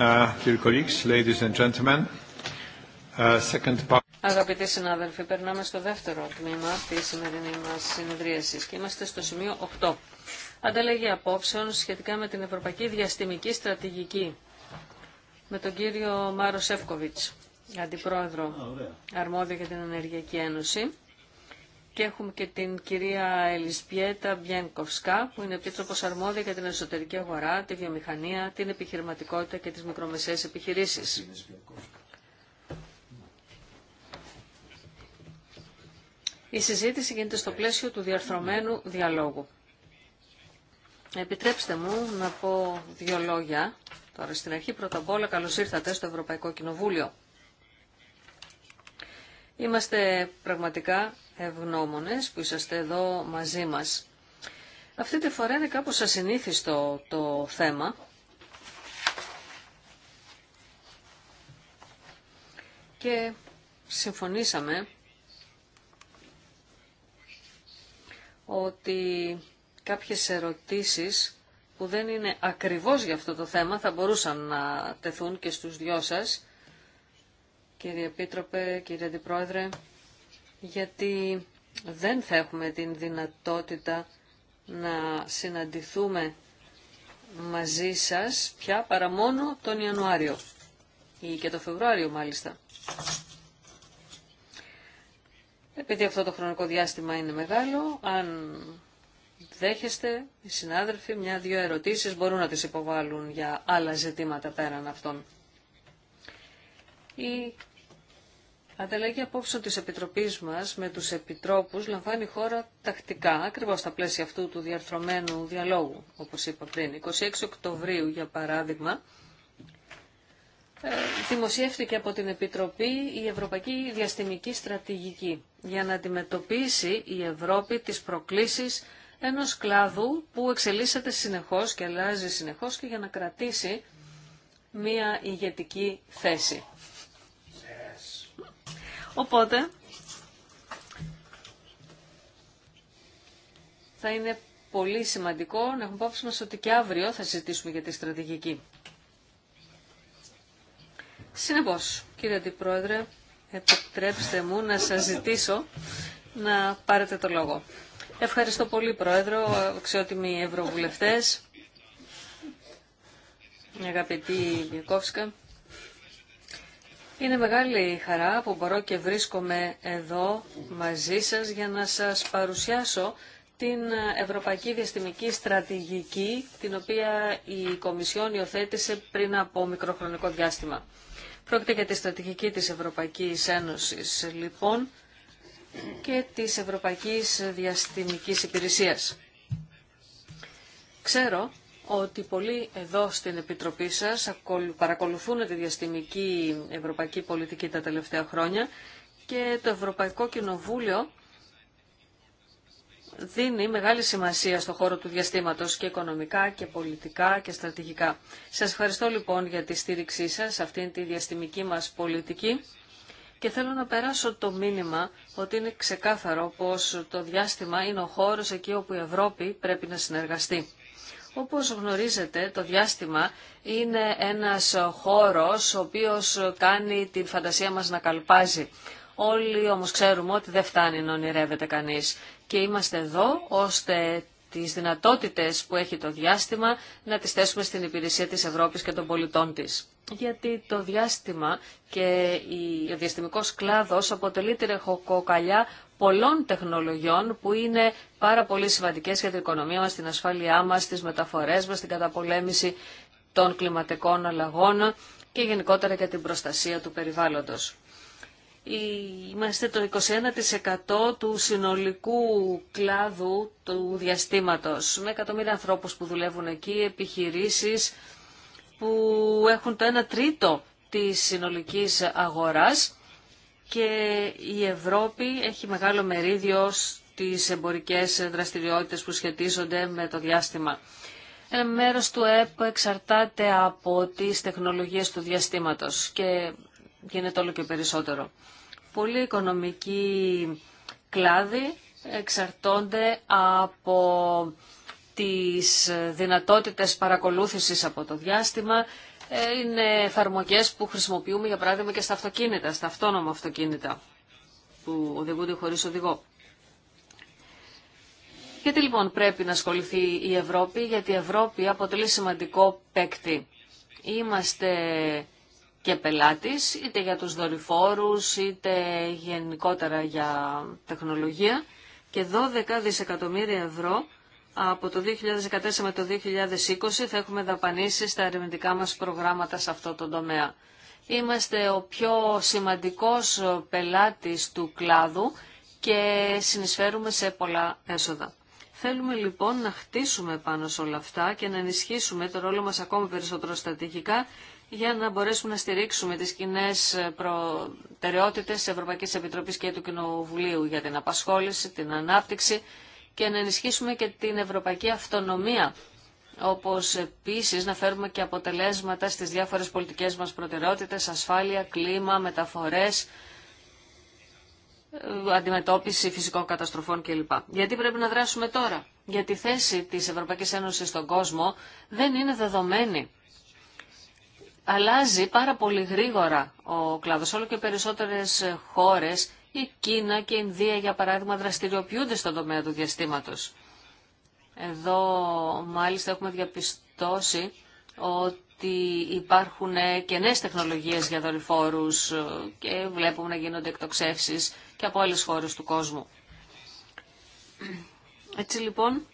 Uh, uh, Αγαπητοί συνάδελφοι, περνάμε στο δεύτερο τμήμα τη σημερινή μα συνεδρίασης και είμαστε στο σημείο 8. Ανταλλαγή απόψεων σχετικά με την Ευρωπαϊκή Διαστημική Στρατηγική με τον κύριο Μάρο Σεύκοβιτ, Αντιπρόεδρο Αρμόδιο για την Ενεργειακή Ένωση και έχουμε και την κυρία Ελισπιέτα Μπιένκοφσκα, που είναι επίτροπο αρμόδια για την εσωτερική αγορά, τη βιομηχανία, την επιχειρηματικότητα και τι μικρομεσαίες επιχειρήσει. Η συζήτηση γίνεται στο πλαίσιο του διαρθρωμένου διαλόγου. Επιτρέψτε μου να πω δύο λόγια. Τώρα στην αρχή πρώτα απ' όλα καλώς ήρθατε στο Ευρωπαϊκό Κοινοβούλιο. Είμαστε πραγματικά ευγνώμονες που είσαστε εδώ μαζί μας. Αυτή τη φορά είναι κάπως ασυνήθιστο το θέμα. Και συμφωνήσαμε ότι κάποιες ερωτήσεις που δεν είναι ακριβώς για αυτό το θέμα θα μπορούσαν να τεθούν και στους δυο σας. Κύριε Επίτροπε, κύριε Αντιπρόεδρε, γιατί δεν θα έχουμε την δυνατότητα να συναντηθούμε μαζί σας πια παρά μόνο τον Ιανουάριο ή και τον Φεβρουάριο μάλιστα. Επειδή αυτό το χρονικό διάστημα είναι μεγάλο, αν δέχεστε, οι συνάδελφοι, μια-δυο ερωτήσεις μπορούν να τις υποβάλουν για άλλα ζητήματα πέραν αυτών. Η Ανταλλαγή απόψεων της Επιτροπής μας με τους Επιτρόπους λαμβάνει χώρα τακτικά, ακριβώς στα πλαίσια αυτού του διαρθρωμένου διαλόγου, όπως είπα πριν. 26 Οκτωβρίου, για παράδειγμα, ε, δημοσιεύτηκε από την Επιτροπή η Ευρωπαϊκή Διαστημική Στρατηγική για να αντιμετωπίσει η Ευρώπη τις προκλήσεις ενός κλάδου που εξελίσσεται συνεχώς και αλλάζει συνεχώς και για να κρατήσει μία ηγετική θέση. Οπότε θα είναι πολύ σημαντικό να έχουμε υπόψη μας ότι και αύριο θα συζητήσουμε για τη στρατηγική. Συνεπώς, κύριε Αντιπρόεδρε, επιτρέψτε μου να σας ζητήσω να πάρετε το λόγο. Ευχαριστώ πολύ, Πρόεδρο, αξιότιμοι ευρωβουλευτές, αγαπητοί Μιακόφσκα. Είναι μεγάλη χαρά που μπορώ και βρίσκομαι εδώ μαζί σας για να σας παρουσιάσω την Ευρωπαϊκή Διαστημική Στρατηγική, την οποία η Κομισιόν υιοθέτησε πριν από μικροχρονικό διάστημα. Πρόκειται για τη στρατηγική της Ευρωπαϊκής Ένωσης, λοιπόν, και της Ευρωπαϊκής Διαστημικής Υπηρεσίας. Ξέρω ότι πολλοί εδώ στην Επιτροπή σας παρακολουθούν τη διαστημική ευρωπαϊκή πολιτική τα τελευταία χρόνια και το Ευρωπαϊκό Κοινοβούλιο δίνει μεγάλη σημασία στο χώρο του διαστήματος και οικονομικά και πολιτικά και στρατηγικά. Σας ευχαριστώ λοιπόν για τη στήριξή σας σε αυτήν τη διαστημική μας πολιτική και θέλω να περάσω το μήνυμα ότι είναι ξεκάθαρο πως το διάστημα είναι ο χώρος εκεί όπου η Ευρώπη πρέπει να συνεργαστεί. Όπως γνωρίζετε, το διάστημα είναι ένας χώρος ο οποίος κάνει την φαντασία μας να καλπάζει. Όλοι όμως ξέρουμε ότι δεν φτάνει να ονειρεύεται κανείς. Και είμαστε εδώ ώστε τις δυνατότητες που έχει το διάστημα να τις θέσουμε στην υπηρεσία της Ευρώπης και των πολιτών της γιατί το διάστημα και ο διαστημικός κλάδος αποτελεί τη ρεχοκοκαλιά πολλών τεχνολογιών που είναι πάρα πολύ σημαντικές για την οικονομία μας, την ασφάλειά μας, τις μεταφορές μας, την καταπολέμηση των κλιματικών αλλαγών και γενικότερα για την προστασία του περιβάλλοντος. Είμαστε το 21% του συνολικού κλάδου του διαστήματος, με εκατομμύρια ανθρώπους που δουλεύουν εκεί, επιχειρήσεις, που έχουν το 1 τρίτο της συνολικής αγοράς και η Ευρώπη έχει μεγάλο μερίδιο στις εμπορικές δραστηριότητες που σχετίζονται με το διάστημα. Ένα μέρος του ΕΠ εξαρτάται από τις τεχνολογίες του διαστήματος και γίνεται όλο και περισσότερο. Πολλοί οικονομικοί κλάδοι εξαρτώνται από τις δυνατότητες παρακολούθησης από το διάστημα. Ε, είναι εφαρμογέ που χρησιμοποιούμε για παράδειγμα και στα αυτοκίνητα, στα αυτόνομα αυτοκίνητα που οδηγούνται χωρίς οδηγό. Γιατί λοιπόν πρέπει να ασχοληθεί η Ευρώπη, γιατί η Ευρώπη αποτελεί σημαντικό παίκτη. Είμαστε και πελάτης, είτε για τους δορυφόρους, είτε γενικότερα για τεχνολογία και 12 δισεκατομμύρια ευρώ από το 2014 με το 2020 θα έχουμε δαπανίσει στα ερευνητικά μας προγράμματα σε αυτό το τομέα. Είμαστε ο πιο σημαντικός πελάτης του κλάδου και συνεισφέρουμε σε πολλά έσοδα. Θέλουμε λοιπόν να χτίσουμε πάνω σε όλα αυτά και να ενισχύσουμε το ρόλο μας ακόμη περισσότερο στρατηγικά για να μπορέσουμε να στηρίξουμε τις κοινέ προτεραιότητες της Ευρωπαϊκής Επιτροπής και του Κοινοβουλίου για την απασχόληση, την ανάπτυξη, και να ενισχύσουμε και την ευρωπαϊκή αυτονομία όπως επίσης να φέρουμε και αποτελέσματα στις διάφορες πολιτικές μας προτεραιότητες, ασφάλεια, κλίμα, μεταφορές, ε, αντιμετώπιση φυσικών καταστροφών κλπ. Γιατί πρέπει να δράσουμε τώρα. Γιατί η θέση της Ευρωπαϊκής Ένωσης στον κόσμο δεν είναι δεδομένη. Αλλάζει πάρα πολύ γρήγορα ο κλάδος. Όλο και περισσότερες χώρες η Κίνα και η Ινδία, για παράδειγμα, δραστηριοποιούνται στον τομέα του διαστήματος. Εδώ μάλιστα έχουμε διαπιστώσει ότι υπάρχουν και νέες τεχνολογίες για δορυφόρους ε, και βλέπουμε να γίνονται εκτοξεύσεις και από άλλες χώρες του κόσμου. Έτσι λοιπόν,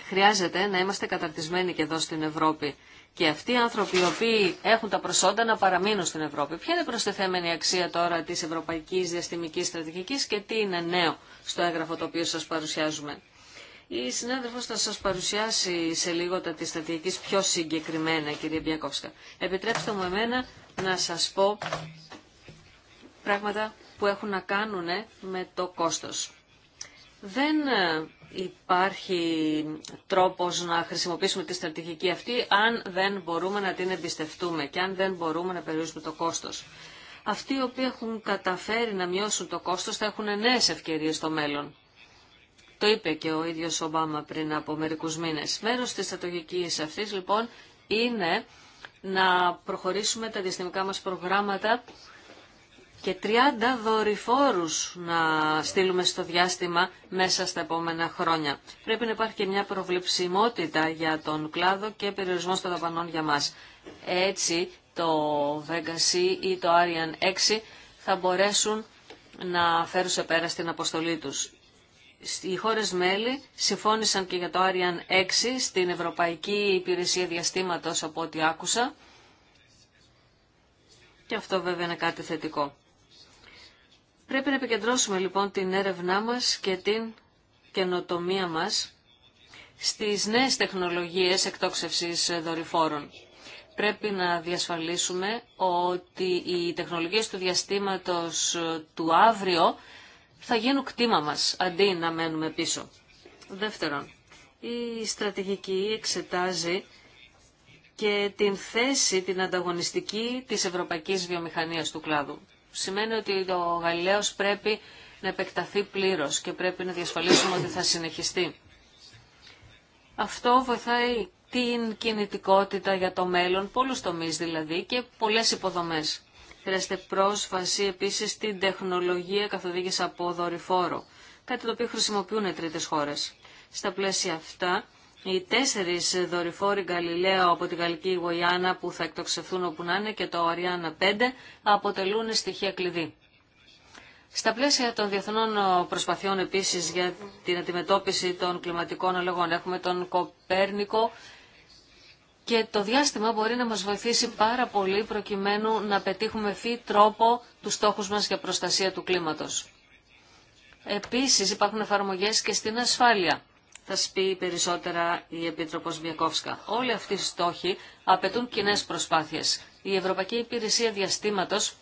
χρειάζεται να είμαστε καταρτισμένοι και εδώ στην Ευρώπη και αυτοί οι άνθρωποι οι οποίοι έχουν τα προσόντα να παραμείνουν στην Ευρώπη. Ποια είναι η προστιθέμενη αξία τώρα της Ευρωπαϊκής Διαστημικής Στρατηγικής και τι είναι νέο στο έγγραφο το οποίο σας παρουσιάζουμε. Η συνάδελφος θα σας παρουσιάσει σε λίγο τα της στρατηγικής πιο συγκεκριμένα, κυρία Μπιακόφσκα. Επιτρέψτε μου εμένα να σας πω πράγματα που έχουν να κάνουν με το κόστος. Δεν ε, υπάρχει τρόπος να χρησιμοποιήσουμε τη στρατηγική αυτή αν δεν μπορούμε να την εμπιστευτούμε και αν δεν μπορούμε να περιορίσουμε το κόστος. Αυτοί οι οποίοι έχουν καταφέρει να μειώσουν το κόστος θα έχουν νέες ευκαιρίες στο μέλλον. Το είπε και ο ίδιος Ομπάμα πριν από μερικούς μήνες. Μέρος της στρατηγικής αυτής λοιπόν είναι να προχωρήσουμε τα διαστημικά μας προγράμματα και 30 δορυφόρους να στείλουμε στο διάστημα μέσα στα επόμενα χρόνια. Πρέπει να υπάρχει και μια προβλεψιμότητα για τον κλάδο και περιορισμό των δαπανών για μας. Έτσι το Vega e ή το Arian 6 θα μπορέσουν να φέρουν σε πέρα στην αποστολή τους. Οι χώρες μέλη συμφώνησαν και για το ΆΡΙΑΝ 6 στην Ευρωπαϊκή Υπηρεσία Διαστήματος από ό,τι άκουσα. Και αυτό βέβαια είναι κάτι θετικό. Πρέπει να επικεντρώσουμε λοιπόν την έρευνά μας και την καινοτομία μας στις νέες τεχνολογίες εκτόξευσης δορυφόρων. Πρέπει να διασφαλίσουμε ότι οι τεχνολογίες του διαστήματος του αύριο θα γίνουν κτήμα μας, αντί να μένουμε πίσω. Δεύτερον, η στρατηγική εξετάζει και την θέση την ανταγωνιστική της ευρωπαϊκής βιομηχανίας του κλάδου. Σημαίνει ότι ο Γαλιλαίος πρέπει να επεκταθεί πλήρως και πρέπει να διασφαλίσουμε ότι θα συνεχιστεί. Αυτό βοηθάει την κινητικότητα για το μέλλον, πολλούς τομείς δηλαδή και πολλές υποδομές. Χρειάζεται πρόσβαση επίσης στην τεχνολογία καθοδήγηση από δορυφόρο, κάτι το οποίο χρησιμοποιούν οι τρίτες χώρες. Στα πλαίσια αυτά οι τέσσερι δορυφόροι Γαλιλαίο από τη Γαλλική Γουιάννα που θα εκτοξευθούν όπου να είναι και το Αριάννα 5 αποτελούν στοιχεία κλειδί. Στα πλαίσια των διεθνών προσπαθειών επίσης για την αντιμετώπιση των κλιματικών αλλαγών έχουμε τον Κοπέρνικο και το διάστημα μπορεί να μας βοηθήσει πάρα πολύ προκειμένου να πετύχουμε φύ τρόπο τους στόχους μας για προστασία του κλίματος. Επίσης υπάρχουν εφαρμογές και στην ασφάλεια θα σπεί περισσότερα η Επίτροπος Μιακόφσκα. Όλοι αυτοί οι στόχοι απαιτούν κοινέ προσπάθειες. Η Ευρωπαϊκή Υπηρεσία Διαστήματος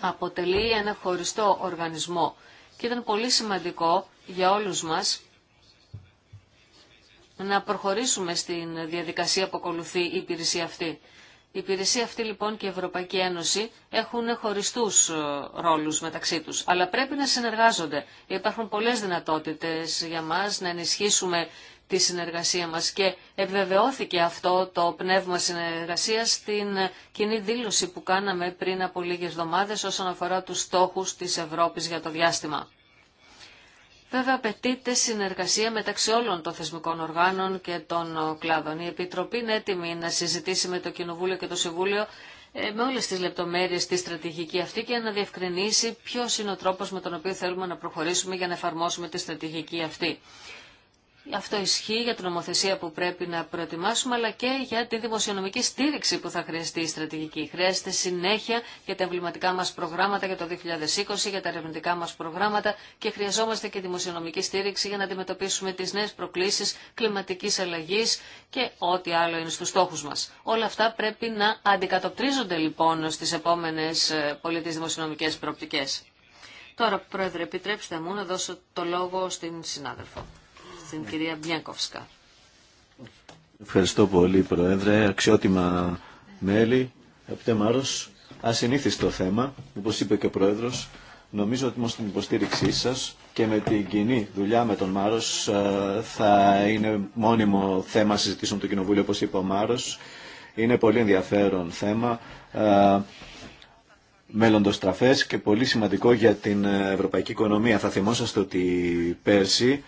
αποτελεί ένα χωριστό οργανισμό και ήταν πολύ σημαντικό για όλους μας να προχωρήσουμε στην διαδικασία που ακολουθεί η υπηρεσία αυτή. Η υπηρεσία αυτή λοιπόν και η Ευρωπαϊκή Ένωση έχουν χωριστούς ε, ρόλους μεταξύ τους, αλλά πρέπει να συνεργάζονται. Υπάρχουν πολλές δυνατότητες για μας να ενισχύσουμε τη συνεργασία μας και επιβεβαιώθηκε αυτό το πνεύμα συνεργασίας στην κοινή δήλωση που κάναμε πριν από λίγες εβδομάδες όσον αφορά τους στόχους της Ευρώπης για το διάστημα. Βέβαια, απαιτείται συνεργασία μεταξύ όλων των θεσμικών οργάνων και των κλάδων. Η Επιτροπή είναι έτοιμη να συζητήσει με το Κοινοβούλιο και το Συμβούλιο ε, με όλες τις λεπτομέρειες τη στρατηγική αυτή και να διευκρινίσει ποιος είναι ο τρόπος με τον οποίο θέλουμε να προχωρήσουμε για να εφαρμόσουμε τη στρατηγική αυτή. Αυτό ισχύει για την νομοθεσία που πρέπει να προετοιμάσουμε, αλλά και για τη δημοσιονομική στήριξη που θα χρειαστεί η στρατηγική. Χρειάζεται συνέχεια για τα εμβληματικά μα προγράμματα για το 2020, για τα ερευνητικά μα προγράμματα και χρειαζόμαστε και δημοσιονομική στήριξη για να αντιμετωπίσουμε τι νέε προκλήσει κλιματική αλλαγή και ό,τι άλλο είναι στου στόχου μα. Όλα αυτά πρέπει να αντικατοπτρίζονται λοιπόν στι επόμενε ε, πολιτικές δημοσιονομικέ προοπτικέ. Τώρα, Πρόεδρε, επιτρέψτε μου να δώσω το λόγο στην συνάδελφο κυρία Ευχαριστώ πολύ Πρόεδρε, αξιότιμα μέλη, αγαπητέ Μάρος. Ασυνήθιστο θέμα, όπως είπε και ο Πρόεδρος, νομίζω ότι με την υποστήριξή σας και με την κοινή δουλειά με τον Μάρος ε, θα είναι μόνιμο θέμα συζητήσεων του Κοινοβούλιο, όπως είπε ο Μάρος. Είναι πολύ ενδιαφέρον θέμα ε, μέλλοντος τραφές και πολύ σημαντικό για την ευρωπαϊκή οικονομία. Θα θυμόσαστε ότι πέρσι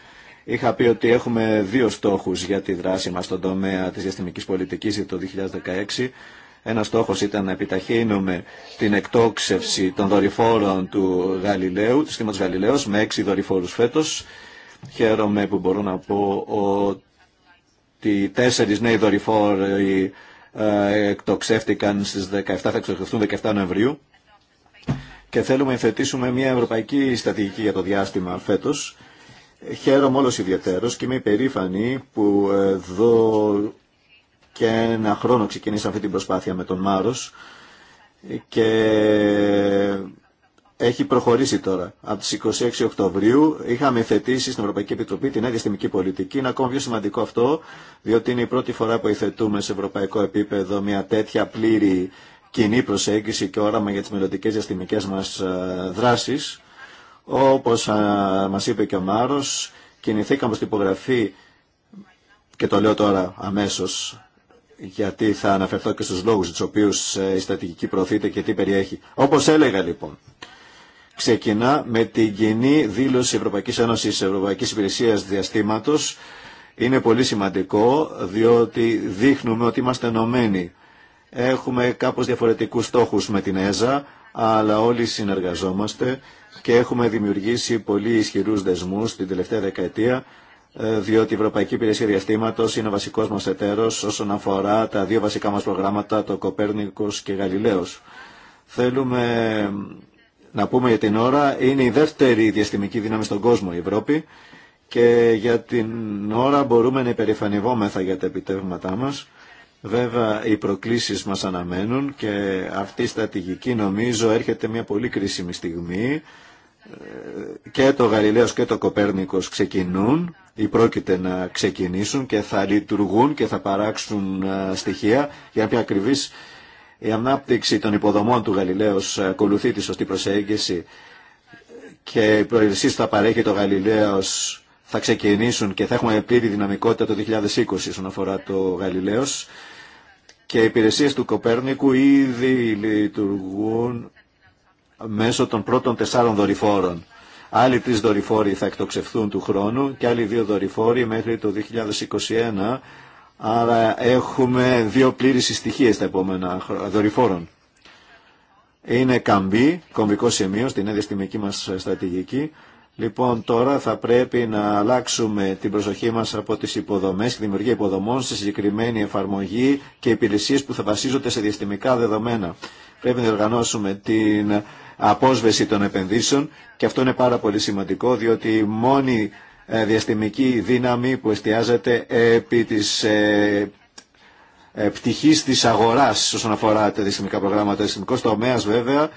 Είχα πει ότι έχουμε δύο στόχους για τη δράση μας στον τομέα της διαστημικής πολιτικής το 2016. Ένα στόχος ήταν να επιταχύνουμε την εκτόξευση των δορυφόρων του Γαλιλαίου, του συστήματος Γαλιλαίος, με έξι δορυφόρους φέτος. Χαίρομαι που μπορώ να πω ότι τέσσερις νέοι δορυφόροι ε, εκτοξεύτηκαν στις 17, θα εκτοξευτούν 17 Νοεμβρίου και θέλουμε να υφετήσουμε μια ευρωπαϊκή στρατηγική για το διάστημα φέτος Χαίρομαι όλος ιδιαίτερος και είμαι υπερήφανη που εδώ και ένα χρόνο ξεκινήσαμε αυτή την προσπάθεια με τον Μάρος και έχει προχωρήσει τώρα. Από τις 26 Οκτωβρίου είχαμε θετήσει στην Ευρωπαϊκή Επιτροπή την αδιαστημική πολιτική. Είναι ακόμα πιο σημαντικό αυτό, διότι είναι η πρώτη φορά που υθετούμε σε ευρωπαϊκό επίπεδο μια τέτοια πλήρη κοινή προσέγγιση και όραμα για τις μελλοντικέ διαστημικές μας ε, δράσεις. Όπως μας είπε και ο Μάρος, κινηθήκαμε στην υπογραφή και το λέω τώρα αμέσως γιατί θα αναφερθώ και στους λόγους τους οποίους ε, η στρατηγική προωθείται και τι περιέχει. Όπως έλεγα λοιπόν, ξεκινά με την κοινή δήλωση Ευρωπαϊκής Ένωσης Ευρωπαϊκής Υπηρεσίας Διαστήματος. Είναι πολύ σημαντικό διότι δείχνουμε ότι είμαστε ενωμένοι. Έχουμε κάπως διαφορετικούς στόχους με την ΕΖΑ, αλλά όλοι συνεργαζόμαστε και έχουμε δημιουργήσει πολύ ισχυρούς δεσμούς την τελευταία δεκαετία ε, διότι η Ευρωπαϊκή Υπηρεσία Διαστήματος είναι ο βασικός μας εταίρος όσον αφορά τα δύο βασικά μας προγράμματα, το Κοπέρνικος και Γαλιλαίος. Θέλουμε να πούμε για την ώρα, είναι η δεύτερη διαστημική δύναμη στον κόσμο η Ευρώπη και για την ώρα μπορούμε να υπερηφανευόμεθα για τα επιτεύγματά μας Βέβαια οι προκλήσεις μας αναμένουν και αυτή η στρατηγική νομίζω έρχεται μια πολύ κρίσιμη στιγμή. Ε, και το Γαλιλαίος και το Κοπέρνικος ξεκινούν ή πρόκειται να ξεκινήσουν και θα λειτουργούν και θα παράξουν ε, στοιχεία για να πει ακριβής η ανάπτυξη των υποδομών του Γαλιλαίος ακολουθεί τη σωστή προσέγγιση και οι προεργασίες που θα παρέχει το Γαλιλαίος θα ξεκινήσουν και θα έχουμε πλήρη δυναμικότητα το 2020 όσον αφορά το Γαλιλαίος και οι υπηρεσίες του Κοπέρνικου ήδη λειτουργούν μέσω των πρώτων τεσσάρων δορυφόρων. Άλλοι τρεις δορυφόροι θα εκτοξευθούν του χρόνου και άλλοι δύο δορυφόροι μέχρι το 2021. Άρα έχουμε δύο πλήρες συστοιχίες τα επόμενα δορυφόρων. Είναι καμπή, κομβικό σημείο στην στη μας στρατηγική. Λοιπόν, τώρα θα πρέπει να αλλάξουμε την προσοχή μας από τις υποδομές και δημιουργία υποδομών στη συγκεκριμένη εφαρμογή και υπηρεσίες που θα βασίζονται σε διαστημικά δεδομένα. Πρέπει να οργανώσουμε την απόσβεση των επενδύσεων και αυτό είναι πάρα πολύ σημαντικό διότι η μόνη ε, διαστημική δύναμη που εστιάζεται επί της ε, ε, πτυχής της αγοράς όσον αφορά τα διαστημικά προγράμματα. Ο διαστημικός τομέας βέβαια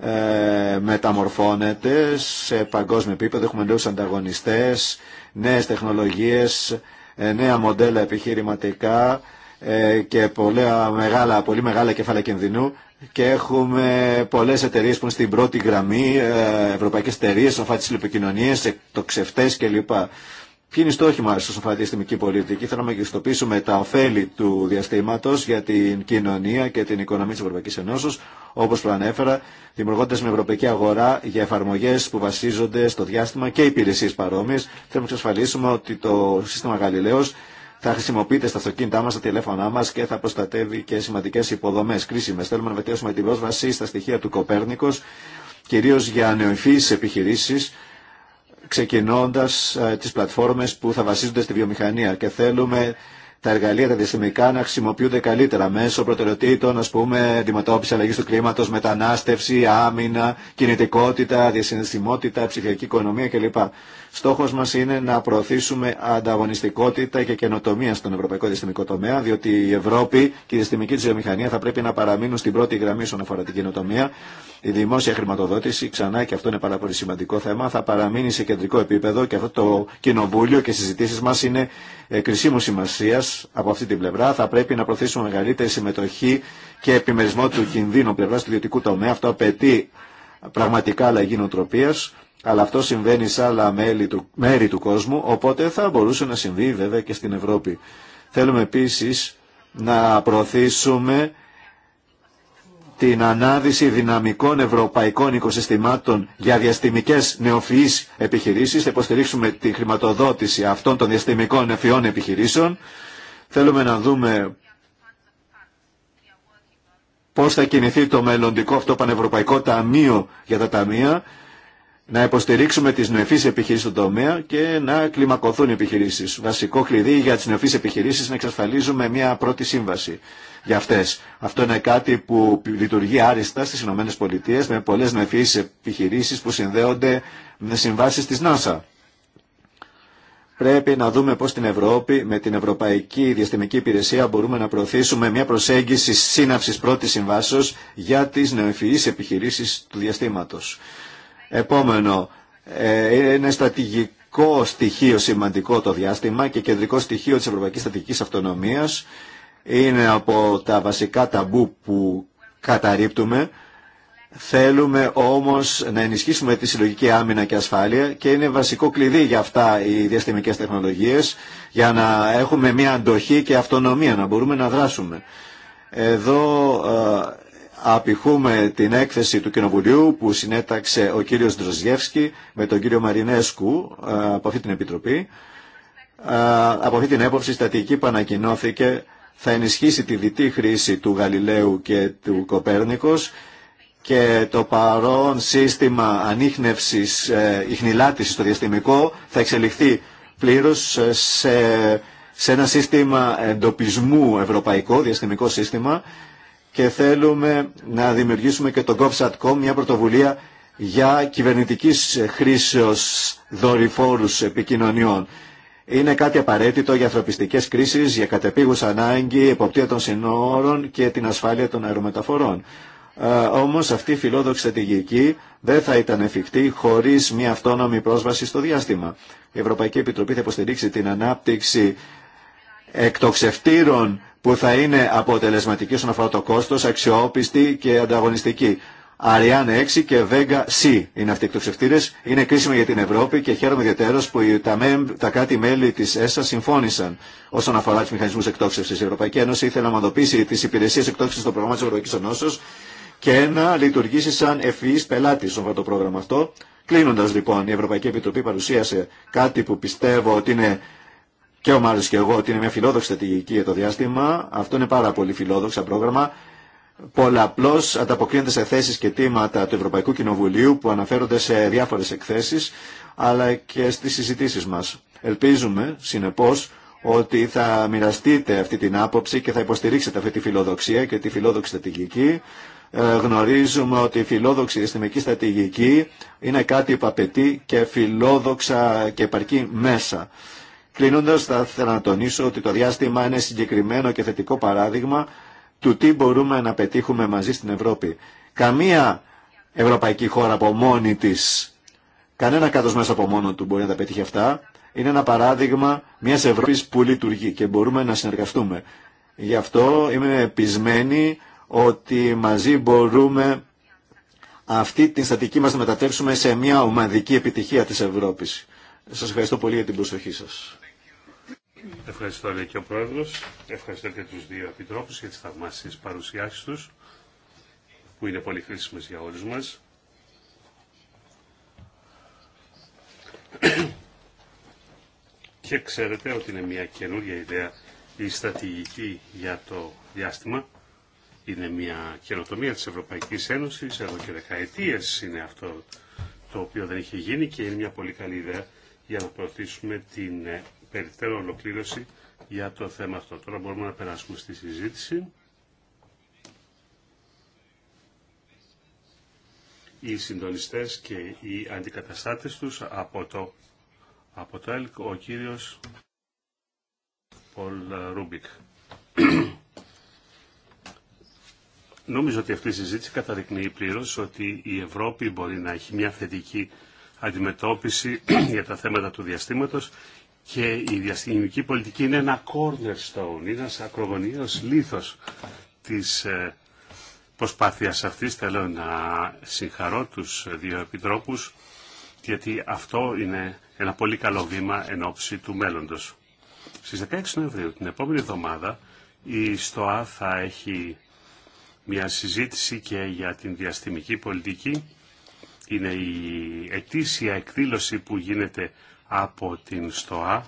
ε, μεταμορφώνεται σε παγκόσμιο επίπεδο, έχουμε νέους ανταγωνιστές, νέες τεχνολογίες, ε, νέα μοντέλα επιχειρηματικά ε, και πολλά μεγάλα, πολύ μεγάλα κεφάλαια κινδυνού και έχουμε πολλές εταιρείες που είναι στην πρώτη γραμμή, ε, ευρωπαϊκές εταιρείες, σοφά τις ξεφτές εκτοξευτές κλπ. Ποιοι είναι οι στόχοι μα όσον αφορά τη συστημική πολιτική, θέλουμε να μεγιστοποιήσουμε τα ωφέλη του διαστήματο για την κοινωνία και την οικονομία τη Ευρωπαϊκή Ενώσεω, όπω προανέφερα, δημιουργώντα μια ευρωπαϊκή αγορά για εφαρμογέ που βασίζονται στο διάστημα και υπηρεσίε παρόμοιε. Θέλουμε να εξασφαλίσουμε ότι το σύστημα Γαλιλαίο θα χρησιμοποιείται στα αυτοκίνητά μα, στα τηλέφωνά μα και θα προστατεύει και σημαντικέ υποδομέ κρίσιμε. Θέλουμε να βελτιώσουμε την πρόσβαση στα στοιχεία του Κοπέρνικο, κυρίω για νεοειφεί επιχειρήσει ξεκινώντας ε, τις πλατφόρμες που θα βασίζονται στη βιομηχανία και θέλουμε τα εργαλεία τα διαστημικά να χρησιμοποιούνται καλύτερα μέσω προτεραιοτήτων, α πούμε, αντιμετώπιση αλλαγή του κλίματο, μετανάστευση, άμυνα, κινητικότητα, διασυνδεσιμότητα, ψηφιακή οικονομία κλπ. Στόχος μας είναι να προωθήσουμε ανταγωνιστικότητα και καινοτομία στον ευρωπαϊκό διαστημικό τομέα, διότι η Ευρώπη και η διαστημική τη βιομηχανία θα πρέπει να παραμείνουν στην πρώτη γραμμή στον αφορά την καινοτομία. Η δημόσια χρηματοδότηση, ξανά και αυτό είναι πάρα πολύ σημαντικό θέμα, θα παραμείνει σε κεντρικό επίπεδο και αυτό το κοινοβούλιο και οι συζητήσεις μας είναι κρισίμου σημασία από αυτή την πλευρά. Θα πρέπει να προωθήσουμε μεγαλύτερη συμμετοχή και επιμερισμό του κινδύνου πλευρά του ιδιωτικού τομέα. Αυτό απαιτεί πραγματικά αλλαγή νοοτροπίας αλλά αυτό συμβαίνει σε άλλα μέλη του, μέρη του κόσμου, οπότε θα μπορούσε να συμβεί βέβαια και στην Ευρώπη. Θέλουμε επίσης να προωθήσουμε την ανάδυση δυναμικών ευρωπαϊκών οικοσυστημάτων για διαστημικές νεοφυείς επιχειρήσεις. Θα υποστηρίξουμε τη χρηματοδότηση αυτών των διαστημικών νεοφυών επιχειρήσεων. Θέλουμε να δούμε πώς θα κινηθεί το μελλοντικό αυτό πανευρωπαϊκό ταμείο για τα ταμεία να υποστηρίξουμε τις νεοφύς επιχειρήσεις στον τομέα και να κλιμακωθούν οι επιχειρήσεις. Βασικό κλειδί για τις νεοφύς επιχειρήσεις να εξασφαλίζουμε μια πρώτη σύμβαση για αυτές. Αυτό είναι κάτι που λειτουργεί άριστα στις ΗΠΑ με πολλές νεοφύς επιχειρήσεις που συνδέονται με συμβάσεις της ΝΑΣΑ. Πρέπει να δούμε πώς στην Ευρώπη με την Ευρωπαϊκή Διαστημική Υπηρεσία μπορούμε να προωθήσουμε μια προσέγγιση σύναψης πρώτης συμβάσεως για τις νεοφυείς επιχειρήσεις του διαστήματος. Επόμενο, ε, είναι στρατηγικό στοιχείο σημαντικό το διάστημα και κεντρικό στοιχείο της Ευρωπαϊκής Στατικής Αυτονομίας. Είναι από τα βασικά ταμπού που καταρρύπτουμε. Θέλουμε όμως να ενισχύσουμε τη συλλογική άμυνα και ασφάλεια και είναι βασικό κλειδί για αυτά οι διαστημικές τεχνολογίες για να έχουμε μια αντοχή και αυτονομία, να μπορούμε να δράσουμε. Εδώ ε, απηχούμε την έκθεση του Κοινοβουλίου που συνέταξε ο κύριος Ντροζιεύσκη με τον κύριο Μαρινέσκου ε, από αυτή την Επιτροπή. Ε, από αυτή την έποψη η στατική που θα ενισχύσει τη διτή χρήση του Γαλιλαίου και του Κοπέρνικος και το παρόν σύστημα ανείχνευσης, ηχνηλάτησης ε, στο διαστημικό θα εξελιχθεί πλήρως σε, σε ένα σύστημα εντοπισμού ευρωπαϊκό, διαστημικό σύστημα και θέλουμε να δημιουργήσουμε και το GovSatcom, μια πρωτοβουλία για κυβερνητικής χρήσεως δορυφόρους επικοινωνιών. Είναι κάτι απαραίτητο για ανθρωπιστικές κρίσεις, για κατεπίγουσα ανάγκη, εποπτεία των συνόρων και την ασφάλεια των αερομεταφορών. Ε, όμως αυτή η φιλόδοξη στρατηγική δεν θα ήταν εφικτή χωρίς μια αυτόνομη πρόσβαση στο διάστημα. Η Ευρωπαϊκή Επιτροπή θα υποστηρίξει την ανάπτυξη εκτοξευτήρων που θα είναι αποτελεσματική όσον αφορά το κόστος, αξιόπιστη και ανταγωνιστική. Αριάν 6 και Vega C είναι αυτοί οι εκτοξευτήρες. Είναι κρίσιμο για την Ευρώπη και χαίρομαι ιδιαίτερω που τα, τα μελη τη ΕΣΑ συμφώνησαν όσον αφορά του μηχανισμού εκτόξευση. Η Ευρωπαϊκή Ένωση ήθελε να ομαδοποιήσει τι υπηρεσίε εκτόξευση στο πρόγραμμα τη Ευρωπαϊκή Ενώσεω και να λειτουργήσει σαν ευφυή πελάτη στον το πρόγραμμα αυτό. Κλείνοντα λοιπόν, η Ευρωπαϊκή Επιτροπή παρουσίασε κάτι που πιστεύω ότι είναι και ο Μάριος και εγώ ότι είναι μια φιλόδοξη στρατηγική για το διάστημα. Αυτό είναι πάρα πολύ φιλόδοξα πρόγραμμα. πολλαπλώ ανταποκρίνεται σε θέσει και τίματα του Ευρωπαϊκού Κοινοβουλίου που αναφέρονται σε διάφορε εκθέσει, αλλά και στι συζητήσει μα. Ελπίζουμε, συνεπώ, ότι θα μοιραστείτε αυτή την άποψη και θα υποστηρίξετε αυτή τη φιλοδοξία και τη φιλόδοξη στρατηγική. Ε, γνωρίζουμε ότι η φιλόδοξη διαστημική στρατηγική είναι κάτι που απαιτεί και φιλόδοξα και επαρκή μέσα. Κλείνοντα, θα ήθελα να τονίσω ότι το διάστημα είναι συγκεκριμένο και θετικό παράδειγμα του τι μπορούμε να πετύχουμε μαζί στην Ευρώπη. Καμία ευρωπαϊκή χώρα από μόνη τη, κανένα κάτω μέσα από μόνο του μπορεί να τα πετύχει αυτά. Είναι ένα παράδειγμα μια Ευρώπη που λειτουργεί και μπορούμε να συνεργαστούμε. Γι' αυτό είμαι πεισμένη ότι μαζί μπορούμε αυτή την στατική μας να μετατρέψουμε σε μια ομαδική επιτυχία της Ευρώπης. Σας ευχαριστώ πολύ για την προσοχή σας. Ευχαριστώ λέει και ο Πρόεδρος. Ευχαριστώ και τους δύο επιτρόπους για τις θαυμάσιες παρουσιάσεις τους που είναι πολύ χρήσιμες για όλους μας. και ξέρετε ότι είναι μια καινούργια ιδέα η στρατηγική για το διάστημα. Είναι μια καινοτομία της Ευρωπαϊκής Ένωσης, εδώ και δεκαετίες είναι αυτό το οποίο δεν είχε γίνει και είναι μια πολύ καλή ιδέα για να προωθήσουμε την περιττέρω ολοκλήρωση για το θέμα αυτό. Τώρα μπορούμε να περάσουμε στη συζήτηση. Οι συντονιστές και οι αντικαταστάτες τους από το, από το ΕΛΚ, ο κύριος Πολ Ρούμπικ. Νομίζω ότι αυτή η συζήτηση καταδεικνύει πλήρως ότι η Ευρώπη μπορεί να έχει μια θετική αντιμετώπιση για τα θέματα του διαστήματος και η διαστημική πολιτική είναι ένα cornerstone, είναι ένας ακρογωνίος λίθος της ε, προσπάθειας αυτής. Θέλω να συγχαρώ τους δύο επιτρόπους, γιατί αυτό είναι ένα πολύ καλό βήμα εν ώψη του μέλλοντος. Στις 16 Νοεμβρίου, την επόμενη εβδομάδα, η ΣΤΟΑ θα έχει μια συζήτηση και για την διαστημική πολιτική. Είναι η ετήσια εκδήλωση που γίνεται από την ΣΤΟΑ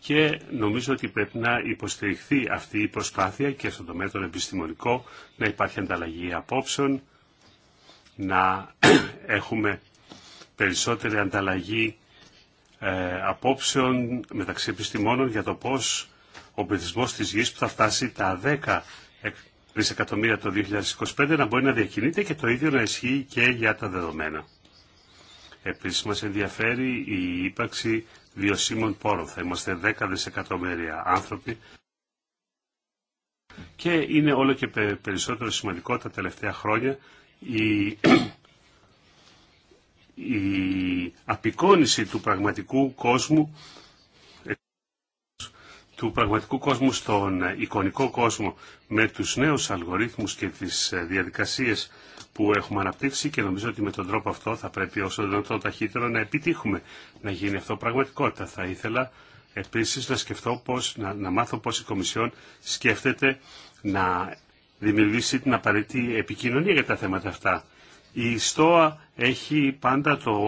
και νομίζω ότι πρέπει να υποστηριχθεί αυτή η προσπάθεια και στον τομέα των επιστημονικό να υπάρχει ανταλλαγή απόψεων, να έχουμε περισσότερη ανταλλαγή ε, απόψεων μεταξύ επιστημόνων για το πώς ο πληθυσμός της γης που θα φτάσει τα 10 δισεκατομμύρια το 2025 να μπορεί να διακινείται και το ίδιο να ισχύει και για τα δεδομένα. Επίσης μας ενδιαφέρει η ύπαρξη βιωσίμων πόρων. Θα είμαστε δέκαδες εκατομμύρια άνθρωποι και είναι όλο και περισσότερο σημαντικό τα τελευταία χρόνια η, η απεικόνηση του πραγματικού κόσμου του πραγματικού κόσμου στον εικονικό κόσμο με τους νέους αλγορίθμους και τις διαδικασίες που έχουμε αναπτύξει και νομίζω ότι με τον τρόπο αυτό θα πρέπει όσο δυνατόν ταχύτερο να επιτύχουμε να γίνει αυτό πραγματικότητα. Θα ήθελα επίσης να, σκεφτώ πώς, να, να μάθω πώς η Κομισιόν σκέφτεται να δημιουργήσει την απαραίτητη επικοινωνία για τα θέματα αυτά. Η ΣΤΟΑ έχει πάντα το,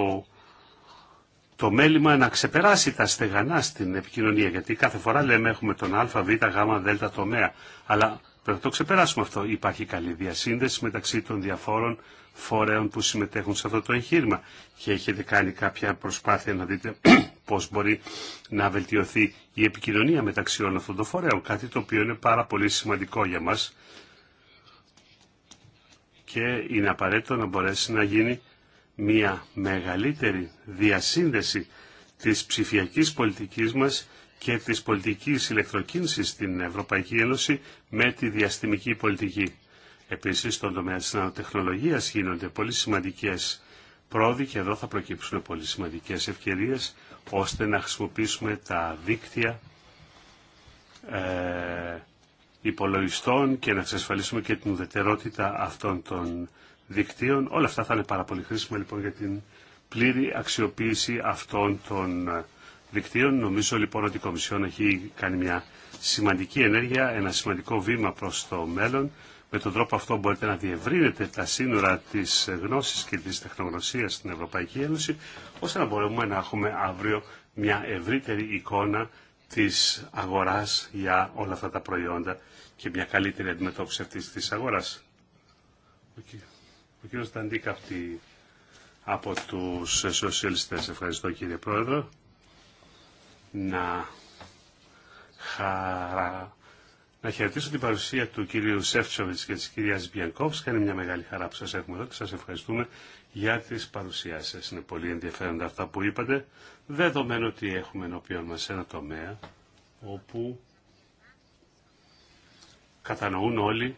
το μέλημα να ξεπεράσει τα στεγανά στην επικοινωνία, γιατί κάθε φορά λέμε έχουμε τον α, β, γ, δ τομέα, αλλά Πρέπει να το ξεπεράσουμε αυτό. Υπάρχει καλή διασύνδεση μεταξύ των διαφόρων φορέων που συμμετέχουν σε αυτό το εγχείρημα και έχετε κάνει κάποια προσπάθεια να δείτε πώς μπορεί να βελτιωθεί η επικοινωνία μεταξύ όλων αυτών των φορέων, κάτι το οποίο είναι πάρα πολύ σημαντικό για μας και είναι απαραίτητο να μπορέσει να γίνει μια μεγαλύτερη διασύνδεση της ψηφιακής πολιτικής μας και της πολιτικής ηλεκτροκίνησης στην Ευρωπαϊκή Ένωση με τη διαστημική πολιτική. Επίσης, στον τομέα της νανοτεχνολογίας γίνονται πολύ σημαντικές πρόοδοι και εδώ θα προκύψουν πολύ σημαντικές ευκαιρίες ώστε να χρησιμοποιήσουμε τα δίκτυα ε, υπολογιστών και να εξασφαλίσουμε και την ουδετερότητα αυτών των δικτύων. Όλα αυτά θα είναι πάρα πολύ χρήσιμα λοιπόν για την πλήρη αξιοποίηση αυτών των δικτύων. Νομίζω λοιπόν ότι η Κομισιόν έχει κάνει μια σημαντική ενέργεια, ένα σημαντικό βήμα προς το μέλλον. Με τον τρόπο αυτό μπορείτε να διευρύνετε τα σύνορα της γνώσης και της τεχνογνωσίας στην Ευρωπαϊκή Ένωση, ώστε να μπορούμε να έχουμε αύριο μια ευρύτερη εικόνα της αγοράς για όλα αυτά τα προϊόντα και μια καλύτερη αντιμετώπιση αυτής τη αγοράς. Ο κύριος Σταντίκα από τους σοσιαλιστές. Ευχαριστώ κύριε Πρόεδρο να, χαρά, να χαιρετήσω την παρουσία του κυρίου Σεφτσοβιτς και της κυρίας Μπιανκόφσκα. Είναι μια μεγάλη χαρά που σας έχουμε εδώ και σας ευχαριστούμε για τις παρουσιάσεις Είναι πολύ ενδιαφέροντα αυτά που είπατε, δεδομένου ότι έχουμε ενώπιον μας ένα τομέα όπου κατανοούν όλοι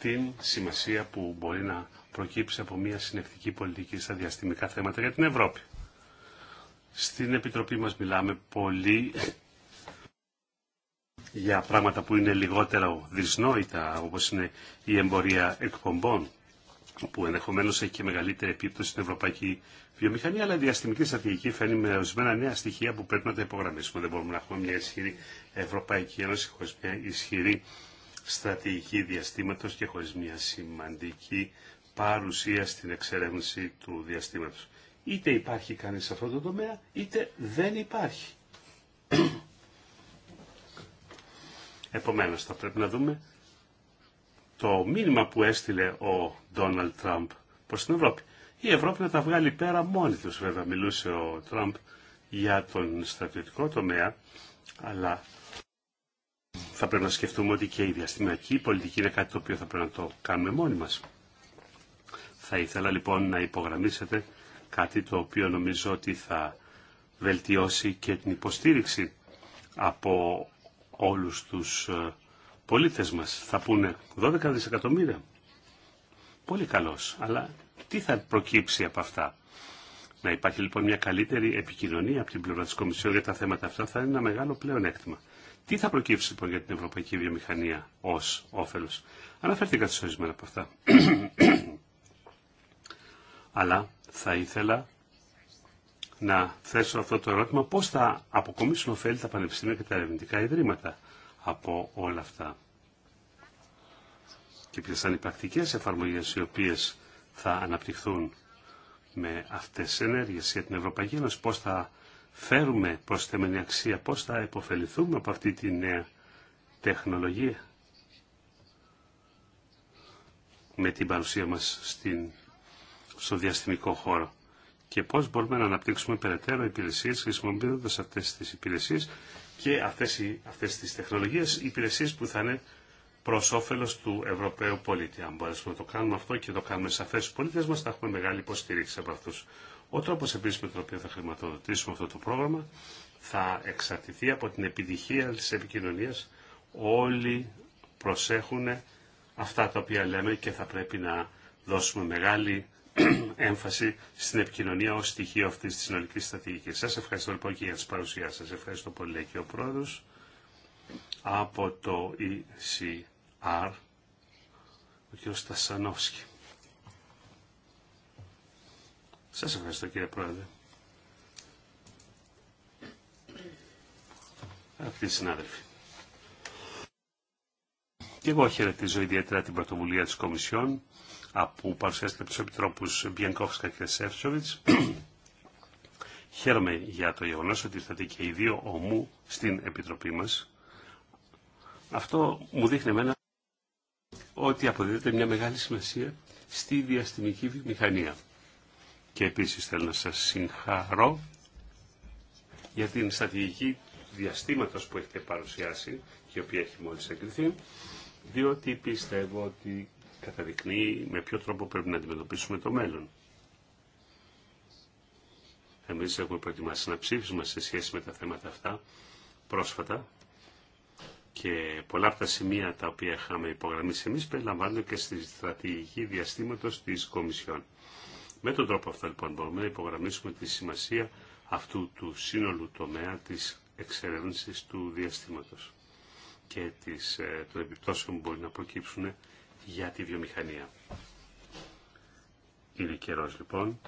την σημασία που μπορεί να προκύψει από μια συνεκτική πολιτική στα διαστημικά θέματα για την Ευρώπη. Στην Επιτροπή μας μιλάμε πολύ για πράγματα που είναι λιγότερο δυσνόητα, όπως είναι η εμπορία εκπομπών, που ενδεχομένως έχει και μεγαλύτερη επίπτωση στην ευρωπαϊκή βιομηχανία, αλλά η διαστημική στρατηγική φαίνει με ορισμένα νέα στοιχεία που πρέπει να τα υπογραμμίσουμε. Δεν μπορούμε να έχουμε μια ισχυρή Ευρωπαϊκή Ένωση χωρίς μια ισχυρή στρατηγική διαστήματος και χωρίς μια σημαντική παρουσία στην εξερεύνηση του διαστήματος. Είτε υπάρχει κανείς σε αυτό το τομέα, είτε δεν υπάρχει. Επομένως, θα πρέπει να δούμε το μήνυμα που έστειλε ο Ντόναλτ Τραμπ προς την Ευρώπη. Η Ευρώπη να τα βγάλει πέρα μόνη τους βέβαια, μιλούσε ο Τραμπ για τον στρατιωτικό τομέα, αλλά θα πρέπει να σκεφτούμε ότι και η διαστημιακή πολιτική είναι κάτι το οποίο θα πρέπει να το κάνουμε μόνοι μας. Θα ήθελα λοιπόν να υπογραμμίσετε κάτι το οποίο νομίζω ότι θα βελτιώσει και την υποστήριξη από όλους τους ε, πολίτες μας. Θα πούνε 12 δισεκατομμύρια. Πολύ καλός. Αλλά τι θα προκύψει από αυτά. Να υπάρχει λοιπόν μια καλύτερη επικοινωνία από την πλευρά της Κομισιόν για τα θέματα αυτά θα είναι ένα μεγάλο πλέον έκτημα. Τι θα προκύψει λοιπόν για την ευρωπαϊκή βιομηχανία ως όφελος. Αναφέρθηκα σε ορισμένα από αυτά. Αλλά θα ήθελα να θέσω αυτό το ερώτημα πώς θα αποκομίσουν ωφέλη τα πανεπιστήμια και τα ερευνητικά ιδρύματα από όλα αυτά. Και ποιες θα είναι οι πρακτικές εφαρμογές οι οποίες θα αναπτυχθούν με αυτές τις ενέργειες για την Ευρωπαϊκή Ένωση, πώς θα φέρουμε προς θεμενή αξία, πώς θα υποφεληθούμε από αυτή τη νέα τεχνολογία με την παρουσία μας στην στο διαστημικό χώρο και πώς μπορούμε να αναπτύξουμε περαιτέρω υπηρεσίες χρησιμοποιώντας αυτές τις υπηρεσίες και αυτές, τι τεχνολογίε, τις τεχνολογίες που θα είναι προ όφελο του Ευρωπαίου πολίτη. Αν μπορέσουμε να το κάνουμε αυτό και το κάνουμε σε σαφέ στου πολίτε μα, θα έχουμε μεγάλη υποστήριξη από αυτού. Ο τρόπο επίση με τον οποίο θα χρηματοδοτήσουμε αυτό το πρόγραμμα θα εξαρτηθεί από την επιτυχία τη επικοινωνία. Όλοι προσέχουν αυτά τα οποία λέμε και θα πρέπει να δώσουμε μεγάλη έμφαση στην επικοινωνία ως στοιχείο αυτής της συνολικής στρατηγικής. Σας ευχαριστώ λοιπόν και για τις παρουσία σας. Ευχαριστώ πολύ και ο πρόεδρος από το ECR, ο κ. Στασανόφσκι. Σας ευχαριστώ κύριε πρόεδρε. Αγαπητοί συνάδελφοι. Και εγώ χαιρετίζω ιδιαίτερα την πρωτοβουλία της Κομισιόν που παρουσιάστηκε από του επιτρόπου Μπιενκόφσκα και Σεφτσόβιτ. Χαίρομαι για το γεγονό ότι ήρθατε και οι δύο ομού στην Επιτροπή μα, Αυτό μου δείχνει εμένα ότι αποδίδεται μια μεγάλη σημασία στη διαστημική μηχανία. Και επίσης θέλω να σας συγχαρώ για την στρατηγική διαστήματος που έχετε παρουσιάσει και η οποία έχει μόλις εγκριθεί, διότι πιστεύω ότι καταδεικνύει με ποιο τρόπο πρέπει να αντιμετωπίσουμε το μέλλον. Εμείς έχουμε προετοιμάσει ένα ψήφισμα σε σχέση με τα θέματα αυτά πρόσφατα και πολλά από τα σημεία τα οποία είχαμε υπογραμμίσει εμείς περιλαμβάνονται και στη στρατηγική διαστήματος της Κομισιόν. Με τον τρόπο αυτό λοιπόν μπορούμε να υπογραμμίσουμε τη σημασία αυτού του σύνολου τομέα της εξερεύνησης του διαστήματος και ε, των επιπτώσεων που μπορεί να προκύψουν για τη βιομηχανία. Είναι καιρός λοιπόν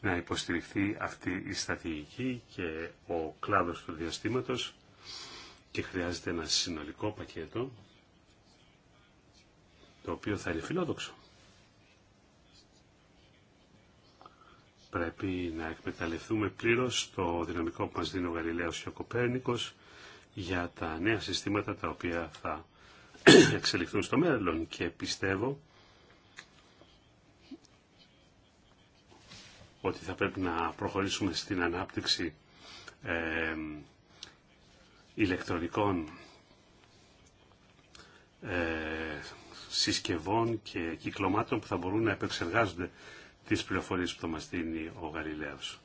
να υποστηριχθεί αυτή η στρατηγική και ο κλάδος του διαστήματος και χρειάζεται ένα συνολικό πακέτο το οποίο θα είναι φιλόδοξο. Πρέπει να εκμεταλλευτούμε πλήρως το δυναμικό που μας δίνει ο Γαλιλαίος και ο Κοπέρνικος για τα νέα συστήματα τα οποία θα εξελιχθούν στο μέλλον και πιστεύω ότι θα πρέπει να προχωρήσουμε στην ανάπτυξη ηλεκτρονικών ε, συσκευών και κυκλωμάτων που θα μπορούν να επεξεργάζονται τις πληροφορίες που θα μας δίνει ο Γαλιλαίος.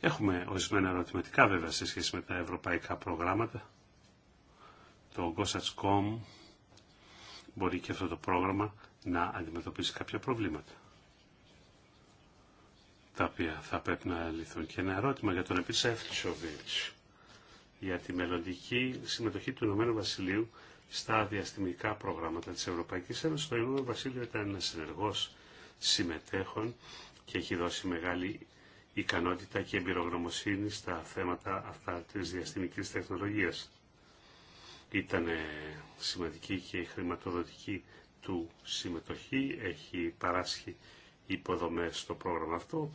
Έχουμε ορισμένα ερωτηματικά βέβαια σε σχέση με τα ευρωπαϊκά προγράμματα το GOSATSCOM μπορεί και αυτό το πρόγραμμα να αντιμετωπίσει κάποια προβλήματα τα οποία θα πρέπει να λυθούν. Και ένα ερώτημα για τον Επίτσα Εύτσοβιτς για τη μελλοντική συμμετοχή του Ηνωμένου Βασιλείου στα διαστημικά προγράμματα της Ευρωπαϊκής Ένωσης. Το Ηνωμένο Βασίλειο ήταν ένα συνεργός συμμετέχων και έχει δώσει μεγάλη ικανότητα και εμπειρογνωμοσύνη στα θέματα αυτά της διαστημικής τεχνολογίας. Ήταν σημαντική και η χρηματοδοτική του συμμετοχή, έχει παράσχει υποδομές στο πρόγραμμα αυτό.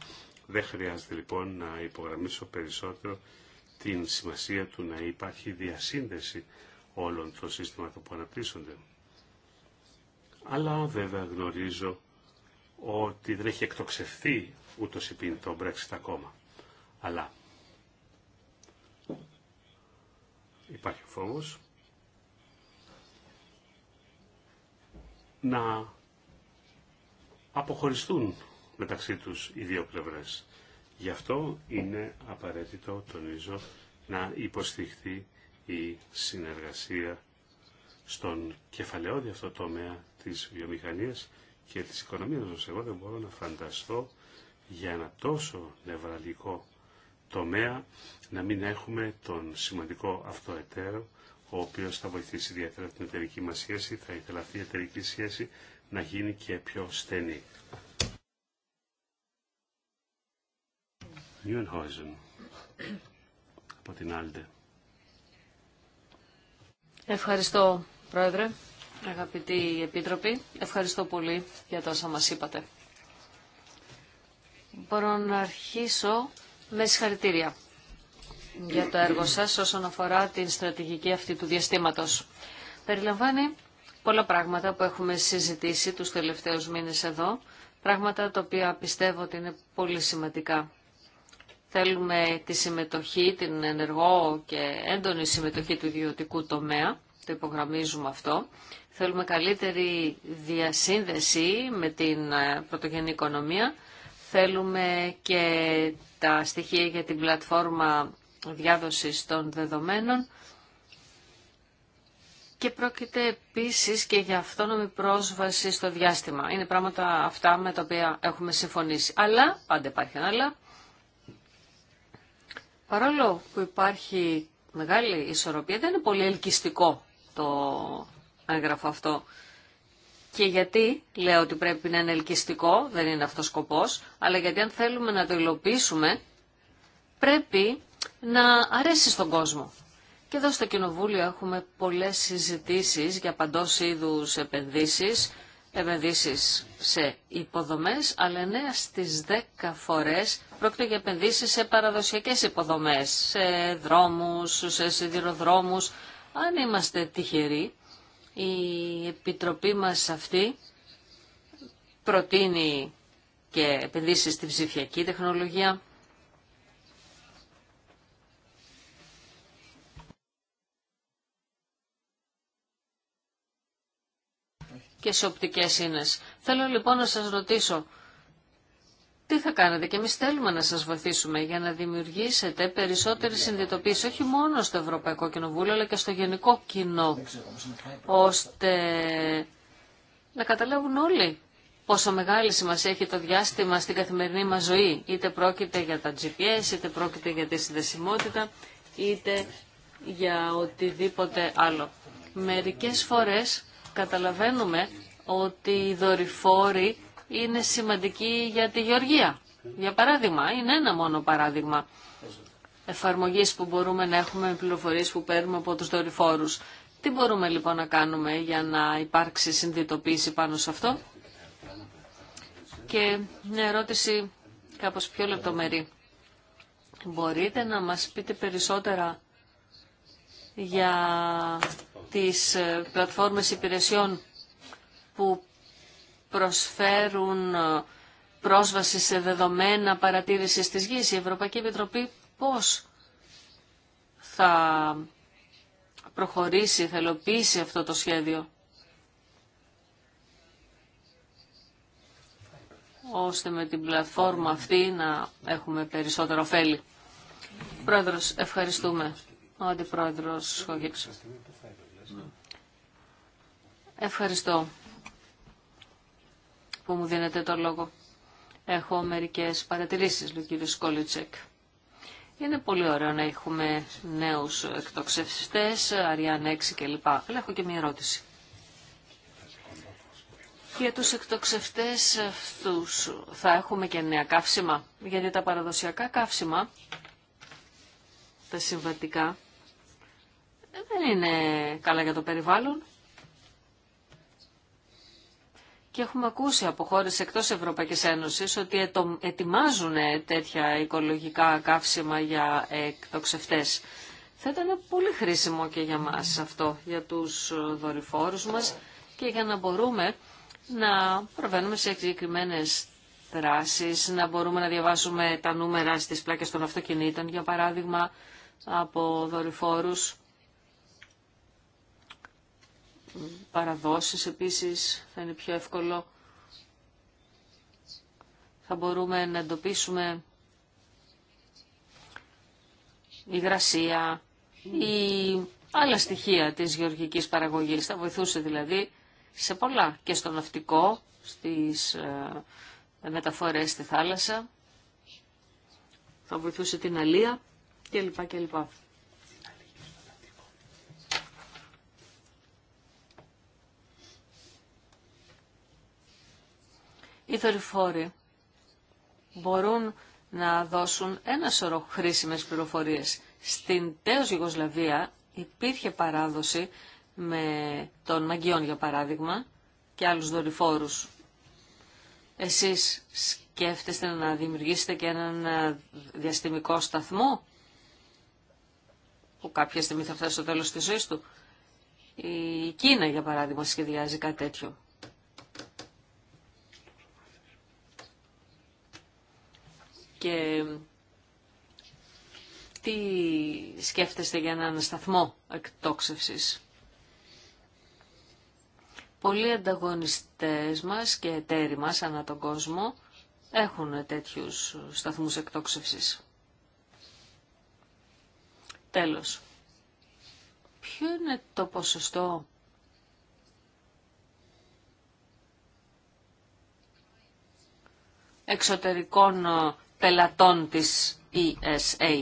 Δεν χρειάζεται λοιπόν να υπογραμμίσω περισσότερο την σημασία του να υπάρχει διασύνδεση όλων των συστημάτων που αναπτύσσονται. Αλλά βέβαια γνωρίζω ότι δεν έχει εκτοξευθεί ή υπήν το Brexit ακόμα. Αλλά υπάρχει φόβος να αποχωριστούν μεταξύ τους οι δύο πλευρές. Γι' αυτό είναι απαραίτητο, τονίζω, να υποστηχθεί η συνεργασία στον κεφαλαιόδη αυτό τομέα της βιομηχανίας και της οικονομίας μας. Εγώ δεν μπορώ να φανταστώ για ένα τόσο νευραλικό τομέα να μην έχουμε τον σημαντικό αυτό εταίρο ο οποίο θα βοηθήσει ιδιαίτερα την εταιρική μα σχέση. Θα ήθελα αυτή η εταιρική σχέση να γίνει και πιο στενή. από την Άλντε. Ευχαριστώ, Πρόεδρε, αγαπητοί Επίτροποι. Ευχαριστώ πολύ για το όσα μας είπατε. Μπορώ να αρχίσω με συγχαρητήρια για το έργο σας όσον αφορά την στρατηγική αυτή του διαστήματος. Περιλαμβάνει πολλά πράγματα που έχουμε συζητήσει τους τελευταίους μήνες εδώ, πράγματα τα οποία πιστεύω ότι είναι πολύ σημαντικά. Θέλουμε τη συμμετοχή, την ενεργό και έντονη συμμετοχή του ιδιωτικού τομέα, το υπογραμμίζουμε αυτό. Θέλουμε καλύτερη διασύνδεση με την ε, πρωτογενή οικονομία. Θέλουμε και τα στοιχεία για την πλατφόρμα διάδοσης των δεδομένων και πρόκειται επίσης και για αυτόνομη πρόσβαση στο διάστημα. Είναι πράγματα αυτά με τα οποία έχουμε συμφωνήσει. Αλλά, πάντα υπάρχει αλλά, παρόλο που υπάρχει μεγάλη ισορροπία, δεν είναι πολύ ελκυστικό το έγγραφο αυτό. Και γιατί λέω ότι πρέπει να είναι ελκυστικό, δεν είναι αυτός σκοπός, αλλά γιατί αν θέλουμε να το υλοποιήσουμε, πρέπει να αρέσει στον κόσμο. Και εδώ στο Κοινοβούλιο έχουμε πολλές συζητήσεις για παντός είδους επενδύσεις, επενδύσεις σε υποδομές, αλλά 9 στις 10 φορές πρόκειται για επενδύσεις σε παραδοσιακές υποδομές, σε δρόμους, σε σιδηροδρόμους. Αν είμαστε τυχεροί, η Επιτροπή μας αυτή προτείνει και επενδύσεις στην ψηφιακή τεχνολογία, και σε οπτικές ίνες. Θέλω λοιπόν να σας ρωτήσω, τι θα κάνετε και εμεί θέλουμε να σας βοηθήσουμε για να δημιουργήσετε περισσότερη συνειδητοποίηση όχι μόνο στο Ευρωπαϊκό Κοινοβούλιο αλλά και στο γενικό κοινό ώστε να καταλάβουν όλοι πόσο μεγάλη σημασία έχει το διάστημα στην καθημερινή μας ζωή είτε πρόκειται για τα GPS, είτε πρόκειται για τη συνδεσιμότητα είτε για οτιδήποτε άλλο. Μερικές φορές καταλαβαίνουμε ότι οι δορυφόροι είναι σημαντικοί για τη γεωργία. Για παράδειγμα, είναι ένα μόνο παράδειγμα εφαρμογής που μπορούμε να έχουμε με πληροφορίες που παίρνουμε από τους δορυφόρους. Τι μπορούμε λοιπόν να κάνουμε για να υπάρξει συνδυτοποίηση πάνω σε αυτό. Και μια ερώτηση κάπως πιο λεπτομερή. Μπορείτε να μας πείτε περισσότερα για τις ε, πλατφόρμες υπηρεσιών που προσφέρουν ε, πρόσβαση σε δεδομένα παρατήρησης της γης. Η Ευρωπαϊκή Επιτροπή πώς θα προχωρήσει, θα ελοπίσει αυτό το σχέδιο. ώστε με την πλατφόρμα αυτή να έχουμε περισσότερο ωφέλη. Πρόεδρος, ευχαριστούμε. Ο Αντιπρόεδρος Χογίψη. Ευχαριστώ που μου δίνετε το λόγο. Έχω μερικές παρατηρήσεις, λέει ο κύριος Είναι πολύ ωραίο να έχουμε νέους εκτοξευστές, Αριάν 6 κλπ. Αλλά έχω και μια ερώτηση. Για τους εκτοξευτές αυτούς θα έχουμε και νέα καύσιμα, γιατί τα παραδοσιακά καύσιμα, τα συμβατικά, δεν είναι καλά για το περιβάλλον. Και έχουμε ακούσει από χώρε εκτό Ευρωπαϊκή Ένωση ότι ετοιμάζουν τέτοια οικολογικά καύσιμα για εκτοξευτέ. Θα ήταν πολύ χρήσιμο και για μας αυτό, για τους δορυφόρους μας και για να μπορούμε να προβαίνουμε σε συγκεκριμένε δράσεις, να μπορούμε να διαβάσουμε τα νούμερα στις πλάκες των αυτοκινήτων, για παράδειγμα, από δορυφόρους παραδόσεις επίσης θα είναι πιο εύκολο. Θα μπορούμε να εντοπίσουμε υγρασία ή άλλα στοιχεία της γεωργικής παραγωγής. Θα βοηθούσε δηλαδή σε πολλά και στο ναυτικό, στις ε, μεταφορές στη θάλασσα. Θα βοηθούσε την αλία κλπ. κλπ. οι δορυφόροι μπορούν να δώσουν ένα σωρό χρήσιμες πληροφορίες. Στην τέως Γιουγκοσλαβία υπήρχε παράδοση με τον Μαγκιόν για παράδειγμα και άλλους δορυφόρους. Εσείς σκέφτεστε να δημιουργήσετε και έναν ε, διαστημικό σταθμό που κάποια στιγμή θα φτάσει στο τέλος της ζωής του. Η Κίνα για παράδειγμα σχεδιάζει κάτι τέτοιο. και τι σκέφτεστε για έναν σταθμό εκτόξευσης. Πολλοί ανταγωνιστές μας και εταίροι μας ανά τον κόσμο έχουν τέτοιους σταθμούς εκτόξευσης. Τέλος. Ποιο είναι το ποσοστό εξωτερικών πελατών της ESA.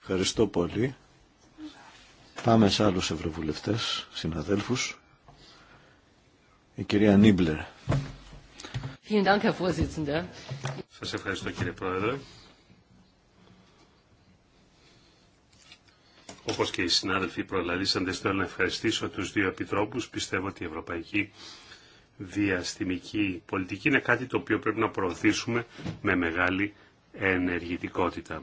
Ευχαριστώ πολύ. Πάμε σε άλλους ευρωβουλευτές, συναδέλφους. Η κυρία Νίμπλερ. Σας ευχαριστώ κύριε Πρόεδρε. Όπως και οι συνάδελφοι προλαλήσαντες, θέλω να ευχαριστήσω τους δύο επιτρόπους. Πιστεύω ότι η Ευρωπαϊκή διαστημική πολιτική είναι κάτι το οποίο πρέπει να προωθήσουμε με μεγάλη ενεργητικότητα.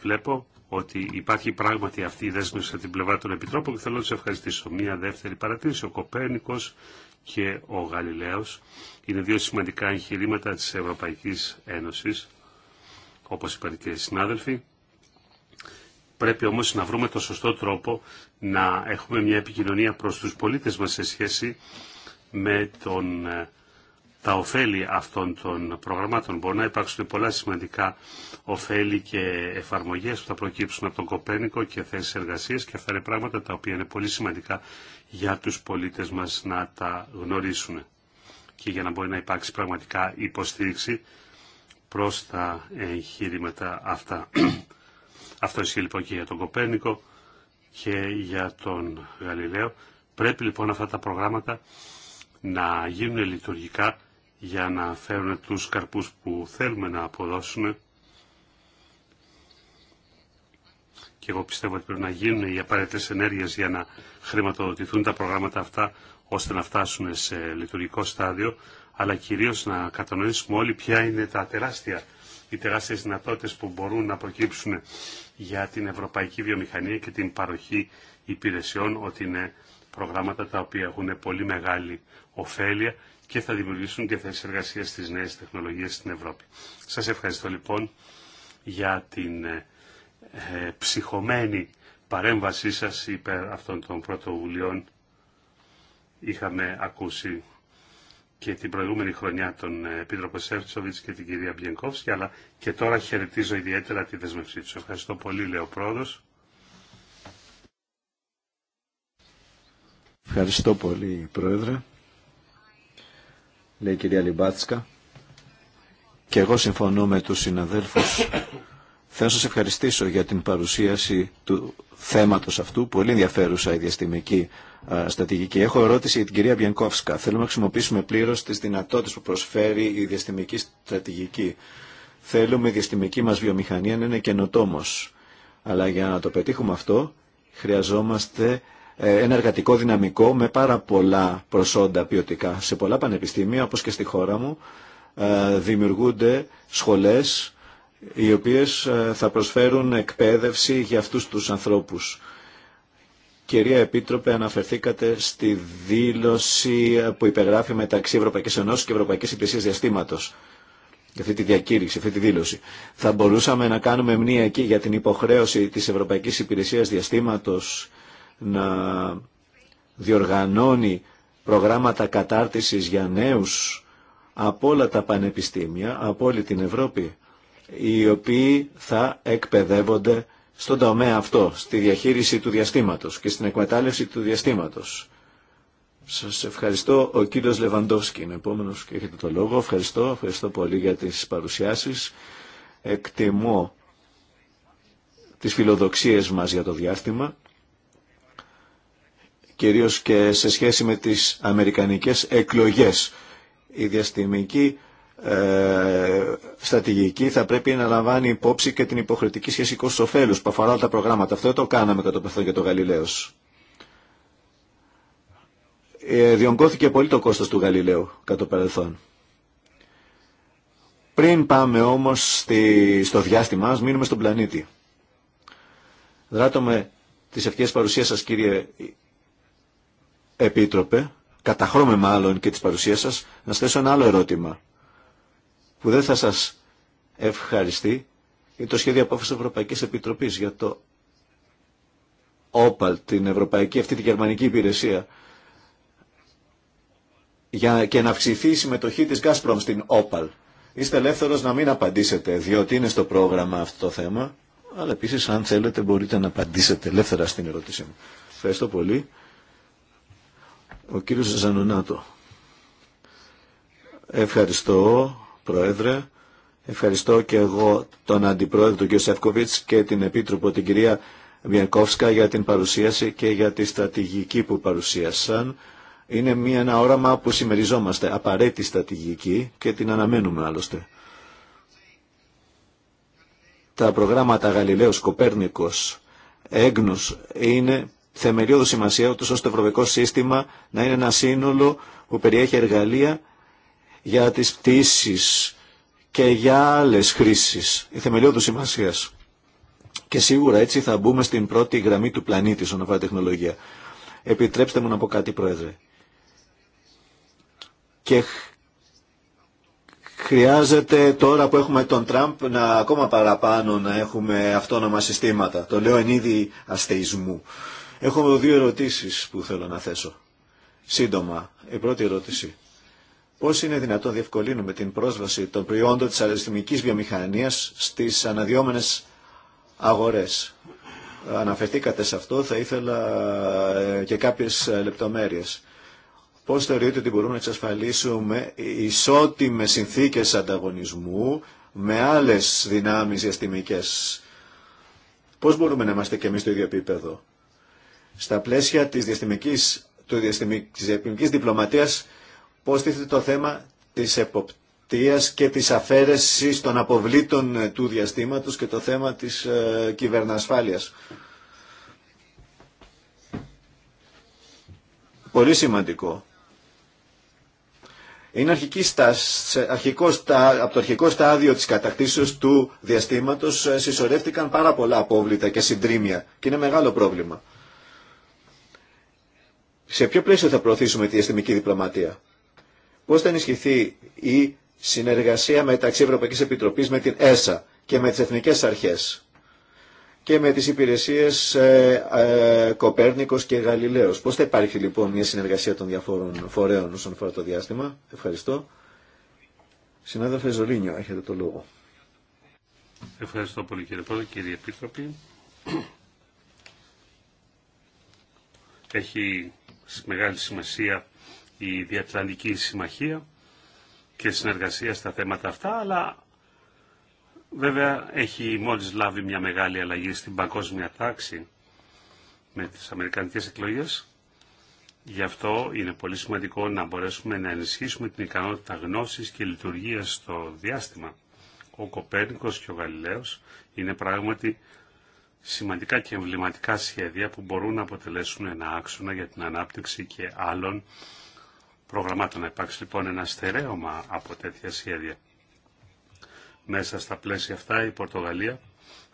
Βλέπω ότι υπάρχει πράγματι αυτή η δέσμευση από την πλευρά των Επιτρόπων και θέλω να του ευχαριστήσω. Μία δεύτερη παρατήρηση. Ο Κοπέρνικος και ο Γαλιλαίος είναι δύο σημαντικά εγχειρήματα της Ευρωπαϊκής Ένωσης όπως είπαν και οι συνάδελφοι. Πρέπει όμως να βρούμε το σωστό τρόπο να έχουμε μια επικοινωνία προς τους πολίτες μας σε σχέση με τον, ε, τα ωφέλη αυτών των προγραμμάτων. Μπορεί να υπάρξουν πολλά σημαντικά ωφέλη και εφαρμογές που θα προκύψουν από τον Κοπένικο και θέσεις εργασίες και αυτά είναι πράγματα τα οποία είναι πολύ σημαντικά για τους πολίτες μας να τα γνωρίσουν και για να μπορεί να υπάρξει πραγματικά υποστήριξη προς τα εγχείρηματα αυτά. Αυτό ισχύει λοιπόν και για τον Κοπέρνικο και για τον Γαλιλαίο. Πρέπει λοιπόν αυτά τα προγράμματα να γίνουν λειτουργικά για να φέρουν τους καρπούς που θέλουμε να αποδώσουν. Και εγώ πιστεύω ότι πρέπει να γίνουν οι απαραίτητες ενέργειες για να χρηματοδοτηθούν τα προγράμματα αυτά ώστε να φτάσουν σε λειτουργικό στάδιο, αλλά κυρίως να κατανοήσουμε όλοι ποια είναι τα τεράστια οι τεράστιες δυνατότητες που μπορούν να προκύψουν για την ευρωπαϊκή βιομηχανία και την παροχή υπηρεσιών, ότι είναι προγράμματα τα οποία έχουν πολύ μεγάλη ωφέλεια και θα δημιουργήσουν και θέσει εργασία στις νέες τεχνολογίες στην Ευρώπη. Σας ευχαριστώ λοιπόν για την ε, ψυχωμένη παρέμβασή σας υπέρ αυτών των πρωτοβουλειών. Είχαμε ακούσει και την προηγούμενη χρονιά τον ε, Επίτροπο Σέρτσοβιτς και την κυρία Μπιενκόφσκη, αλλά και τώρα χαιρετίζω ιδιαίτερα τη δεσμευσή του. Ευχαριστώ πολύ, λέω ο Ευχαριστώ πολύ, Πρόεδρε. Λέει η κυρία Λιμπάτσκα. Και εγώ συμφωνώ με τους συναδέλφους Θέλω να σας ευχαριστήσω για την παρουσίαση του θέματος αυτού, πολύ ενδιαφέρουσα η διαστημική στρατηγική. Έχω ερώτηση για την κυρία Μπιανκόφσκα. Θέλουμε να χρησιμοποιήσουμε πλήρως τις δυνατότητες που προσφέρει η διαστημική στρατηγική. Θέλουμε η διαστημική μας βιομηχανία να είναι καινοτόμος. Αλλά για να το πετύχουμε αυτό χρειαζόμαστε ε, ένα εργατικό δυναμικό με πάρα πολλά προσόντα ποιοτικά. Σε πολλά πανεπιστήμια, όπως και στη χώρα μου, ε, δημιουργούνται σχολές οι οποίες ε, θα προσφέρουν εκπαίδευση για αυτούς τους ανθρώπους. Κυρία Επίτροπε, αναφερθήκατε στη δήλωση που υπεγράφει μεταξύ Ευρωπαϊκής Ενώσης και Ευρωπαϊκής Υπηρεσίας Διαστήματος για αυτή τη διακήρυξη, αυτή τη δήλωση. Θα μπορούσαμε να κάνουμε μνήμα εκεί για την υποχρέωση της Ευρωπαϊκής Υπηρεσίας Διαστήματος να διοργανώνει προγράμματα κατάρτισης για νέους από όλα τα πανεπιστήμια, από όλη την Ευρώπη οι οποίοι θα εκπαιδεύονται στον τομέα αυτό, στη διαχείριση του διαστήματος και στην εκμετάλλευση του διαστήματος. Σας ευχαριστώ. Ο κύριος Λεβαντόφσκι είναι επόμενος και έχετε το λόγο. Ευχαριστώ. Ευχαριστώ πολύ για τις παρουσιάσεις. Εκτιμώ τις φιλοδοξίες μας για το διάστημα, κυρίως και σε σχέση με τις αμερικανικές εκλογές. Η διαστημική ε, στρατηγική θα πρέπει να λαμβάνει υπόψη και την υποχρεωτική σχέση κόστος ωφέλους που αφορά όλα τα προγράμματα. Αυτό το κάναμε κατά το για το Γαλιλαίος. Ε, πολύ το κόστος του Γαλιλαίου κατά το παρελθόν. Πριν πάμε όμως στη, στο διάστημά μας, μείνουμε στον πλανήτη. Δράτω τις ευχές παρουσίας σας κύριε Επίτροπε, καταχρώμε μάλλον και τις παρουσίες σας, να θέσω ένα άλλο ερώτημα που δεν θα σας ευχαριστεί είναι το σχέδιο απόφαση της Ευρωπαϊκής Επιτροπής για το ΟΠΑΛ, την Ευρωπαϊκή αυτή τη γερμανική υπηρεσία για, και να αυξηθεί η συμμετοχή της Gazprom στην ΟΠΑΛ. Είστε ελεύθερος να μην απαντήσετε, διότι είναι στο πρόγραμμα αυτό το θέμα, αλλά επίσης αν θέλετε μπορείτε να απαντήσετε ελεύθερα στην ερώτησή μου. Ευχαριστώ πολύ. Ο κύριος Ζανονάτο. Ευχαριστώ. Πρόεδρε. Ευχαριστώ και εγώ τον Αντιπρόεδρο του κ. Σεύκοβιτς και την Επίτροπο την κυρία Μιανκόφσκα για την παρουσίαση και για τη στρατηγική που παρουσίασαν. Είναι μια, ένα όραμα που συμμεριζόμαστε, απαραίτητη στρατηγική και την αναμένουμε άλλωστε. Τα προγράμματα Γαλιλαίος Κοπέρνικος, έγνους είναι θεμελιώδου σημασία ούτως ώστε το ευρωπαϊκό σύστημα να είναι ένα σύνολο που περιέχει εργαλεία για τις πτήσεις και για άλλες χρήσεις, η θεμελιώδου σημασία. Και σίγουρα έτσι θα μπούμε στην πρώτη γραμμή του πλανήτη όσον αφορά τεχνολογία. Επιτρέψτε μου να πω κάτι, Πρόεδρε. Και χρειάζεται τώρα που έχουμε τον Τραμπ να ακόμα παραπάνω να έχουμε αυτόνομα συστήματα. Το λέω εν είδη αστεϊσμού. Έχω δύο ερωτήσεις που θέλω να θέσω. Σύντομα, η πρώτη ερώτηση. Πώς είναι δυνατόν διευκολύνουμε την πρόσβαση των προϊόντων της αριθμικής βιομηχανίας στις αναδιόμενες αγορές. Αναφερθήκατε σε αυτό, θα ήθελα ε, και κάποιες ε, λεπτομέρειες. Πώς θεωρείτε ότι μπορούμε να εξασφαλίσουμε ισότιμες συνθήκες ανταγωνισμού με άλλες δυνάμεις διαστημικές. Πώς μπορούμε να είμαστε και εμείς στο ίδιο επίπεδο. Στα πλαίσια της διαστημικής, του διπλωματίας πώς τίθεται το θέμα της εποπτείας και της αφαίρεσης των αποβλήτων ε, του διαστήματος και το θέμα της ε, κυβερνασφάλειας. Πολύ σημαντικό. Είναι αρχική από το αρχικό στάδιο της κατακτήσεως του διαστήματος ε, συσσωρεύτηκαν πάρα πολλά απόβλητα και συντρίμια και είναι μεγάλο πρόβλημα. Σε ποιο πλαίσιο θα προωθήσουμε τη διαστημική διπλωματία πώς θα ενισχυθεί η συνεργασία μεταξύ Ευρωπαϊκής Επιτροπής με την ΕΣΑ και με τις εθνικές αρχές και με τις υπηρεσίες ε, ε, Κοπέρνικος και Γαλιλαίος. Πώς θα υπάρχει λοιπόν μια συνεργασία των διαφόρων φορέων όσον αφορά το διάστημα. Ευχαριστώ. Συνάδελφε Ζολίνιο, έχετε το λόγο. Ευχαριστώ πολύ κύριε Πρόεδρε, κύριε Επίτροπη. Έχει μεγάλη σημασία η Διατλαντική Συμμαχία και συνεργασία στα θέματα αυτά, αλλά βέβαια έχει μόλις λάβει μια μεγάλη αλλαγή στην παγκόσμια τάξη με τις Αμερικανικές εκλογές. Γι' αυτό είναι πολύ σημαντικό να μπορέσουμε να ενισχύσουμε την ικανότητα γνώσης και λειτουργίας στο διάστημα. Ο Κοπέρνικος και ο Γαλιλαίος είναι πράγματι σημαντικά και εμβληματικά σχέδια που μπορούν να αποτελέσουν ένα άξονα για την ανάπτυξη και άλλων προγραμμάτων. Να υπάρξει λοιπόν ένα στερέωμα από τέτοια σχέδια. Μέσα στα πλαίσια αυτά η Πορτογαλία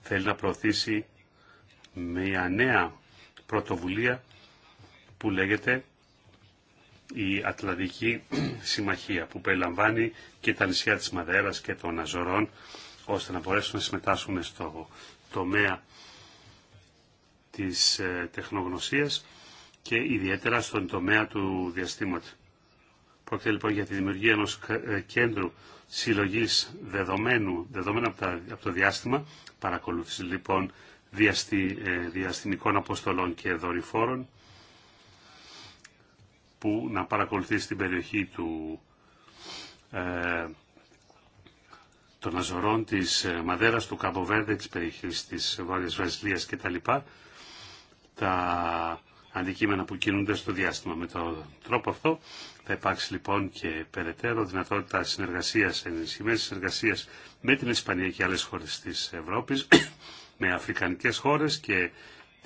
θέλει να προωθήσει μια νέα πρωτοβουλία που λέγεται η Ατλαντική Συμμαχία που περιλαμβάνει και τα νησιά της Μαδέρας και των Αζωρών ώστε να μπορέσουν να συμμετάσχουν στο τομέα της ε, τεχνογνωσίας και ιδιαίτερα στον τομέα του διαστήματος. Πρόκειται λοιπόν για τη δημιουργία ενός ε, κέντρου συλλογής δεδομένου, δεδομένα από, το διάστημα, παρακολούθηση λοιπόν διαστη, ε, διαστημικών αποστολών και δορυφόρων, που να παρακολουθεί στην περιοχή του, ε, των Αζωρών, της ε, Μαδέρας, του Καμποβέρδε, της περιοχής της Βόρειας Βραζιλίας κτλ. Τα αντικείμενα που κινούνται στο διάστημα. Με τον τρόπο αυτό θα υπάρξει λοιπόν και περαιτέρω δυνατότητα συνεργασίας, ενισχυμένης συνεργασίας με την Ισπανία και άλλες χώρες της Ευρώπης, με αφρικανικές χώρες και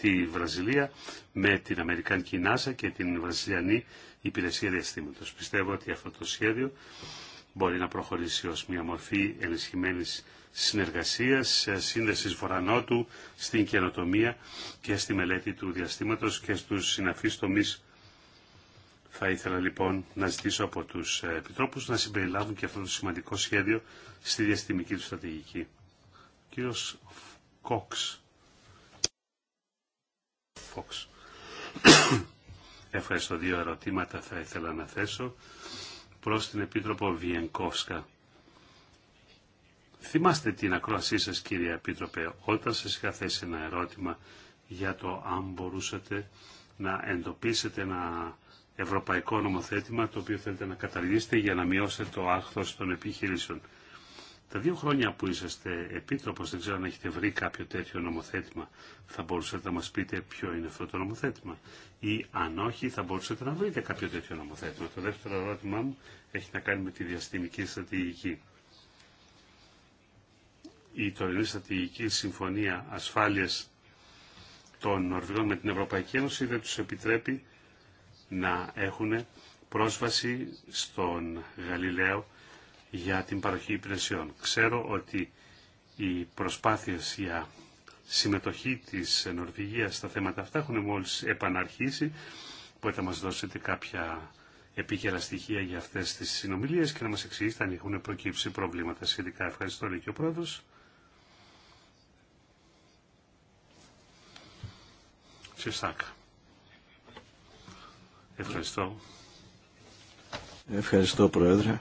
τη Βραζιλία, με την Αμερικανική Νάσα και την Βραζιλιανή Υπηρεσία Διαστήματος. Πιστεύω ότι αυτό το σχέδιο μπορεί να προχωρήσει ως μια μορφή ενισχυμένης συνεργασίας, σύνδεσης βορανότου, στην καινοτομία και στη μελέτη του διαστήματος και στους συναφείς τομείς. Θα ήθελα λοιπόν να ζητήσω από τους ε, επιτρόπους να συμπεριλάβουν και αυτό το σημαντικό σχέδιο στη διαστημική του στρατηγική. Ο κύριος Κόξ. Ευχαριστώ δύο ερωτήματα θα ήθελα να θέσω προς την Επίτροπο Βιενκόφσκα. Θυμάστε την ακρόασή σας κύριε Επίτροπε όταν σας είχα θέσει ένα ερώτημα για το αν μπορούσατε να εντοπίσετε ένα ευρωπαϊκό νομοθέτημα το οποίο θέλετε να καταργήσετε για να μειώσετε το άχθος των επιχειρήσεων. Τα δύο χρόνια που είσαστε επίτροπος, δεν ξέρω αν έχετε βρει κάποιο τέτοιο νομοθέτημα, θα μπορούσατε να μας πείτε ποιο είναι αυτό το νομοθέτημα. Ή αν όχι, θα μπορούσατε να βρείτε κάποιο τέτοιο νομοθέτημα. Το δεύτερο ερώτημά μου έχει να κάνει με τη διαστημική στρατηγική η τωρινή στρατηγική συμφωνία ασφάλειας των Νορβηγών με την Ευρωπαϊκή Ένωση δεν τους επιτρέπει να έχουν πρόσβαση στον Γαλιλαίο για την παροχή υπηρεσιών. Ξέρω ότι οι προσπάθειες για συμμετοχή της Νορβηγία στα θέματα αυτά έχουν μόλις επαναρχίσει, Μπορείτε θα μας δώσετε κάποια επίκαιρα στοιχεία για αυτές τις συνομιλίες και να μας εξηγήσετε αν έχουν προκύψει προβλήματα σχετικά. Ευχαριστώ, ο Πρόεδρος. Ευχαριστώ. Ευχαριστώ Πρόεδρε.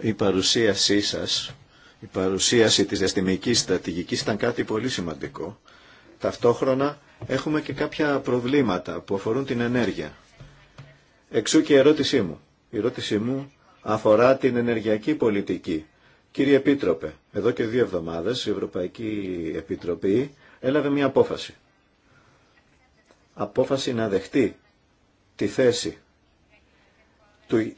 Η παρουσίασή σας, η παρουσίαση της διαστημικής στρατηγικής ήταν κάτι πολύ σημαντικό. Ταυτόχρονα έχουμε και κάποια προβλήματα που αφορούν την ενέργεια. Εξού και η ερώτησή μου. Η ερώτησή μου αφορά την ενεργειακή πολιτική. Κύριε Επίτροπε, εδώ και δύο εβδομάδες η Ευρωπαϊκή Επιτροπή έλαβε μια απόφαση. Απόφαση να δεχτεί τη θέση του,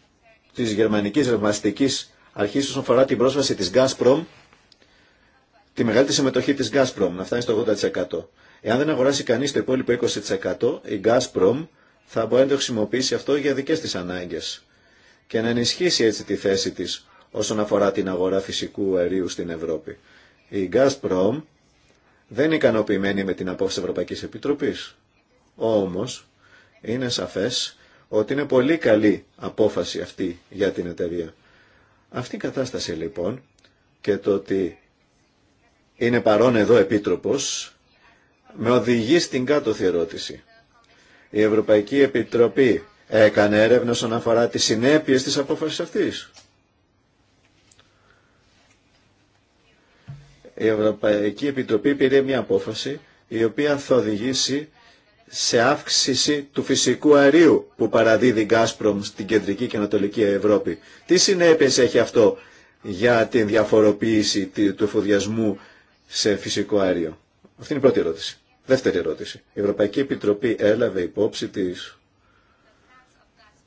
της γερμανικής ρευμαστικής αρχής όσον αφορά την πρόσβαση της Gazprom, τη μεγάλη συμμετοχή της Gazprom, να φτάνει στο 80%. Εάν δεν αγοράσει κανείς το υπόλοιπο 20%, η Gazprom θα μπορεί να το χρησιμοποιήσει αυτό για δικές της ανάγκες και να ενισχύσει έτσι τη θέση της όσον αφορά την αγορά φυσικού αερίου στην Ευρώπη. Η Gazprom δεν είναι ικανοποιημένοι με την απόφαση Ευρωπαϊκής Επιτροπής. Όμως, είναι σαφές ότι είναι πολύ καλή απόφαση αυτή για την εταιρεία. Αυτή η κατάσταση λοιπόν και το ότι είναι παρόν εδώ επίτροπος με οδηγεί στην κάτω ερώτηση. Η Ευρωπαϊκή Επιτροπή έκανε έρευνα όσον αφορά τις συνέπειες της απόφασης αυτής. η Ευρωπαϊκή Επιτροπή πήρε μια απόφαση η οποία θα οδηγήσει σε αύξηση του φυσικού αερίου που παραδίδει Γκάσπρομ στην κεντρική και ανατολική Ευρώπη. Τι συνέπειες έχει αυτό για την διαφοροποίηση του εφοδιασμού σε φυσικό αέριο. Αυτή είναι η πρώτη ερώτηση. Δεύτερη ερώτηση. Η Ευρωπαϊκή Επιτροπή έλαβε υπόψη της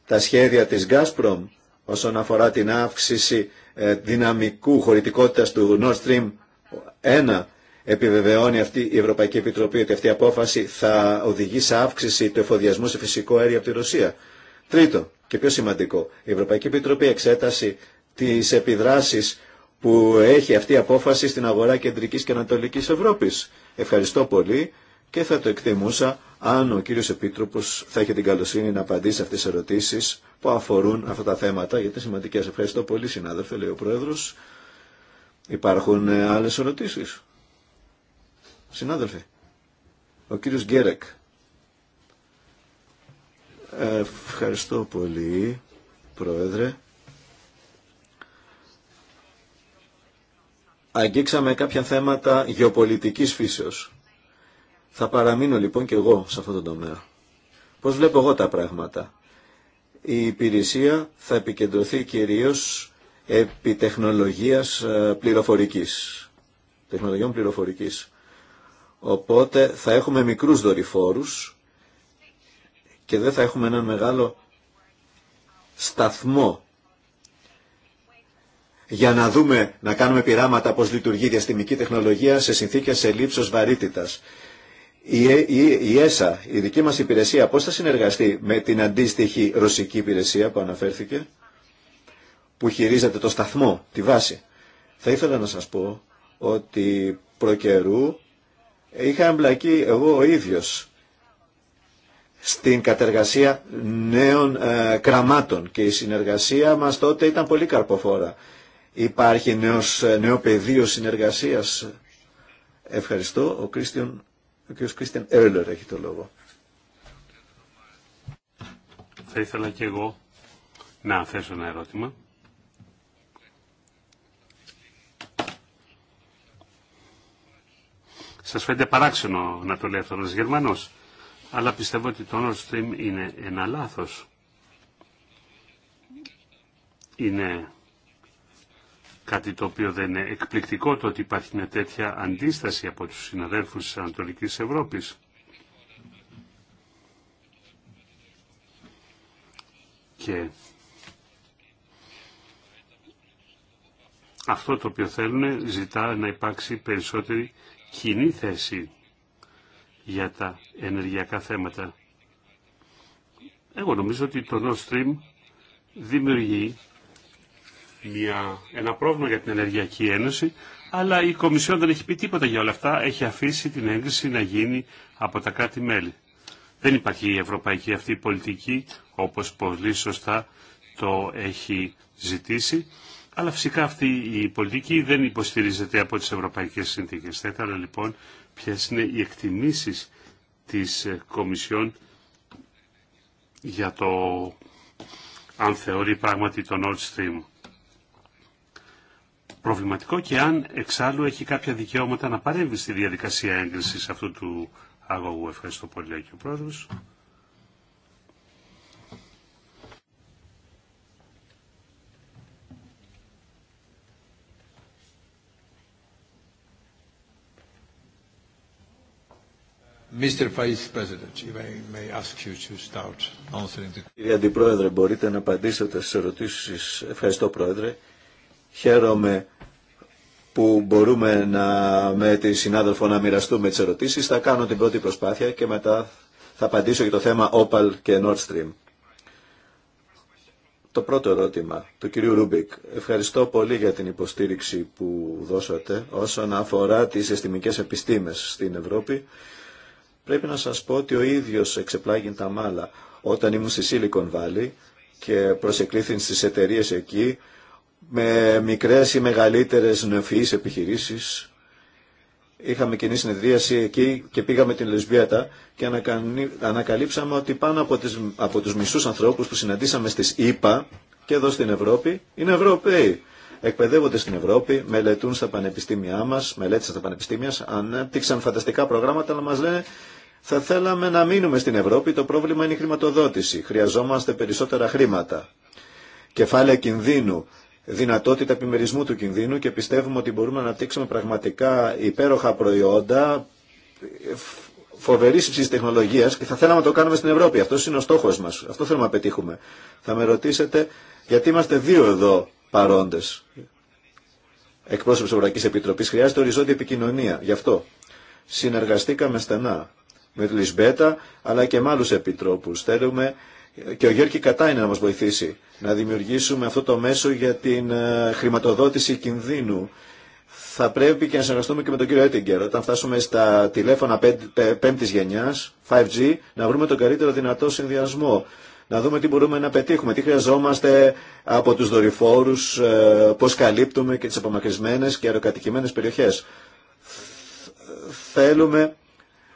τα σχέδια της Γκάσπρομ όσον αφορά την αύξηση ε, δυναμικού χωρητικότητας του Nord Stream ένα, επιβεβαιώνει αυτή η Ευρωπαϊκή Επιτροπή ότι αυτή η απόφαση θα οδηγεί σε αύξηση του εφοδιασμού σε φυσικό αέριο από τη Ρωσία. Τρίτο, και πιο σημαντικό, η Ευρωπαϊκή Επιτροπή εξέταση τις επιδράσεις που έχει αυτή η απόφαση στην αγορά κεντρικής και ανατολικής Ευρώπης. Ευχαριστώ πολύ και θα το εκτιμούσα αν ο κύριος Επίτροπος θα έχει την καλοσύνη να απαντήσει σε αυτές τις ερωτήσεις που αφορούν αυτά τα θέματα, γιατί είναι σημαντικές. Ευχαριστώ πολύ συνάδελφε, λέει ο Πρόεδρος. Υπάρχουν ε, άλλες ερωτήσεις. Συνάδελφοι, ο κύριος Γκέρεκ. Ε, ευχαριστώ πολύ, Πρόεδρε. Αγγίξαμε κάποια θέματα γεωπολιτικής φύσεως. Θα παραμείνω λοιπόν και εγώ σε αυτό το τομέα. Πώς βλέπω εγώ τα πράγματα. Η υπηρεσία θα επικεντρωθεί κυρίως επί τεχνολογίας ε, πληροφορικής, τεχνολογιών πληροφορικής. Οπότε θα έχουμε μικρούς δορυφόρους και δεν θα έχουμε έναν μεγάλο σταθμό για να δούμε, να κάνουμε πειράματα πώς λειτουργεί η διαστημική τεχνολογία σε συνθήκες ελλείψεως βαρύτητας. Η, ε- η, η ΕΣΑ, η δική μας υπηρεσία, πώς θα συνεργαστεί με την αντίστοιχη ρωσική υπηρεσία που αναφέρθηκε που χειρίζεται το σταθμό, τη βάση. Θα ήθελα να σας πω ότι προκαιρού είχα εμπλακεί εγώ ο ίδιος στην κατεργασία νέων ε, κραμάτων και η συνεργασία μας τότε ήταν πολύ καρποφόρα. Υπάρχει νέος, ε, νέο πεδίο συνεργασίας. Ευχαριστώ. Ο, Κρίστιον, ο κ. Κρίστιαν Έρλερ έχει το λόγο. Θα ήθελα και εγώ να θέσω ένα ερώτημα. Σα φαίνεται παράξενο να το λέει αυτό ένα Γερμανός. Αλλά πιστεύω ότι το Nord Stream είναι ένα λάθο. Είναι κάτι το οποίο δεν είναι εκπληκτικό το ότι υπάρχει μια τέτοια αντίσταση από τους συναδέλφους της Ανατολική Ευρώπης. Και αυτό το οποίο θέλουν ζητά να υπάρξει περισσότερη κοινή θέση για τα ενεργειακά θέματα. Εγώ νομίζω ότι το Nord Stream δημιουργεί μια, ένα πρόβλημα για την Ενεργειακή Ένωση, αλλά η Κομισιόν δεν έχει πει τίποτα για όλα αυτά, έχει αφήσει την έγκριση να γίνει από τα κράτη-μέλη. Δεν υπάρχει η ευρωπαϊκή αυτή πολιτική, όπως πολύ σωστά το έχει ζητήσει αλλά φυσικά αυτή η πολιτική δεν υποστηρίζεται από τις ευρωπαϊκές συνθήκες. Θα ήθελα λοιπόν ποιε είναι οι εκτιμήσεις της ε, Κομισιόν για το αν θεωρεί πράγματι το Nord Stream. Προβληματικό και αν εξάλλου έχει κάποια δικαιώματα να παρέμβει στη διαδικασία έγκρισης αυτού του αγωγού. Ευχαριστώ πολύ, Αγίου Πρόεδρος. Κύριε Αντιπρόεδρε, μπορείτε να απαντήσετε στις ερωτήσεις. Ευχαριστώ, Πρόεδρε. Χαίρομαι που μπορούμε να, με τη συνάδελφο να μοιραστούμε τις ερωτήσεις. Θα κάνω την πρώτη προσπάθεια και μετά θα απαντήσω για το θέμα Opal και Nord Stream. Το πρώτο ερώτημα του κυρίου Ρούμπικ. Ευχαριστώ πολύ για την υποστήριξη που δώσατε όσον αφορά τις αισθημικές επιστήμες στην Ευρώπη. Πρέπει να σας πω ότι ο ίδιος εξεπλάγει τα μάλα όταν ήμουν στη Silicon Valley και προσεκλήθη στις εταιρείε εκεί με μικρές ή μεγαλύτερες νεοφυείς επιχειρήσεις. Είχαμε κοινή συνεδρίαση εκεί και πήγαμε την Λεσβίατα και ανακαλύψαμε ότι πάνω από, τις, από τους μισούς ανθρώπους που συναντήσαμε στις ΗΠΑ και εδώ στην Ευρώπη είναι Ευρωπαίοι. Εκπαιδεύονται στην Ευρώπη, μελετούν στα πανεπιστήμια μας, μελέτησαν στα πανεπιστήμια, ανέπτυξαν φανταστικά προγράμματα, αλλά μας λένε θα θέλαμε να μείνουμε στην Ευρώπη, το πρόβλημα είναι η χρηματοδότηση. Χρειαζόμαστε περισσότερα χρήματα. Κεφάλαια κινδύνου, δυνατότητα επιμερισμού του κινδύνου και πιστεύουμε ότι μπορούμε να αναπτύξουμε πραγματικά υπέροχα προϊόντα φοβερή υψηλή τεχνολογία και θα θέλαμε να το κάνουμε στην Ευρώπη. Αυτό είναι ο στόχο μα. Αυτό θέλουμε να πετύχουμε. Θα με ρωτήσετε γιατί είμαστε δύο εδώ παρόντε. Εκπρόσωπο Ευρωπαϊκή Επιτροπή χρειάζεται οριζόντια επικοινωνία. Γι' αυτό συνεργαστήκαμε στενά με τη Λισμπέτα, αλλά και με άλλου επιτρόπου. Θέλουμε και ο Γιώργη Κατάινε να μα βοηθήσει να δημιουργήσουμε αυτό το μέσο για την ε, χρηματοδότηση κινδύνου. Θα πρέπει και να συνεργαστούμε και με τον κύριο Έτιγκερ. Όταν φτάσουμε στα τηλέφωνα πέμπτη γενιά, 5G, να βρούμε τον καλύτερο δυνατό συνδυασμό. Να δούμε τι μπορούμε να πετύχουμε, τι χρειαζόμαστε από του δορυφόρου ε, πώ καλύπτουμε και τι απομακρυσμένε και αεροκατοικημένε περιοχέ. Θέλουμε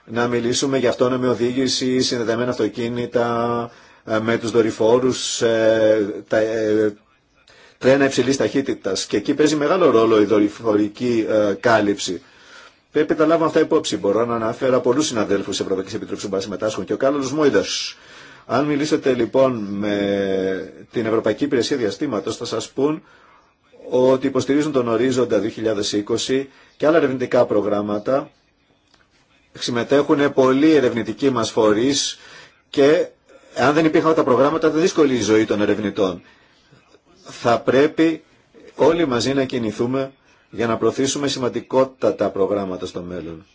να μιλήσουμε για με οδήγηση, συνδεδεμένα αυτοκίνητα, ε, με τους δορυφόρους, ε, τα ε, τρένα υψηλής ταχύτητας. Και εκεί παίζει μεγάλο ρόλο η δορυφορική κάλυψη. Πρέπει να λάβουμε αυτά υπόψη. Μπορώ να αναφέρω πολλού συναδέλφους τη Ευρωπαϊκή Επιτροπή που συμμετάσχουν και ο Κάλλος Μόιδα. Αν μιλήσετε λοιπόν με την Ευρωπαϊκή Υπηρεσία Διαστήματο, θα σα πούν ότι υποστηρίζουν τον ορίζοντα 2020 και άλλα ερευνητικά προγράμματα συμμετέχουν πολλοί ερευνητικοί μας φορείς και αν δεν υπήρχαν τα προγράμματα ήταν δύσκολη η ζωή των ερευνητών. Θα πρέπει όλοι μαζί να κινηθούμε για να προωθήσουμε σημαντικότατα προγράμματα στο μέλλον.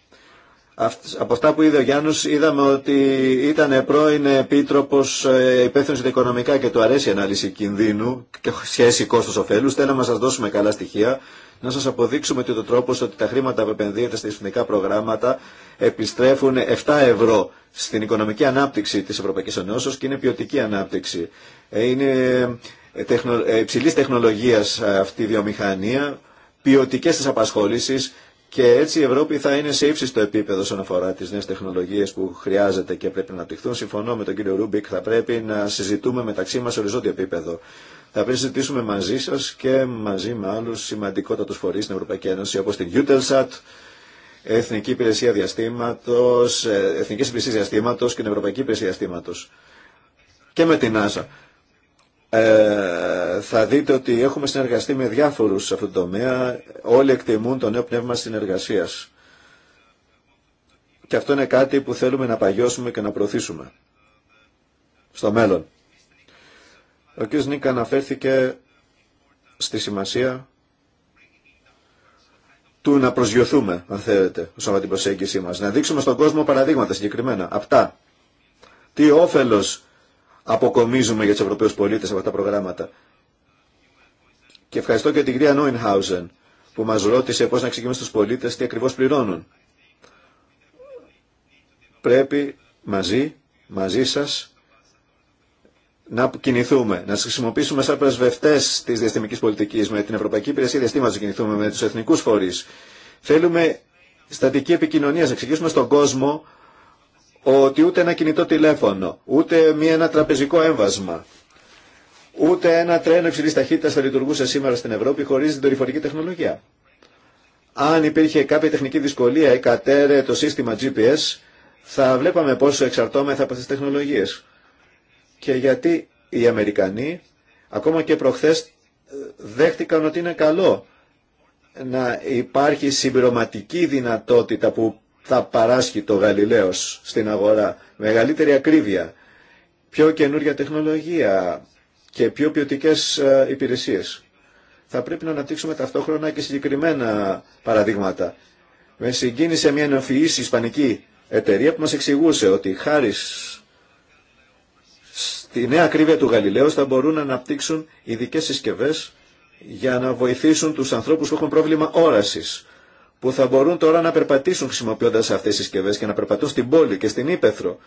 Από αυτά που είδε ο Γιάννους είδαμε ότι ήταν πρώην επίτροπος ε, υπεύθυνο για οικονομικά και του αρέσει η ανάλυση κινδύνου και σχέση κόστο-οφέλου. Θέλαμε να σας δώσουμε καλά στοιχεία να σας αποδείξουμε ότι ο τρόπος ότι τα χρήματα που επενδύεται στα εθνικά προγράμματα επιστρέφουν 7 ευρώ στην οικονομική ανάπτυξη της Ευρωπαϊκής Ενώσεως και είναι ποιοτική ανάπτυξη. Ε, είναι ε, τεχνο, ε, υψηλής τεχνολογίας αυτή η βιομηχανία, ποιοτικές της απασχόλησης και έτσι η Ευρώπη θα είναι σε ύψιστο επίπεδο όσον αφορά τι νέε τεχνολογίε που χρειάζεται και πρέπει να αναπτυχθούν. Συμφωνώ με τον κύριο Ρούμπικ, θα πρέπει να συζητούμε μεταξύ μα οριζόντιο επίπεδο θα πρέπει να συζητήσουμε μαζί σα και μαζί με άλλου σημαντικότατου φορεί στην Ευρωπαϊκή Ένωση όπω την Utelsat, Εθνική Υπηρεσία Διαστήματο, ε, Εθνική Υπηρεσία Διαστήματο και την Ευρωπαϊκή Υπηρεσία Διαστήματος και με την NASA. Ε, θα δείτε ότι έχουμε συνεργαστεί με διάφορους σε αυτό τον τομέα. Όλοι εκτιμούν το νέο πνεύμα συνεργασίας. Και αυτό είναι κάτι που θέλουμε να παγιώσουμε και να προωθήσουμε στο μέλλον. Ο κ. Νίκ αναφέρθηκε στη σημασία του να προσγειωθούμε, αν θέλετε, ως όλα την προσέγγιση μας. Να δείξουμε στον κόσμο παραδείγματα συγκεκριμένα, απτά. Τι όφελος αποκομίζουμε για τους Ευρωπαίους πολίτες από τα προγράμματα. Και ευχαριστώ και την κυρία Νόινχάουζεν που μας ρώτησε πώς να ξεκινήσουμε στους πολίτες τι ακριβώς πληρώνουν. Πρέπει μαζί, μαζί σας να κινηθούμε, να χρησιμοποιήσουμε σαν πρεσβευτέ τη διαστημική πολιτική με την Ευρωπαϊκή Υπηρεσία Διαστήματο, να κινηθούμε με του εθνικού φορεί. Θέλουμε στατική επικοινωνία, να εξηγήσουμε στον κόσμο ότι ούτε ένα κινητό τηλέφωνο, ούτε μία, ένα τραπεζικό έμβασμα, ούτε ένα τρένο υψηλή ταχύτητα θα λειτουργούσε σήμερα στην Ευρώπη χωρί την δορυφορική τεχνολογία. Αν υπήρχε κάποια τεχνική δυσκολία ή κατέρε το σύστημα GPS, θα βλέπαμε πόσο εξαρτώμεθα από τι τεχνολογίε και γιατί οι Αμερικανοί ακόμα και προχθές δέχτηκαν ότι είναι καλό να υπάρχει συμπληρωματική δυνατότητα που θα παράσχει το Γαλιλαίος στην αγορά. Μεγαλύτερη ακρίβεια, πιο καινούργια τεχνολογία και πιο ποιοτικέ ε, υπηρεσίες. Θα πρέπει να αναπτύξουμε ταυτόχρονα και συγκεκριμένα παραδείγματα. Με συγκίνησε μια νεοφυής ισπανική εταιρεία που μας εξηγούσε ότι χάρη στη νέα ακρίβεια του Γαλιλαίου θα μπορούν να αναπτύξουν ειδικέ συσκευέ για να βοηθήσουν του ανθρώπου που έχουν πρόβλημα όραση. Που θα μπορούν τώρα να περπατήσουν χρησιμοποιώντα αυτέ τι συσκευέ και να περπατούν στην πόλη και στην ύπεθρο.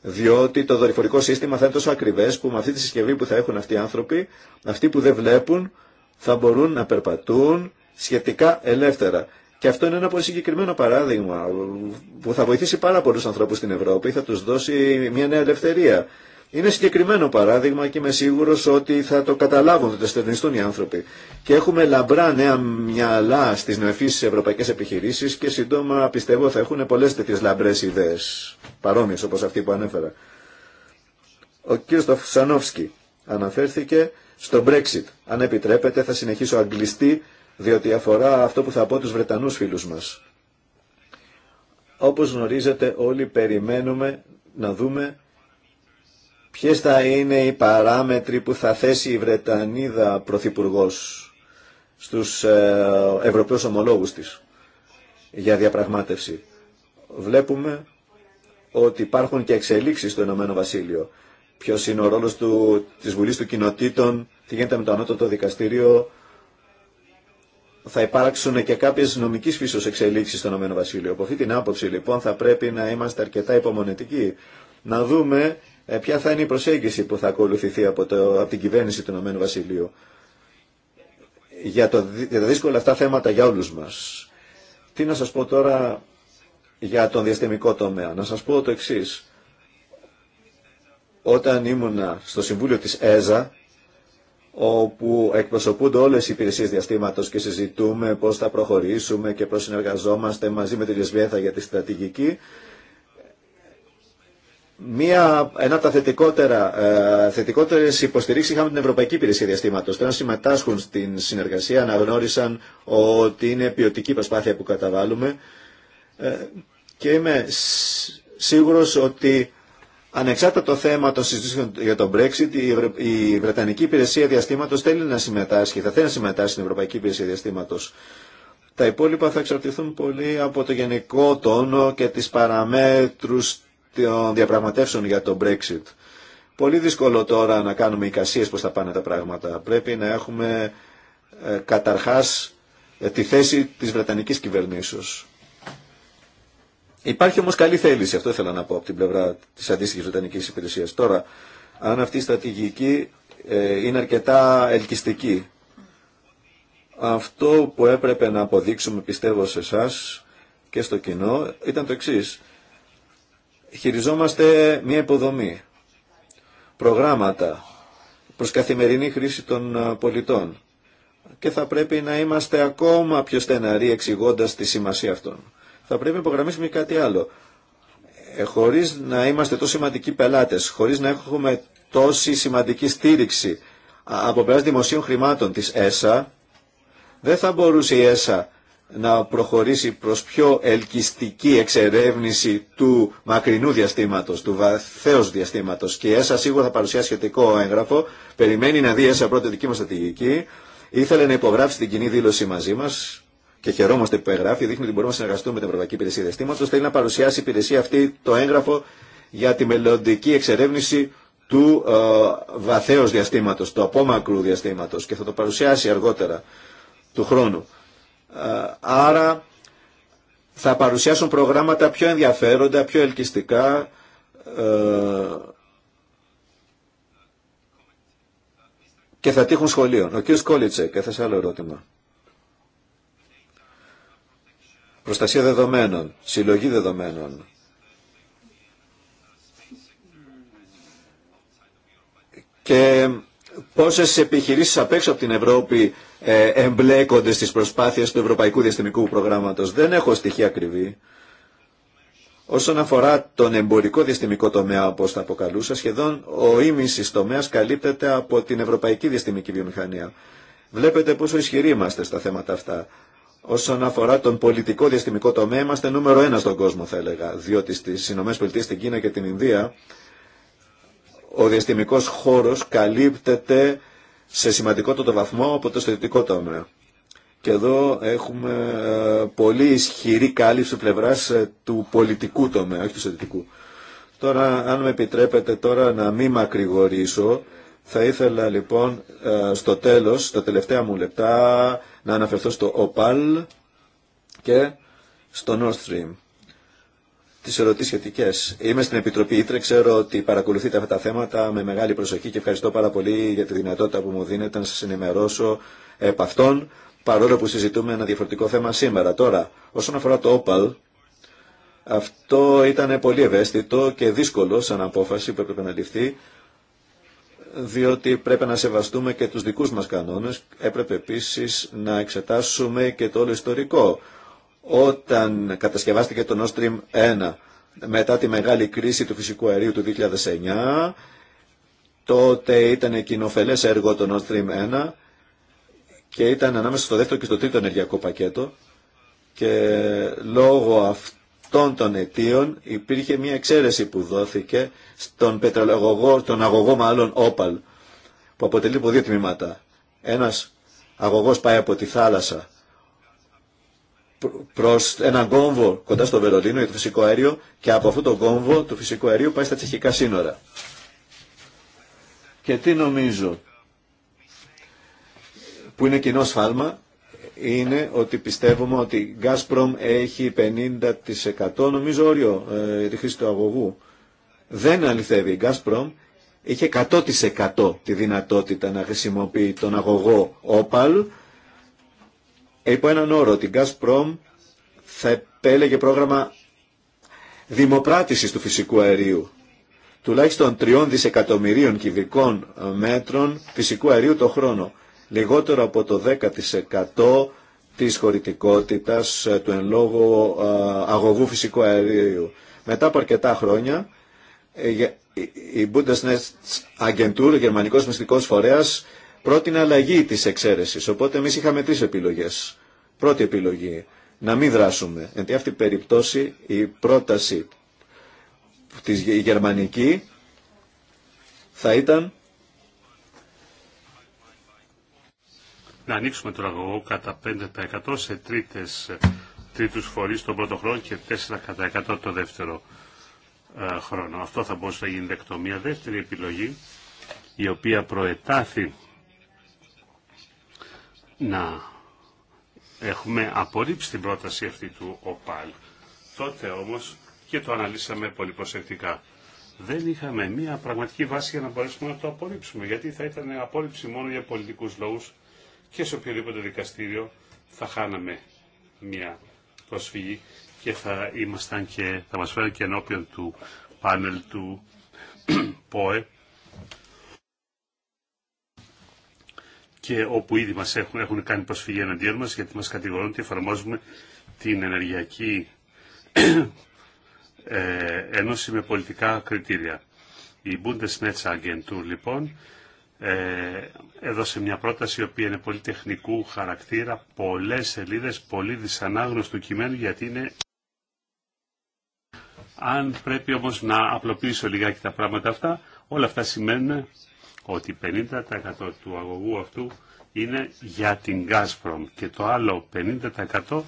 Διότι το δορυφορικό σύστημα θα είναι τόσο ακριβέ που με αυτή τη συσκευή που θα έχουν αυτοί οι άνθρωποι, αυτοί που δεν βλέπουν, θα μπορούν να περπατούν σχετικά ελεύθερα. Και αυτό είναι ένα πολύ συγκεκριμένο παράδειγμα που θα βοηθήσει πάρα πολλού ανθρώπου στην Ευρώπη, θα του δώσει μια νέα ελευθερία. Είναι συγκεκριμένο παράδειγμα και είμαι σίγουρο ότι θα το καταλάβουν, θα το στερνιστούν οι άνθρωποι. Και έχουμε λαμπρά νέα μυαλά στι νεοεφύσει ευρωπαϊκέ επιχειρήσει και σύντομα πιστεύω θα έχουν πολλέ τέτοιε λαμπρέ ιδέε, παρόμοιε όπω αυτή που ανέφερα. Ο κ. Σανόφσκι αναφέρθηκε στο Brexit. Αν επιτρέπετε θα συνεχίσω αγγλιστή διότι αφορά αυτό που θα πω του Βρετανού φίλου μα. Όπω γνωρίζετε όλοι περιμένουμε να δούμε Ποιες θα είναι οι παράμετροι που θα θέσει η Βρετανίδα Πρωθυπουργό στους ε, Ευρωπαίους ομολόγους της για διαπραγμάτευση. Βλέπουμε ότι υπάρχουν και εξελίξεις στο Ηνωμένο Βασίλειο. Ποιος είναι ο ρόλος του, της Βουλής του Κοινοτήτων, τι γίνεται με το Ανώτατο Δικαστήριο. Θα υπάρξουν και κάποιες νομικής φύσεως εξελίξεις στο Ηνωμένο Βασίλειο. Από αυτή την άποψη λοιπόν θα πρέπει να είμαστε αρκετά υπομονετικοί. Να δούμε ε, ποια θα είναι η προσέγγιση που θα ακολουθηθεί από, το, από την κυβέρνηση του Ηνωμένου Βασιλείου για, το, για τα δύσκολα αυτά θέματα για όλους μας. Τι να σας πω τώρα για τον διαστημικό τομέα. Να σας πω το εξής. Όταν ήμουνα στο Συμβούλιο της ΕΖΑ, όπου εκπροσωπούνται όλες οι υπηρεσίες διαστήματος και συζητούμε πώς θα προχωρήσουμε και πώς συνεργαζόμαστε μαζί με τη Λεσβέθα για τη στρατηγική, Μία, ένα από τα θετικότερα, ε, θετικότερες υποστηρίξεις είχαμε την Ευρωπαϊκή Υπηρεσία Διαστήματος. να συμμετάσχουν στην συνεργασία, αναγνώρισαν ότι είναι ποιοτική προσπάθεια που καταβάλουμε ε, και είμαι σίγουρος ότι ανεξάρτητα το θέμα των συζητήσεων για τον Brexit, η, η Βρετανική Υπηρεσία Διαστήματος θέλει να συμμετάσχει, θα θέλει να συμμετάσχει στην Ευρωπαϊκή Υπηρεσία Διαστήματος. Τα υπόλοιπα θα εξαρτηθούν πολύ από το γενικό τόνο και τις παραμέτρους των διαπραγματεύσεων για το Brexit. Πολύ δύσκολο τώρα να κάνουμε εικασίες πώς θα πάνε τα πράγματα. Πρέπει να έχουμε ε, καταρχάς ε, τη θέση της Βρετανικής κυβερνήσεως. Υπάρχει όμως καλή θέληση, αυτό ήθελα να πω από την πλευρά της αντίστοιχης Βρετανικής υπηρεσίας. Τώρα, αν αυτή η στρατηγική ε, είναι αρκετά ελκυστική, αυτό που έπρεπε να αποδείξουμε πιστεύω σε εσά και στο κοινό ήταν το εξής χειριζόμαστε μια υποδομή, προγράμματα προς καθημερινή χρήση των ε, πολιτών και θα πρέπει να είμαστε ακόμα πιο στεναροί εξηγώντα τη σημασία αυτών. Θα πρέπει να υπογραμμίσουμε κάτι άλλο. Ε, χωρίς να είμαστε τόσο σημαντικοί πελάτες, χωρίς να έχουμε τόση σημαντική στήριξη από πλευρά δημοσίων χρημάτων της ΕΣΑ, δεν θα μπορούσε η ΕΣΑ να προχωρήσει προς πιο ελκυστική εξερεύνηση του μακρινού διαστήματος, του βαθέως διαστήματος. Και ΕΣΑ σίγουρα θα παρουσιάσει σχετικό έγγραφο, περιμένει να δει ΕΣΑ πρώτη δική μας στρατηγική, ήθελε να υπογράψει την κοινή δήλωση μαζί μας, και χαιρόμαστε που εγγράφει, δείχνει ότι μπορούμε να συνεργαστούμε με την Ευρωπαϊκή Υπηρεσία Διαστήματο. Θέλει να παρουσιάσει η υπηρεσία αυτή το έγγραφο για τη μελλοντική εξερεύνηση του ε, διαστήματος, του απόμακρου διαστήματος και θα το παρουσιάσει αργότερα του χρόνου. Ε, άρα θα παρουσιάσουν προγράμματα πιο ενδιαφέροντα, πιο ελκυστικά. Ε, και θα τύχουν σχολείων. Ο κ. Κόλιτσεκ έθεσε άλλο ερώτημα. Προστασία δεδομένων, συλλογή δεδομένων. Και πόσες επιχειρήσεις απ' έξω από την Ευρώπη ε, εμπλέκονται στις προσπάθειες του Ευρωπαϊκού Διαστημικού Προγράμματος. Δεν έχω στοιχεία ακριβή. Όσον αφορά τον εμπορικό διαστημικό τομέα, όπω τα αποκαλούσα, σχεδόν ο ίμιση τομέα καλύπτεται από την ευρωπαϊκή διαστημική βιομηχανία. Βλέπετε πόσο ισχυροί είμαστε στα θέματα αυτά. Όσον αφορά τον πολιτικό διαστημικό τομέα, είμαστε νούμερο ένα στον κόσμο, θα έλεγα. Διότι στι ΗΠΑ, στην Κίνα και την Ινδία ο διαστημικός χώρος καλύπτεται σε το βαθμό από το στρατιωτικό τομέα. Και εδώ έχουμε ε, πολύ ισχυρή κάλυψη πλευράς ε, του πολιτικού τομέα, όχι του στρατιωτικού. Τώρα, αν με επιτρέπετε τώρα να μην μακρηγορήσω, θα ήθελα λοιπόν ε, στο τέλος, στα τελευταία μου λεπτά, να αναφερθώ στο ΟΠΑΛ και στο Nord Stream τις ερωτήσεις σχετικέ. Είμαι στην Επιτροπή Ήτρε, ξέρω ότι παρακολουθείτε αυτά τα θέματα με μεγάλη προσοχή και ευχαριστώ πάρα πολύ για τη δυνατότητα που μου δίνετε να σας ενημερώσω επ' αυτών, παρόλο που συζητούμε ένα διαφορετικό θέμα σήμερα. Τώρα, όσον αφορά το OPAL, αυτό ήταν πολύ ευαίσθητο και δύσκολο σαν απόφαση που έπρεπε να ληφθεί, διότι πρέπει να σεβαστούμε και τους δικούς μας κανόνες. Έπρεπε επίσης να εξετάσουμε και το όλο ιστορικό όταν κατασκευάστηκε το Nord Stream 1 μετά τη μεγάλη κρίση του φυσικού αερίου του 2009, τότε ήταν κοινοφελές έργο το Nord Stream 1 και ήταν ανάμεσα στο δεύτερο και στο τρίτο ενεργειακό πακέτο και λόγω αυτών των αιτίων υπήρχε μια εξαίρεση που δόθηκε στον πετρελαγωγό, τον αγωγό μάλλον Όπαλ που αποτελεί από δύο τμήματα. Ένας αγωγός πάει από τη θάλασσα Προ έναν κόμβο κοντά στο Βερολίνο για το φυσικό αέριο και από αυτό το κόμβο του φυσικού αερίου πάει στα τσεχικά σύνορα. Και τι νομίζω που είναι κοινό σφάλμα είναι ότι πιστεύουμε ότι η Gazprom έχει 50% νομίζω όριο ε, τη χρήση του αγωγού. Δεν αληθεύει. Η Gazprom είχε 100% τη δυνατότητα να χρησιμοποιεί τον αγωγό όπαλ υπό έναν όρο την Gazprom θα επέλεγε πρόγραμμα δημοπράτησης του φυσικού αερίου τουλάχιστον 3 δισεκατομμυρίων κυβικών μέτρων φυσικού αερίου το χρόνο, λιγότερο από το 10% της χωρητικότητας ε, του εν λόγω ε, αγωγού φυσικού αερίου. Μετά από αρκετά χρόνια ε, η Bundesnetz Agentur, ο γερμανικός μυστικός φορέας, πρώτη αλλαγή τη εξαίρεση. Οπότε εμεί είχαμε τρει επιλογές. Πρώτη επιλογή, να μην δράσουμε. Εν τη αυτή περιπτώσει η πρόταση τη γερμανική θα ήταν να ανοίξουμε το αγωγό κατά 5% σε τρίτες, τρίτους φορείς τον πρώτο χρόνο και 4% το δεύτερο ε, χρόνο. Αυτό θα μπορούσε να γίνει δεκτομία. Δεύτερη επιλογή, η οποία προετάθη να έχουμε απορρίψει την πρόταση αυτή του ΟΠΑΛ. Τότε όμως και το αναλύσαμε πολύ προσεκτικά. Δεν είχαμε μία πραγματική βάση για να μπορέσουμε να το απορρίψουμε, γιατί θα ήταν απόρριψη μόνο για πολιτικούς λόγους και σε οποιοδήποτε δικαστήριο θα χάναμε μία προσφυγή και θα ήμασταν και θα μας φέρουν και ενώπιον του πάνελ του ΠΟΕ και όπου ήδη μας έχουν, έχουν κάνει προσφυγή εναντίον μας γιατί μας κατηγορούν ότι εφαρμόζουμε την ενεργειακή ε, ένωση με πολιτικά κριτήρια. Η Bundesnetzagentur λοιπόν ε, έδωσε μια πρόταση η οποία είναι πολύ τεχνικού χαρακτήρα, πολλές σελίδες, πολύ δυσανάγνωστου κειμένου γιατί είναι... Αν πρέπει όμως να απλοποιήσω λιγάκι τα πράγματα αυτά, όλα αυτά σημαίνουν ότι 50% του αγωγού αυτού είναι για την Gazprom και το άλλο 50%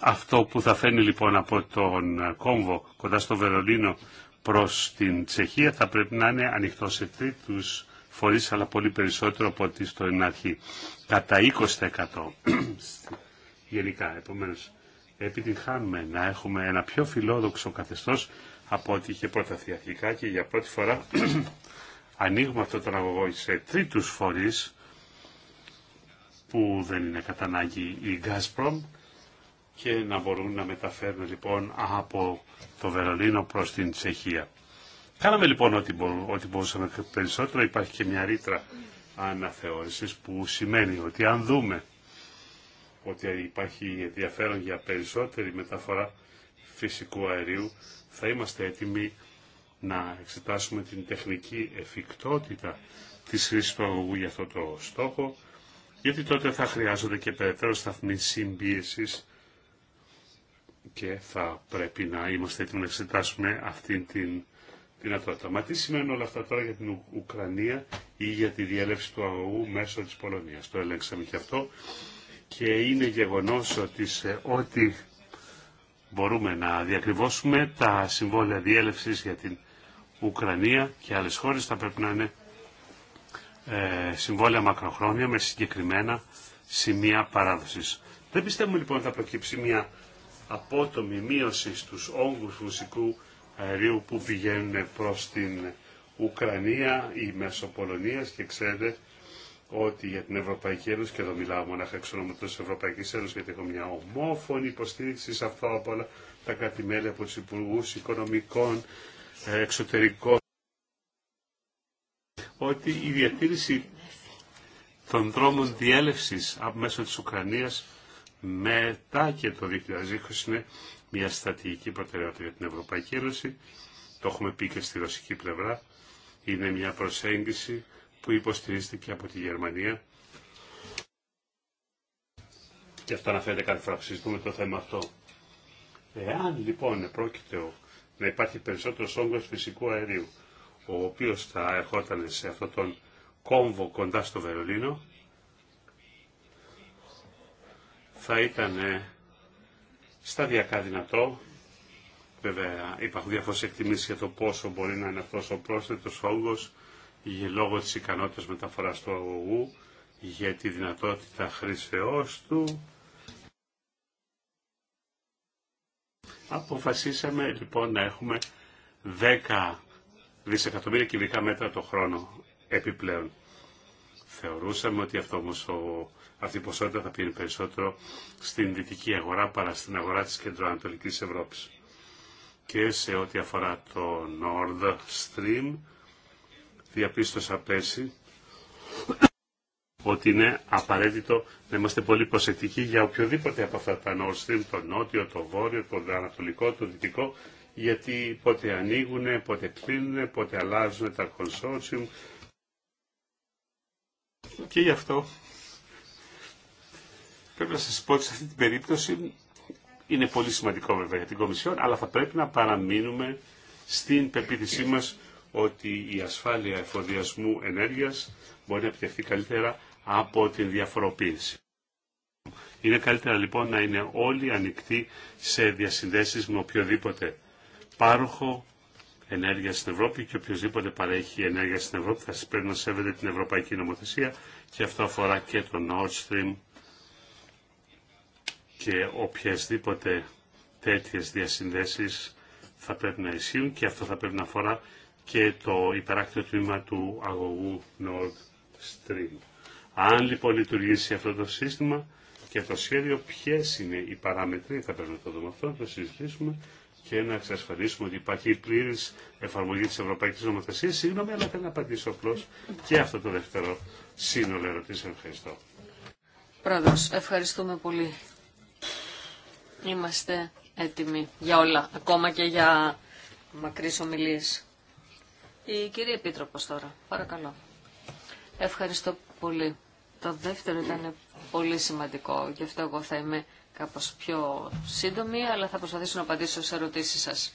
αυτό που θα φέρνει λοιπόν από τον κόμβο κοντά στο Βερολίνο προς την Τσεχία θα πρέπει να είναι ανοιχτό σε τρίτους φορείς αλλά πολύ περισσότερο από ό,τι στο αρχή. Κατά 20% γενικά. Επομένως, επιτυχάνουμε να έχουμε ένα πιο φιλόδοξο καθεστώς από ό,τι είχε προταθεί αρχικά και για πρώτη φορά ανοίγουμε αυτό τον αγωγό σε τρίτους φορείς που δεν είναι κατά ανάγκη η Gazprom και να μπορούν να μεταφέρουν λοιπόν από το Βερολίνο προς την Τσεχία. Κάναμε λοιπόν ό,τι, ό,τι μπορούσαμε περισσότερο. Υπάρχει και μια ρήτρα αναθεώρησης που σημαίνει ότι αν δούμε ότι υπάρχει ενδιαφέρον για περισσότερη μεταφορά φυσικού αερίου θα είμαστε έτοιμοι να εξετάσουμε την τεχνική εφικτότητα της χρήσης του αγωγού για αυτό το στόχο, γιατί τότε θα χρειάζονται και περαιτέρω σταθμοί συμπίεσης και θα πρέπει να είμαστε έτοιμοι να εξετάσουμε αυτήν την δυνατότητα. Μα τι σημαίνουν όλα αυτά τώρα για την Ουκρανία ή για τη διέλευση του αγωγού μέσω της Πολωνίας. Το ελέγξαμε και αυτό και είναι γεγονός ότι σε ό,τι μπορούμε να διακριβώσουμε τα συμβόλαια διέλευσης για την Ουκρανία και άλλες χώρες θα πρέπει να είναι ε, συμβόλαια μακροχρόνια με συγκεκριμένα σημεία παράδοσης. Δεν πιστεύουμε λοιπόν ότι θα προκύψει μια απότομη μείωση στους όγκους φυσικού αερίου που πηγαίνουν προς την Ουκρανία ή μέσω και ξέρετε ότι για την Ευρωπαϊκή Ένωση, και εδώ μιλάω μονάχα εξ ονόματο τη Ευρωπαϊκή Ένωση, γιατί έχω μια ομόφωνη υποστήριξη σε αυτό από όλα τα κατημέλια από του Υπουργού Οικονομικών, Εξωτερικών, ότι η διατήρηση των δρόμων διέλευση μέσω της Ουκρανίας μετά και το 2020 είναι μια στρατηγική προτεραιότητα για την Ευρωπαϊκή Ένωση. Το έχουμε πει και στη ρωσική πλευρά. Είναι μια προσέγγιση που υποστηρίστηκε από τη Γερμανία. Και αυτό αναφέρεται κάθε φορά που συζητούμε το θέμα αυτό. Εάν λοιπόν πρόκειται να υπάρχει περισσότερος όγκος φυσικού αερίου, ο οποίος θα ερχόταν σε αυτόν τον κόμβο κοντά στο Βερολίνο, θα ήταν ε, σταδιακά δυνατό. Βέβαια υπάρχουν διάφορε εκτιμήσει για το πόσο μπορεί να είναι αυτός ο πρόσθετο όγκο λόγω της ικανότητας μεταφοράς του αγωγού για τη δυνατότητα χρήσεώς του. Αποφασίσαμε λοιπόν να έχουμε 10 δισεκατομμύρια κυβικά μέτρα το χρόνο επιπλέον. Θεωρούσαμε ότι αυτό όμως αυτή η ποσότητα θα πίνει περισσότερο στην δυτική αγορά παρά στην αγορά της κεντροανατολικής Ευρώπης. Και σε ό,τι αφορά το Nord Stream, διαπίστωσα πέρσι ότι είναι απαραίτητο να είμαστε πολύ προσεκτικοί για οποιοδήποτε από αυτά τα Nord Stream, το νότιο, το βόρειο, το ανατολικό, το δυτικό, γιατί πότε ανοίγουν, πότε κλείνουν, πότε αλλάζουν τα consortium. Και γι' αυτό πρέπει να σας πω ότι σε αυτή την περίπτωση είναι πολύ σημαντικό βέβαια για την Κομισιόν, αλλά θα πρέπει να παραμείνουμε στην πεποίθησή μας ότι η ασφάλεια εφοδιασμού ενέργειας μπορεί να επιτευχθεί καλύτερα από την διαφοροποίηση. Είναι καλύτερα λοιπόν να είναι όλοι ανοιχτοί σε διασυνδέσεις με οποιοδήποτε πάροχο ενέργεια στην Ευρώπη και οποιοδήποτε παρέχει ενέργεια στην Ευρώπη θα πρέπει να σέβεται την Ευρωπαϊκή Νομοθεσία και αυτό αφορά και το Nord Stream και οποιασδήποτε τέτοιες διασυνδέσεις θα πρέπει να ισχύουν και αυτό θα πρέπει να αφορά και το υπεράκτητο τμήμα του αγωγού Nord Stream. Αν λοιπόν λειτουργήσει αυτό το σύστημα και το σχέδιο, ποιε είναι οι παράμετροι, θα πρέπει να το δούμε αυτό, να το συζητήσουμε και να εξασφαλίσουμε ότι υπάρχει πλήρη εφαρμογή τη Ευρωπαϊκή Νομοθεσία. Συγγνώμη, αλλά θέλω να απαντήσω απλώ και αυτό το δεύτερο σύνολο ερωτήσεων. Ευχαριστώ. Πρόεδρο, ευχαριστούμε πολύ. Είμαστε έτοιμοι για όλα, ακόμα και για μακρύς ομιλίε. Η κυρία Επίτροπος τώρα. Παρακαλώ. Ευχαριστώ πολύ. Το δεύτερο ήταν πολύ σημαντικό. Γι' αυτό εγώ θα είμαι κάπως πιο σύντομη, αλλά θα προσπαθήσω να απαντήσω σε ερωτήσεις σας.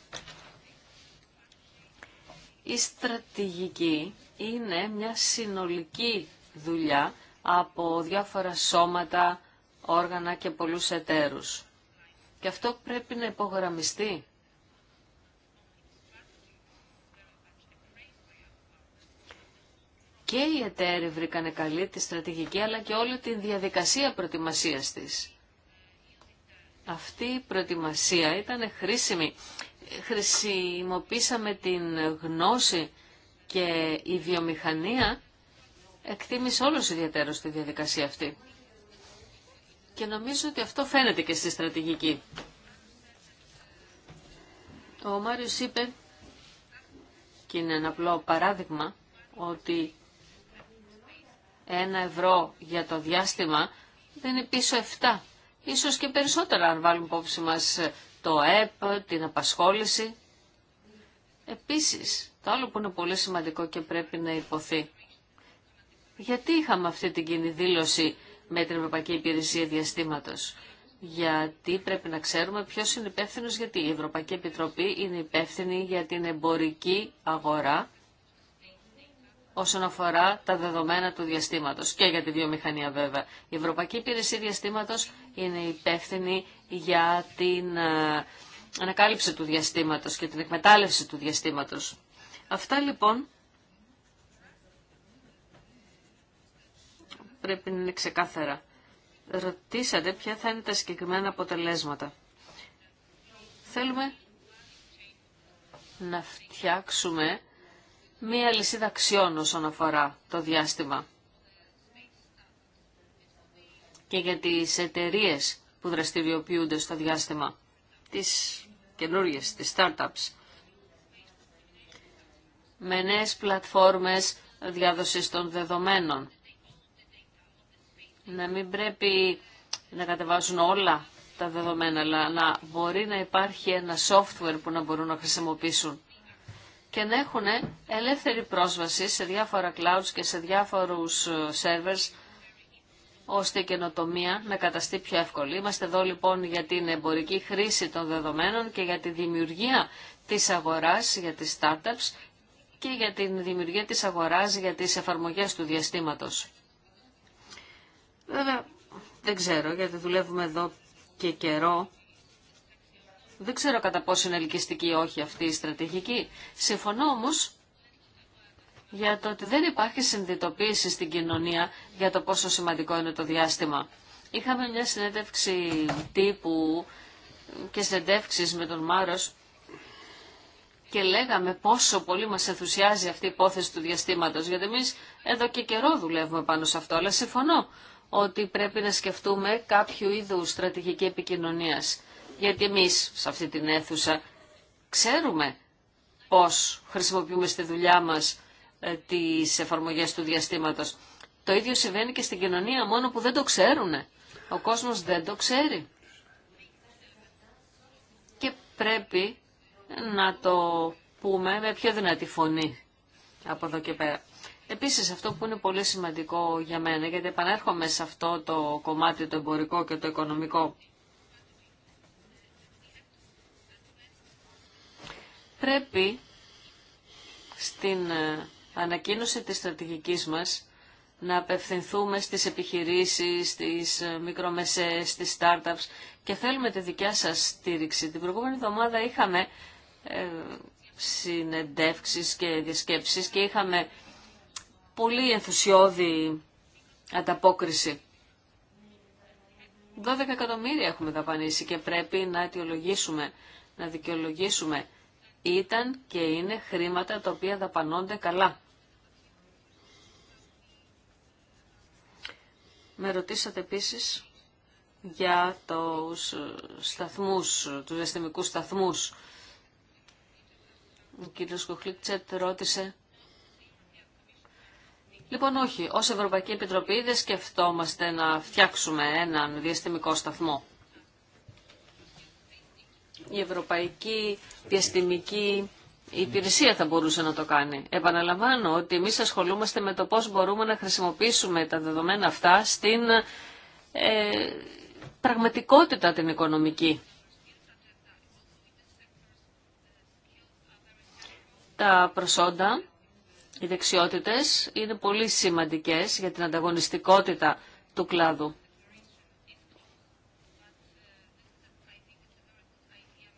Η στρατηγική είναι μια συνολική δουλειά από διάφορα σώματα, όργανα και πολλούς εταίρους. Και αυτό πρέπει να υπογραμμιστεί και η εταίροι βρήκανε καλή τη στρατηγική αλλά και όλη τη διαδικασία προετοιμασίας της. Αυτή η προετοιμασία ήταν χρήσιμη. Χρησιμοποίησαμε την γνώση και η βιομηχανία εκτίμησε όλος ιδιαίτερος τη διαδικασία αυτή. Και νομίζω ότι αυτό φαίνεται και στη στρατηγική. Ο Μάριος είπε, και είναι ένα απλό παράδειγμα, ότι ένα ευρώ για το διάστημα δεν είναι πίσω 7. Ίσως και περισσότερα αν βάλουμε υπόψη μας ε, το ΕΠ, την απασχόληση. Επίσης, το άλλο που είναι πολύ σημαντικό και πρέπει να υποθεί. Γιατί είχαμε αυτή την κοινή δήλωση με την Ευρωπαϊκή Υπηρεσία Διαστήματος. Γιατί πρέπει να ξέρουμε ποιο είναι υπεύθυνο γιατί. Η Ευρωπαϊκή Επιτροπή είναι υπεύθυνη για την εμπορική αγορά όσον αφορά τα δεδομένα του διαστήματος και για τη βιομηχανία βέβαια. Η Ευρωπαϊκή Υπηρεσία Διαστήματος είναι υπεύθυνη για την ε, ανακάλυψη του διαστήματος και την εκμετάλλευση του διαστήματος. Αυτά λοιπόν πρέπει να είναι ξεκάθαρα. Ρωτήσατε ποια θα είναι τα συγκεκριμένα αποτελέσματα. Θέλουμε να φτιάξουμε μία λυσίδα αξιών όσον αφορά το διάστημα και για τις εταιρείε που δραστηριοποιούνται στο διάστημα, τις καινούργιες, τις startups, με νέες πλατφόρμες διάδοσης των δεδομένων. Να μην πρέπει να κατεβάζουν όλα τα δεδομένα, αλλά να μπορεί να υπάρχει ένα software που να μπορούν να χρησιμοποιήσουν και να έχουν ελεύθερη πρόσβαση σε διάφορα clouds και σε διάφορους ε, servers ώστε η καινοτομία να καταστεί πιο εύκολη. Είμαστε εδώ λοιπόν για την εμπορική χρήση των δεδομένων και για τη δημιουργία της αγοράς για τις startups και για τη δημιουργία της αγοράς για τις εφαρμογές του διαστήματος. Βέβαια, δεν ξέρω γιατί δουλεύουμε εδώ και καιρό δεν ξέρω κατά πόσο είναι ελκυστική ή όχι αυτή η στρατηγική. Συμφωνώ συμφωνω όμω για το ότι δεν υπάρχει συνδυτοποίηση στην κοινωνία για το πόσο σημαντικό είναι το διάστημα. Είχαμε μια συνέντευξη τύπου και συνέντευξη με τον Μάρος και λέγαμε πόσο πολύ μας ενθουσιάζει αυτή η υπόθεση του διαστήματος, γιατί εμείς εδώ και καιρό δουλεύουμε πάνω σε αυτό, αλλά συμφωνώ ότι πρέπει να σκεφτούμε κάποιο είδου στρατηγική επικοινωνίας γιατί εμείς σε αυτή την αίθουσα ξέρουμε πώς χρησιμοποιούμε στη δουλειά μας ε, τις εφαρμογές του διαστήματος. Το ίδιο συμβαίνει και στην κοινωνία, μόνο που δεν το ξέρουν. Ο κόσμος δεν το ξέρει. Και πρέπει να το πούμε με πιο δυνατή φωνή από εδώ και πέρα. Επίσης αυτό που είναι πολύ σημαντικό για μένα, γιατί επανέρχομαι σε αυτό το κομμάτι το εμπορικό και το οικονομικό, πρέπει στην ε, ανακοίνωση της στρατηγικής μας να απευθυνθούμε στις επιχειρήσεις, στις ε, μικρομεσαίες, στις startups και θέλουμε τη δικιά σας στήριξη. Την προηγούμενη εβδομάδα είχαμε ε, συνεντεύξεις και διασκέψεις και είχαμε πολύ ενθουσιώδη ανταπόκριση. 12 εκατομμύρια έχουμε δαπανίσει και πρέπει να αιτιολογήσουμε, να δικαιολογήσουμε ήταν και είναι χρήματα τα οποία δαπανώνται καλά. Με ρωτήσατε επίσης για τους σταθμούς, τους σταθμούς. Ο κύριος Κοχλίκτσετ ρώτησε Λοιπόν, όχι. Ως Ευρωπαϊκή Επιτροπή δεν σκεφτόμαστε να φτιάξουμε έναν διαστημικό σταθμό η Ευρωπαϊκή Διαστημική Υπηρεσία θα μπορούσε να το κάνει. Επαναλαμβάνω ότι εμείς ασχολούμαστε με το πώς μπορούμε να χρησιμοποιήσουμε τα δεδομένα αυτά στην ε, πραγματικότητα την οικονομική. Τα προσόντα, οι δεξιότητες είναι πολύ σημαντικές για την ανταγωνιστικότητα του κλάδου.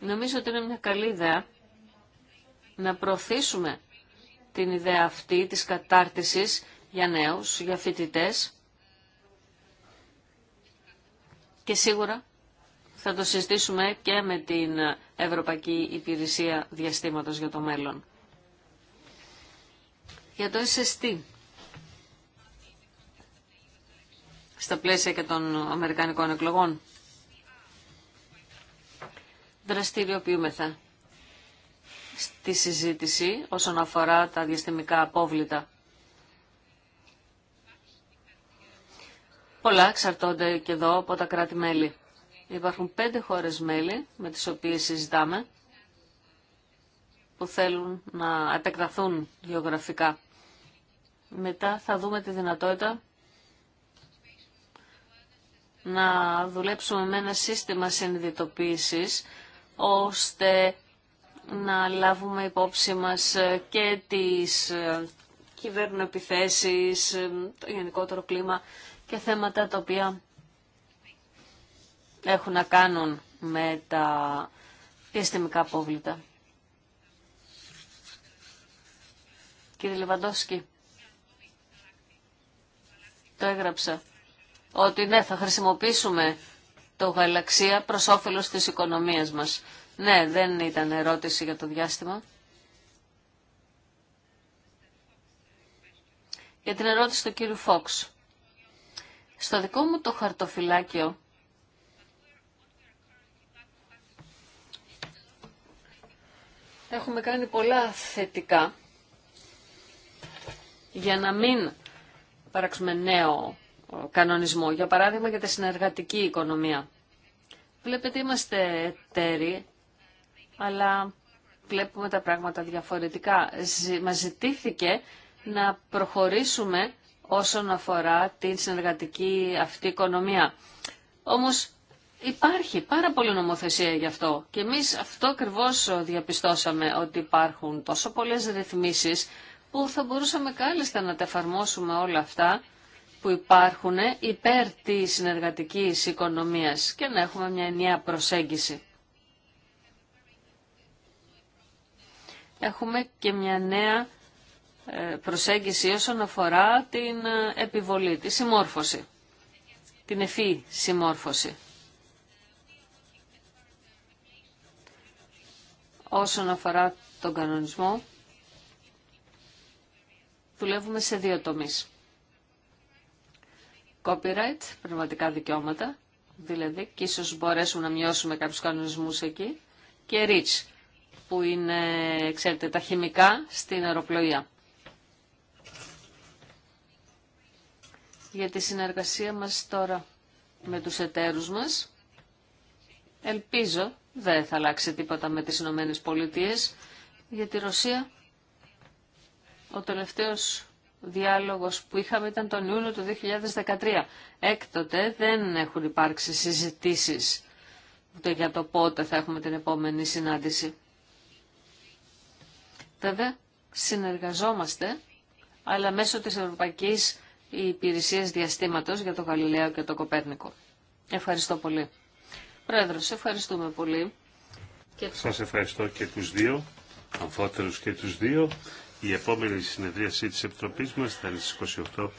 Νομίζω ότι είναι μια καλή ιδέα να προωθήσουμε την ιδέα αυτή της κατάρτισης για νέους, για φοιτητέ. και σίγουρα θα το συζητήσουμε και με την Ευρωπαϊκή Υπηρεσία Διαστήματος για το μέλλον. Για το SST, στα πλαίσια και των Αμερικανικών εκλογών δραστηριοποιούμεθα στη συζήτηση όσον αφορά τα διαστημικά απόβλητα. Πολλά εξαρτώνται και εδώ από τα κράτη-μέλη. Υπάρχουν πέντε χώρες μέλη με τις οποίες συζητάμε που θέλουν να επεκταθούν γεωγραφικά. Μετά θα δούμε τη δυνατότητα να δουλέψουμε με ένα σύστημα συνειδητοποίησης ώστε να λάβουμε υπόψη μας ε, και τις ε, επιθέσεις, ε, το γενικότερο κλίμα και θέματα τα οποία έχουν να κάνουν με τα διαστημικά απόβλητα. Κύριε Λεβαντόσκη, το έγραψα ότι ναι, θα χρησιμοποιήσουμε το γαλαξία προς όφελος της οικονομίας μας. Ναι, δεν ήταν ερώτηση για το διάστημα. Για την ερώτηση του κύριου Φόξ. Στο δικό μου το χαρτοφυλάκιο έχουμε κάνει πολλά θετικά για να μην παράξουμε νέο κανονισμό. Για παράδειγμα για τη συνεργατική οικονομία. Βλέπετε είμαστε τέρι αλλά βλέπουμε τα πράγματα διαφορετικά. Μα ζητήθηκε να προχωρήσουμε όσον αφορά την συνεργατική αυτή οικονομία. Όμως υπάρχει πάρα πολλή νομοθεσία γι' αυτό και εμείς αυτό ακριβώ διαπιστώσαμε ότι υπάρχουν τόσο πολλές ρυθμίσεις που θα μπορούσαμε κάλλιστα να τα εφαρμόσουμε όλα αυτά που υπάρχουν υπέρ τη συνεργατικής οικονομίας και να έχουμε μια νέα προσέγγιση. Έχουμε και μια νέα ε, προσέγγιση όσον αφορά την ε, επιβολή, τη συμμόρφωση, την ευφύ συμμόρφωση. Όσον αφορά τον κανονισμό, δουλεύουμε σε δύο τομείς copyright, πνευματικά δικαιώματα, δηλαδή, και ίσως μπορέσουμε να μειώσουμε κάποιους κανονισμούς εκεί, και REACH, που είναι, ξέρετε, τα χημικά στην αεροπλοεία. Για τη συνεργασία μας τώρα με τους εταίρους μας, ελπίζω δεν θα αλλάξει τίποτα με τις Ηνωμένες Πολιτείες, για τη Ρωσία ο τελευταίος διάλογος που είχαμε ήταν τον Ιούνιο του 2013. Έκτοτε δεν έχουν υπάρξει συζητήσεις για το πότε θα έχουμε την επόμενη συνάντηση. Βέβαια, συνεργαζόμαστε, αλλά μέσω της Ευρωπαϊκής Υπηρεσίας Διαστήματος για το Γαλιλαίο και το Κοπέρνικο. Ευχαριστώ πολύ. Πρόεδρος, ευχαριστούμε πολύ. Και... Σας ευχαριστώ και τους δύο, αμφότερους και τους δύο. Η επόμενη συνεδρίαση της Επιτροπής μας θα είναι στις 28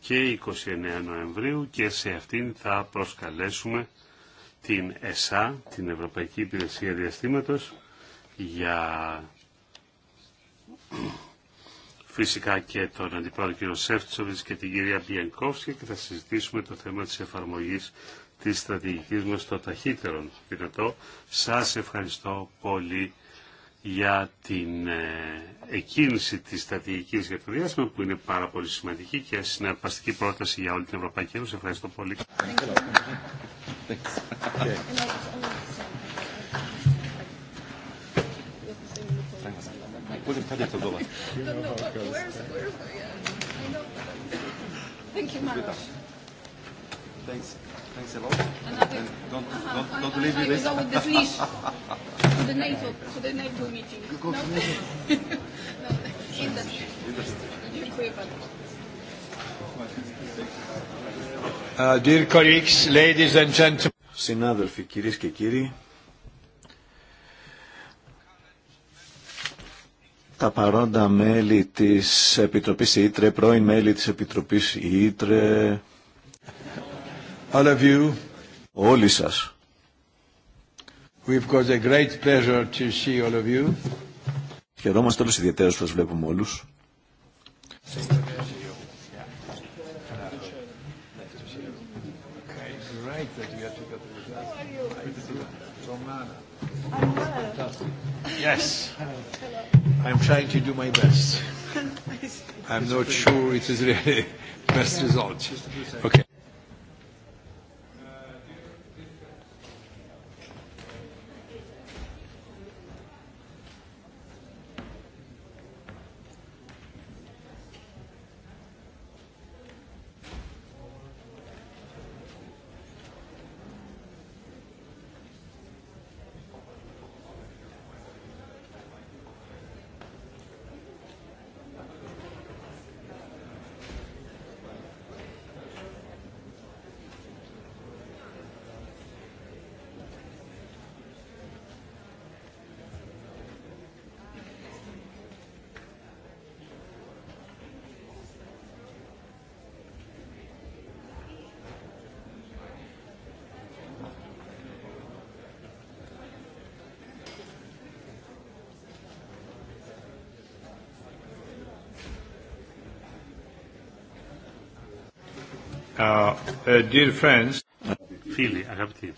και 29 Νοεμβρίου και σε αυτήν θα προσκαλέσουμε την ΕΣΑ, την Ευρωπαϊκή Υπηρεσία Διαστήματος, για φυσικά και τον αντιπρόεδρο κύριο Σεύτσοβιτς και την κυρία Μπιενκόφσκη και θα συζητήσουμε το θέμα της εφαρμογής της στρατηγικής μας το ταχύτερο δυνατό. Σας ευχαριστώ πολύ για την ε, εκκίνηση της στρατηγικής για το διάστημα που είναι πάρα πολύ σημαντική και συναρπαστική πρόταση για όλη την Ευρωπαϊκή Ένωση. Ευχαριστώ πολύ. Thanks. Thanks a lot. And don't, don't, don't leave you this. with this leash to the NATO, to the NATO meeting. No. Uh, dear colleagues, ladies and gentlemen. Συνάδελφοι, κυρίες και κύριοι, τα παρόντα μέλη της Επιτροπής ΙΤΡΕ, πρώην μέλη της Επιτροπής ΙΤΡΕ, all of you. Όλοι σας. We've got a great pleasure to see all of you. Χαιρόμαστε όλους ιδιαίτερως που σας βλέπουμε όλους. Yes, I'm trying to do my best. I'm not sure it is really best result. Okay. Ε, Φίλοι, αγαπητοί.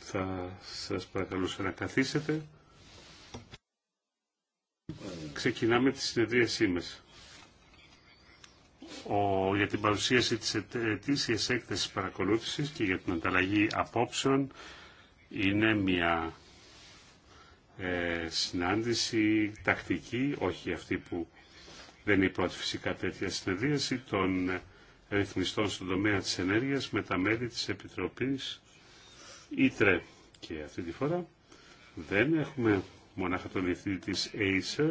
Θα σας παρακαλούσα να καθίσετε. Ξεκινάμε τη συνεδρίασή μας. Ο, για την παρουσίαση της ετήσιας έκθεσης παρακολούθησης και για την ανταλλαγή απόψεων είναι μια ε, συνάντηση τακτική, όχι αυτή που δεν είναι η πρώτη φυσικά τέτοια συνεδρίαση των ρυθμιστών στον τομέα της ενέργειας με τα μέλη της Επιτροπής Ήτρε. Και αυτή τη φορά δεν έχουμε μονάχα τον διευθυντή της Acer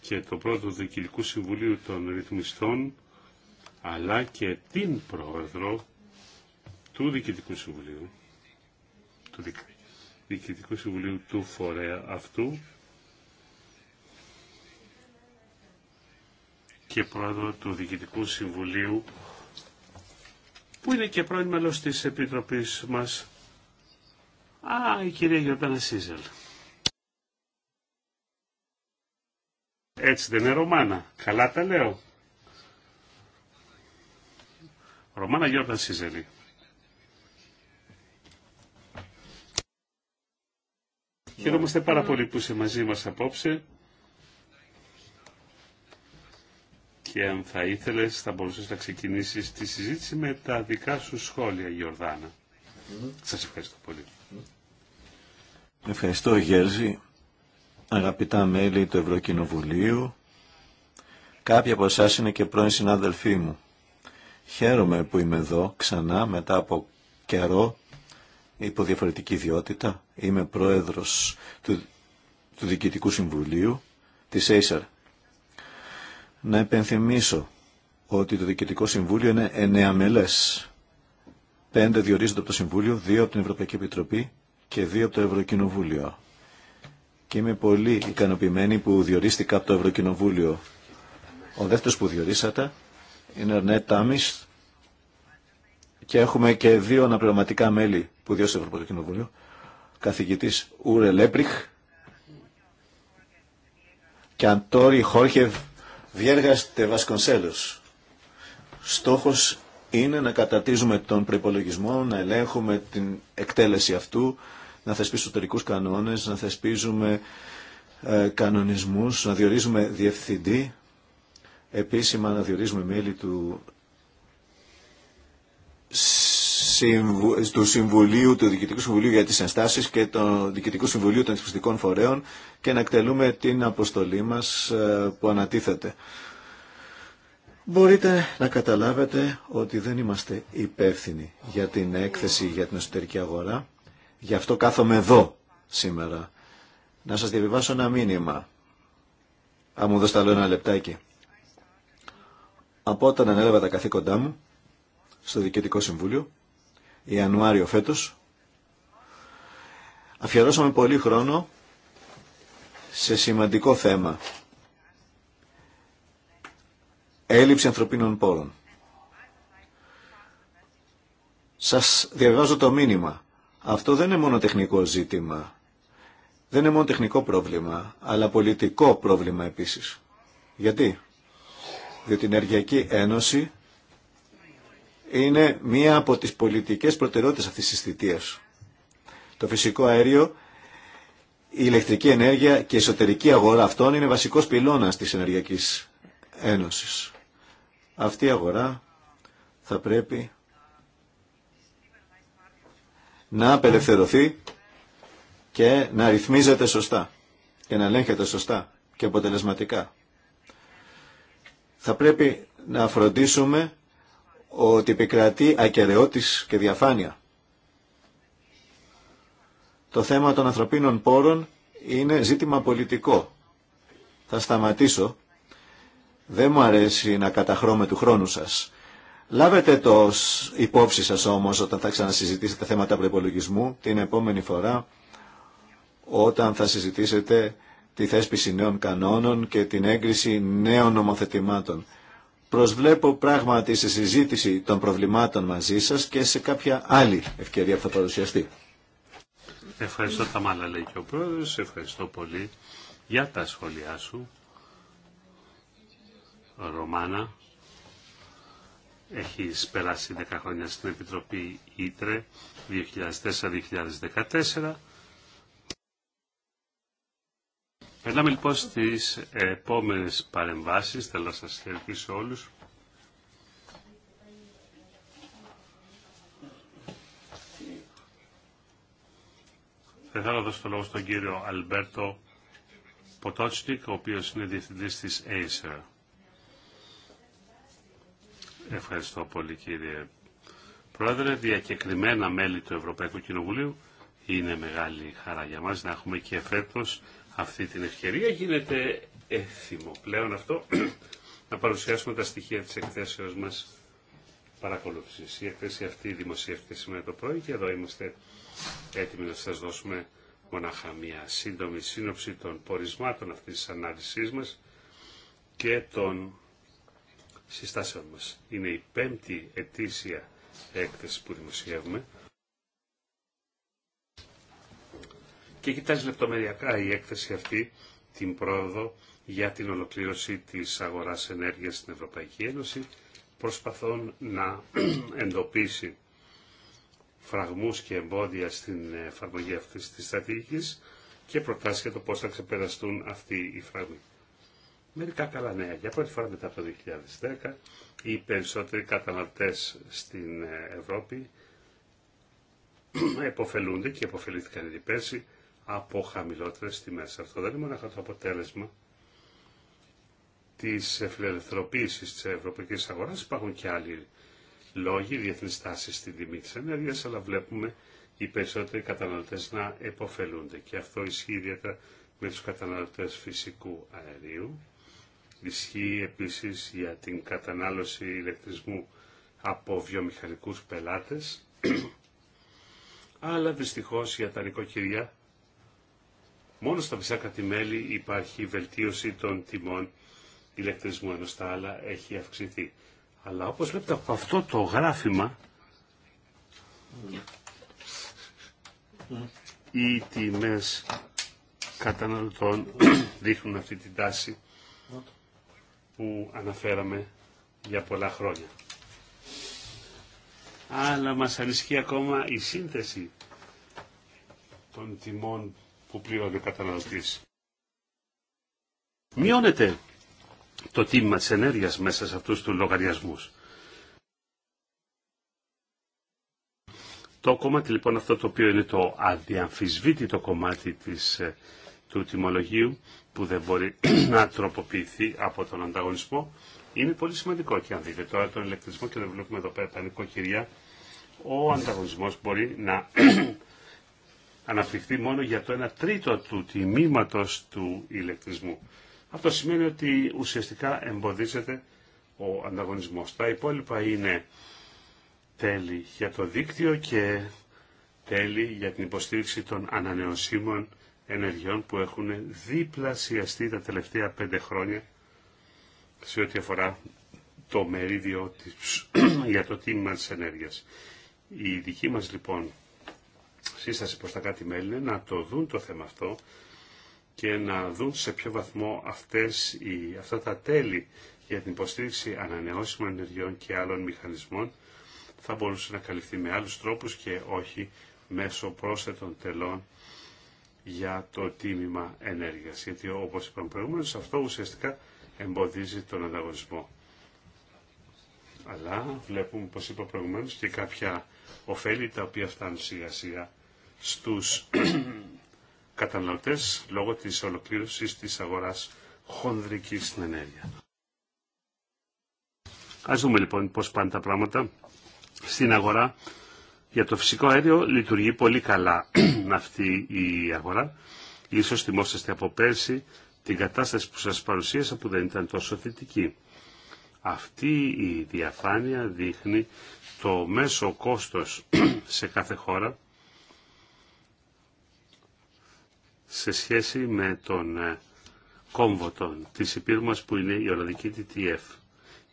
και το πρώτο του Συμβουλίου των Ρυθμιστών αλλά και την πρόεδρο του Διοικητικού Συμβουλίου, του Διοικητικού Συμβουλίου του φορέα αυτού και πρόεδρο του Διοικητικού Συμβουλίου που είναι και πρώην μέλος της Επιτροπής μας. Α, η κυρία Γιώργα Σίζελ. Έτσι δεν είναι Ρωμάνα. Καλά τα λέω. Ρωμάνα Γιώργα Σίζελη. Χαιρόμαστε πάρα πολύ που είσαι μαζί μας απόψε. Και αν θα ήθελες θα μπορούσες να ξεκινήσεις τη συζήτηση με τα δικά σου σχόλια, Γιορδάνα. Mm. Σας ευχαριστώ πολύ. Mm-hmm. Ευχαριστώ, Γέρζη. Αγαπητά μέλη του Ευρωκοινοβουλίου, κάποιοι από εσά είναι και πρώην συνάδελφοί μου. Χαίρομαι που είμαι εδώ ξανά μετά από καιρό υπό διαφορετική ιδιότητα. Είμαι πρόεδρος του, του Διοικητικού Συμβουλίου της Acer. Να επενθυμίσω ότι το Διοικητικό Συμβούλιο είναι μέλες. Πέντε διορίζονται από το Συμβούλιο, δύο από την Ευρωπαϊκή Επιτροπή και δύο από το Ευρωκοινοβούλιο. Και είμαι πολύ ικανοποιημένη που διορίστηκα από το Ευρωκοινοβούλιο. Ο δεύτερος που διορίσατε είναι ο Τάμις, και έχουμε και δύο αναπληρωματικά μέλη που διώσε το Ευρωπαϊκό Κοινοβούλιο. Καθηγητή Ούρε Λέπριχ και Αντόρι χόρχεβ Βιέργα Τεβασκονσέλο. Στόχος είναι να κατατίζουμε τον προπολογισμό, να ελέγχουμε την εκτέλεση αυτού, να θεσπίσουμε εσωτερικού κανόνες, να θεσπίζουμε ε, κανονισμούς, να διορίζουμε διευθυντή, επίσημα να διορίζουμε μέλη του του Συμβουλίου, του Διοικητικού Συμβουλίου για τις Ενστάσεις και του Διοικητικού Συμβουλίου των Εθνικών Φορέων και να εκτελούμε την αποστολή μας ε, που ανατίθεται. Μπορείτε να καταλάβετε ότι δεν είμαστε υπεύθυνοι για την έκθεση για την εσωτερική αγορά. Γι' αυτό κάθομαι εδώ σήμερα. Να σας διαβιβάσω ένα μήνυμα. Αν μου δώσετε άλλο ένα λεπτάκι. Από όταν ανέλαβα τα καθήκοντά μου, στο Διοικητικό Συμβούλιο, Ιανουάριο φέτος. Αφιερώσαμε πολύ χρόνο σε σημαντικό θέμα. Έλλειψη ανθρωπίνων πόρων. Σας διαβάζω το μήνυμα. Αυτό δεν είναι μόνο τεχνικό ζήτημα. Δεν είναι μόνο τεχνικό πρόβλημα, αλλά πολιτικό πρόβλημα επίσης. Γιατί? Διότι η Ενεργειακή Ένωση είναι μία από τις πολιτικές προτεραιότητες αυτής της θητείας. Το φυσικό αέριο, η ηλεκτρική ενέργεια και η εσωτερική αγορά αυτών είναι βασικός πυλώνας της Ενεργειακής Ένωσης. Αυτή η αγορά θα πρέπει να απελευθερωθεί και να ρυθμίζεται σωστά και να ελέγχεται σωστά και αποτελεσματικά. Θα πρέπει να φροντίσουμε ότι επικρατεί ακαιρεότης και διαφάνεια. Το θέμα των ανθρωπίνων πόρων είναι ζήτημα πολιτικό. Θα σταματήσω. Δεν μου αρέσει να καταχρώμε του χρόνου σας. Λάβετε το υπόψη σας όμως όταν θα ξανασυζητήσετε θέματα προπολογισμού την επόμενη φορά όταν θα συζητήσετε τη θέσπιση νέων κανόνων και την έγκριση νέων νομοθετημάτων. Προσβλέπω πράγματι σε συζήτηση των προβλημάτων μαζί σας και σε κάποια άλλη ευκαιρία που θα παρουσιαστεί. Ευχαριστώ τα μάλα λέει και ο πρόεδρος, ευχαριστώ πολύ για τα σχόλιά σου. Ρωμάνα, έχεις περάσει 10 χρόνια στην Επιτροπή Ήτρε 2004-2014 Περνάμε λοιπόν στις επόμενες παρεμβάσεις. Θέλω να σας ευχαριστήσω όλους. Θα ήθελα να δώσω το λόγο στον κύριο Αλμπέρτο Ποτότσνικ, ο οποίος είναι διευθυντής της Acer. Ευχαριστώ πολύ κύριε Πρόεδρε, διακεκριμένα μέλη του Ευρωπαϊκού Κοινοβουλίου. Είναι μεγάλη χαρά για μας να έχουμε και φέτος αυτή την ευκαιρία. Γίνεται έθιμο πλέον αυτό να παρουσιάσουμε τα στοιχεία της εκθέσεως μας παρακολούθησης. Η εκθέση αυτή δημοσιεύτηκε σήμερα το πρωί και εδώ είμαστε έτοιμοι να σας δώσουμε μονάχα μια σύντομη σύνοψη των πορισμάτων αυτής της ανάλυσής μας και των συστάσεων μας. Είναι η πέμπτη ετήσια έκθεση που δημοσιεύουμε και κοιτάζει λεπτομεριακά η έκθεση αυτή την πρόοδο για την ολοκλήρωση της αγοράς ενέργειας στην Ευρωπαϊκή Ένωση, προσπαθών να εντοπίσει φραγμούς και εμπόδια στην εφαρμογή αυτής της στρατηγικής και προτάσει για το πώς θα ξεπεραστούν αυτοί οι φραγμοί. Μερικά καλά νέα. Για πρώτη φορά μετά από το 2010, οι περισσότεροι καταναλωτές στην Ευρώπη εποφελούνται και εποφελήθηκαν ήδη πέρσι από χαμηλότερες τιμές. Αυτό δεν είναι μόνο το αποτέλεσμα της φιλελευθεροποίησης της ευρωπαϊκής αγοράς. Υπάρχουν και άλλοι λόγοι, διεθνείς τάσεις στην τιμή της ενέργειας, αλλά βλέπουμε οι περισσότεροι καταναλωτές να επωφελούνται. Και αυτό ισχύει ιδιαίτερα με τους καταναλωτές φυσικού αερίου. Ισχύει επίσης για την κατανάλωση ηλεκτρισμού από βιομηχανικούς πελάτες. Αλλά δυστυχώς για τα νοικοκυριά Μόνο στα μισά Τιμέλη υπάρχει βελτίωση των τιμών ηλεκτρισμού, ενώ στα άλλα έχει αυξηθεί. Αλλά όπως βλέπετε από αυτό το γράφημα, οι τιμές καταναλωτών δείχνουν αυτή την τάση που αναφέραμε για πολλά χρόνια. Αλλά μας ανησυχεί ακόμα η σύνθεση των τιμών που πληρώνει ο καταναλωτή. Μειώνεται το τίμημα τη ενέργεια μέσα σε αυτού του λογαριασμού. Το κομμάτι λοιπόν αυτό το οποίο είναι το αδιαμφισβήτητο κομμάτι της, ε, του τιμολογίου που δεν μπορεί να τροποποιηθεί από τον ανταγωνισμό είναι πολύ σημαντικό και αν δείτε τώρα τον ηλεκτρισμό και δεν βλέπουμε εδώ πέρα τα νοικοκυριά ο ανταγωνισμός μπορεί να αναπτυχθεί μόνο για το 1 τρίτο του τιμήματος του ηλεκτρισμού. Αυτό σημαίνει ότι ουσιαστικά εμποδίζεται ο ανταγωνισμός. Τα υπόλοιπα είναι τέλη για το δίκτυο και τέλη για την υποστήριξη των ανανεωσίμων ενεργειών που έχουν διπλασιαστεί τα τελευταία πέντε χρόνια σε ό,τι αφορά το μερίδιο της για το τίμημα της ενέργειας. Η δική μας λοιπόν σύσταση προς τα κάτι μέλη να το δουν το θέμα αυτό και να δουν σε ποιο βαθμό αυτές οι, αυτά τα τέλη για την υποστήριξη ανανεώσιμων ενεργειών και άλλων μηχανισμών θα μπορούσε να καλυφθεί με άλλους τρόπους και όχι μέσω πρόσθετων τελών για το τίμημα ενέργειας. Γιατί όπως είπαμε προηγούμενος αυτό ουσιαστικά εμποδίζει τον ανταγωνισμό. Αλλά βλέπουμε, όπως είπα προηγουμένως, και κάποια ωφέλη τα οποία φτάνουν σιγά σιγά στους καταναλωτές λόγω της ολοκλήρωσης της αγοράς χονδρικής στην ενέργεια. Ας δούμε λοιπόν πώς πάνε τα πράγματα στην αγορά. Για το φυσικό αέριο λειτουργεί πολύ καλά αυτή η αγορά. Ίσως θυμόσαστε από πέρσι την κατάσταση που σας παρουσίασα που δεν ήταν τόσο θετική. Αυτή η διαφάνεια δείχνει το μέσο κόστος σε κάθε χώρα σε σχέση με τον ε, κόμβο των της υπήρου μας που είναι η Ολλανδική TTF.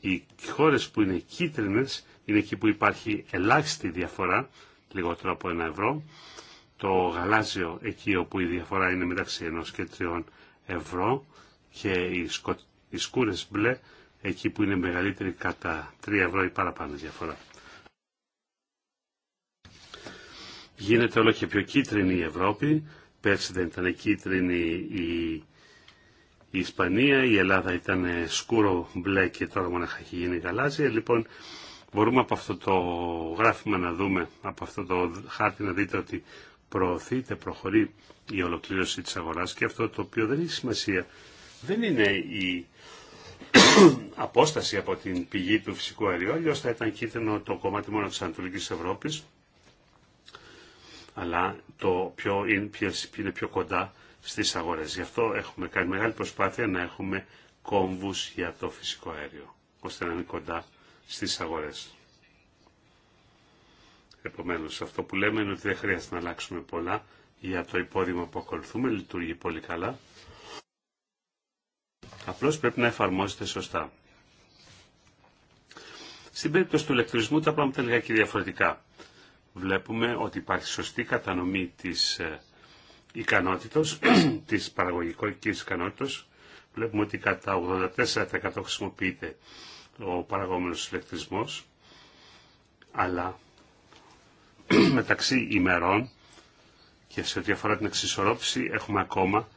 Οι χώρες που είναι κίτρινες είναι εκεί που υπάρχει ελάχιστη διαφορά, λιγότερο από ένα ευρώ. Το γαλάζιο εκεί όπου η διαφορά είναι μεταξύ ενός και τριών ευρώ και οι, οι σκούρες μπλε εκεί που είναι μεγαλύτερη κατά 3 ευρώ ή παραπάνω διαφορά. Γίνεται όλο και πιο κίτρινη η Ευρώπη. Πέρσι δεν ήταν κίτρινη η, Ισπανία, η Ελλάδα ήταν σκούρο μπλε και τώρα μόνο έχει γίνει γαλάζια. Λοιπόν, μπορούμε από αυτό το γράφημα να δούμε, από αυτό το χάρτη να δείτε ότι προωθείται, προχωρεί η ολοκλήρωση της αγοράς και αυτό το οποίο δεν έχει σημασία δεν είναι η απόσταση από την πηγή του φυσικού αερίου, αλλιώ θα ήταν κίτρινο το κομμάτι μόνο της Ανατολικής Ευρώπης, αλλά το πιο είναι, είναι πιο κοντά στις αγορές. Γι' αυτό έχουμε κάνει μεγάλη προσπάθεια να έχουμε κόμβους για το φυσικό αέριο, ώστε να είναι κοντά στις αγορές. Επομένως, αυτό που λέμε είναι ότι δεν χρειάζεται να αλλάξουμε πολλά για το υπόδειγμα που ακολουθούμε, λειτουργεί πολύ καλά. Απλώς πρέπει να εφαρμόζεται σωστά. Στην περίπτωση του ηλεκτρισμού τα πράγματα είναι λιγάκι διαφορετικά. Βλέπουμε ότι υπάρχει σωστή κατανομή της ε, ικανότητος, της παραγωγικής ικανότητος. Βλέπουμε ότι κατά 84% χρησιμοποιείται ο παραγόμενος ηλεκτρισμός, αλλά μεταξύ ημερών και σε ό,τι αφορά την εξισορρόπηση έχουμε ακόμα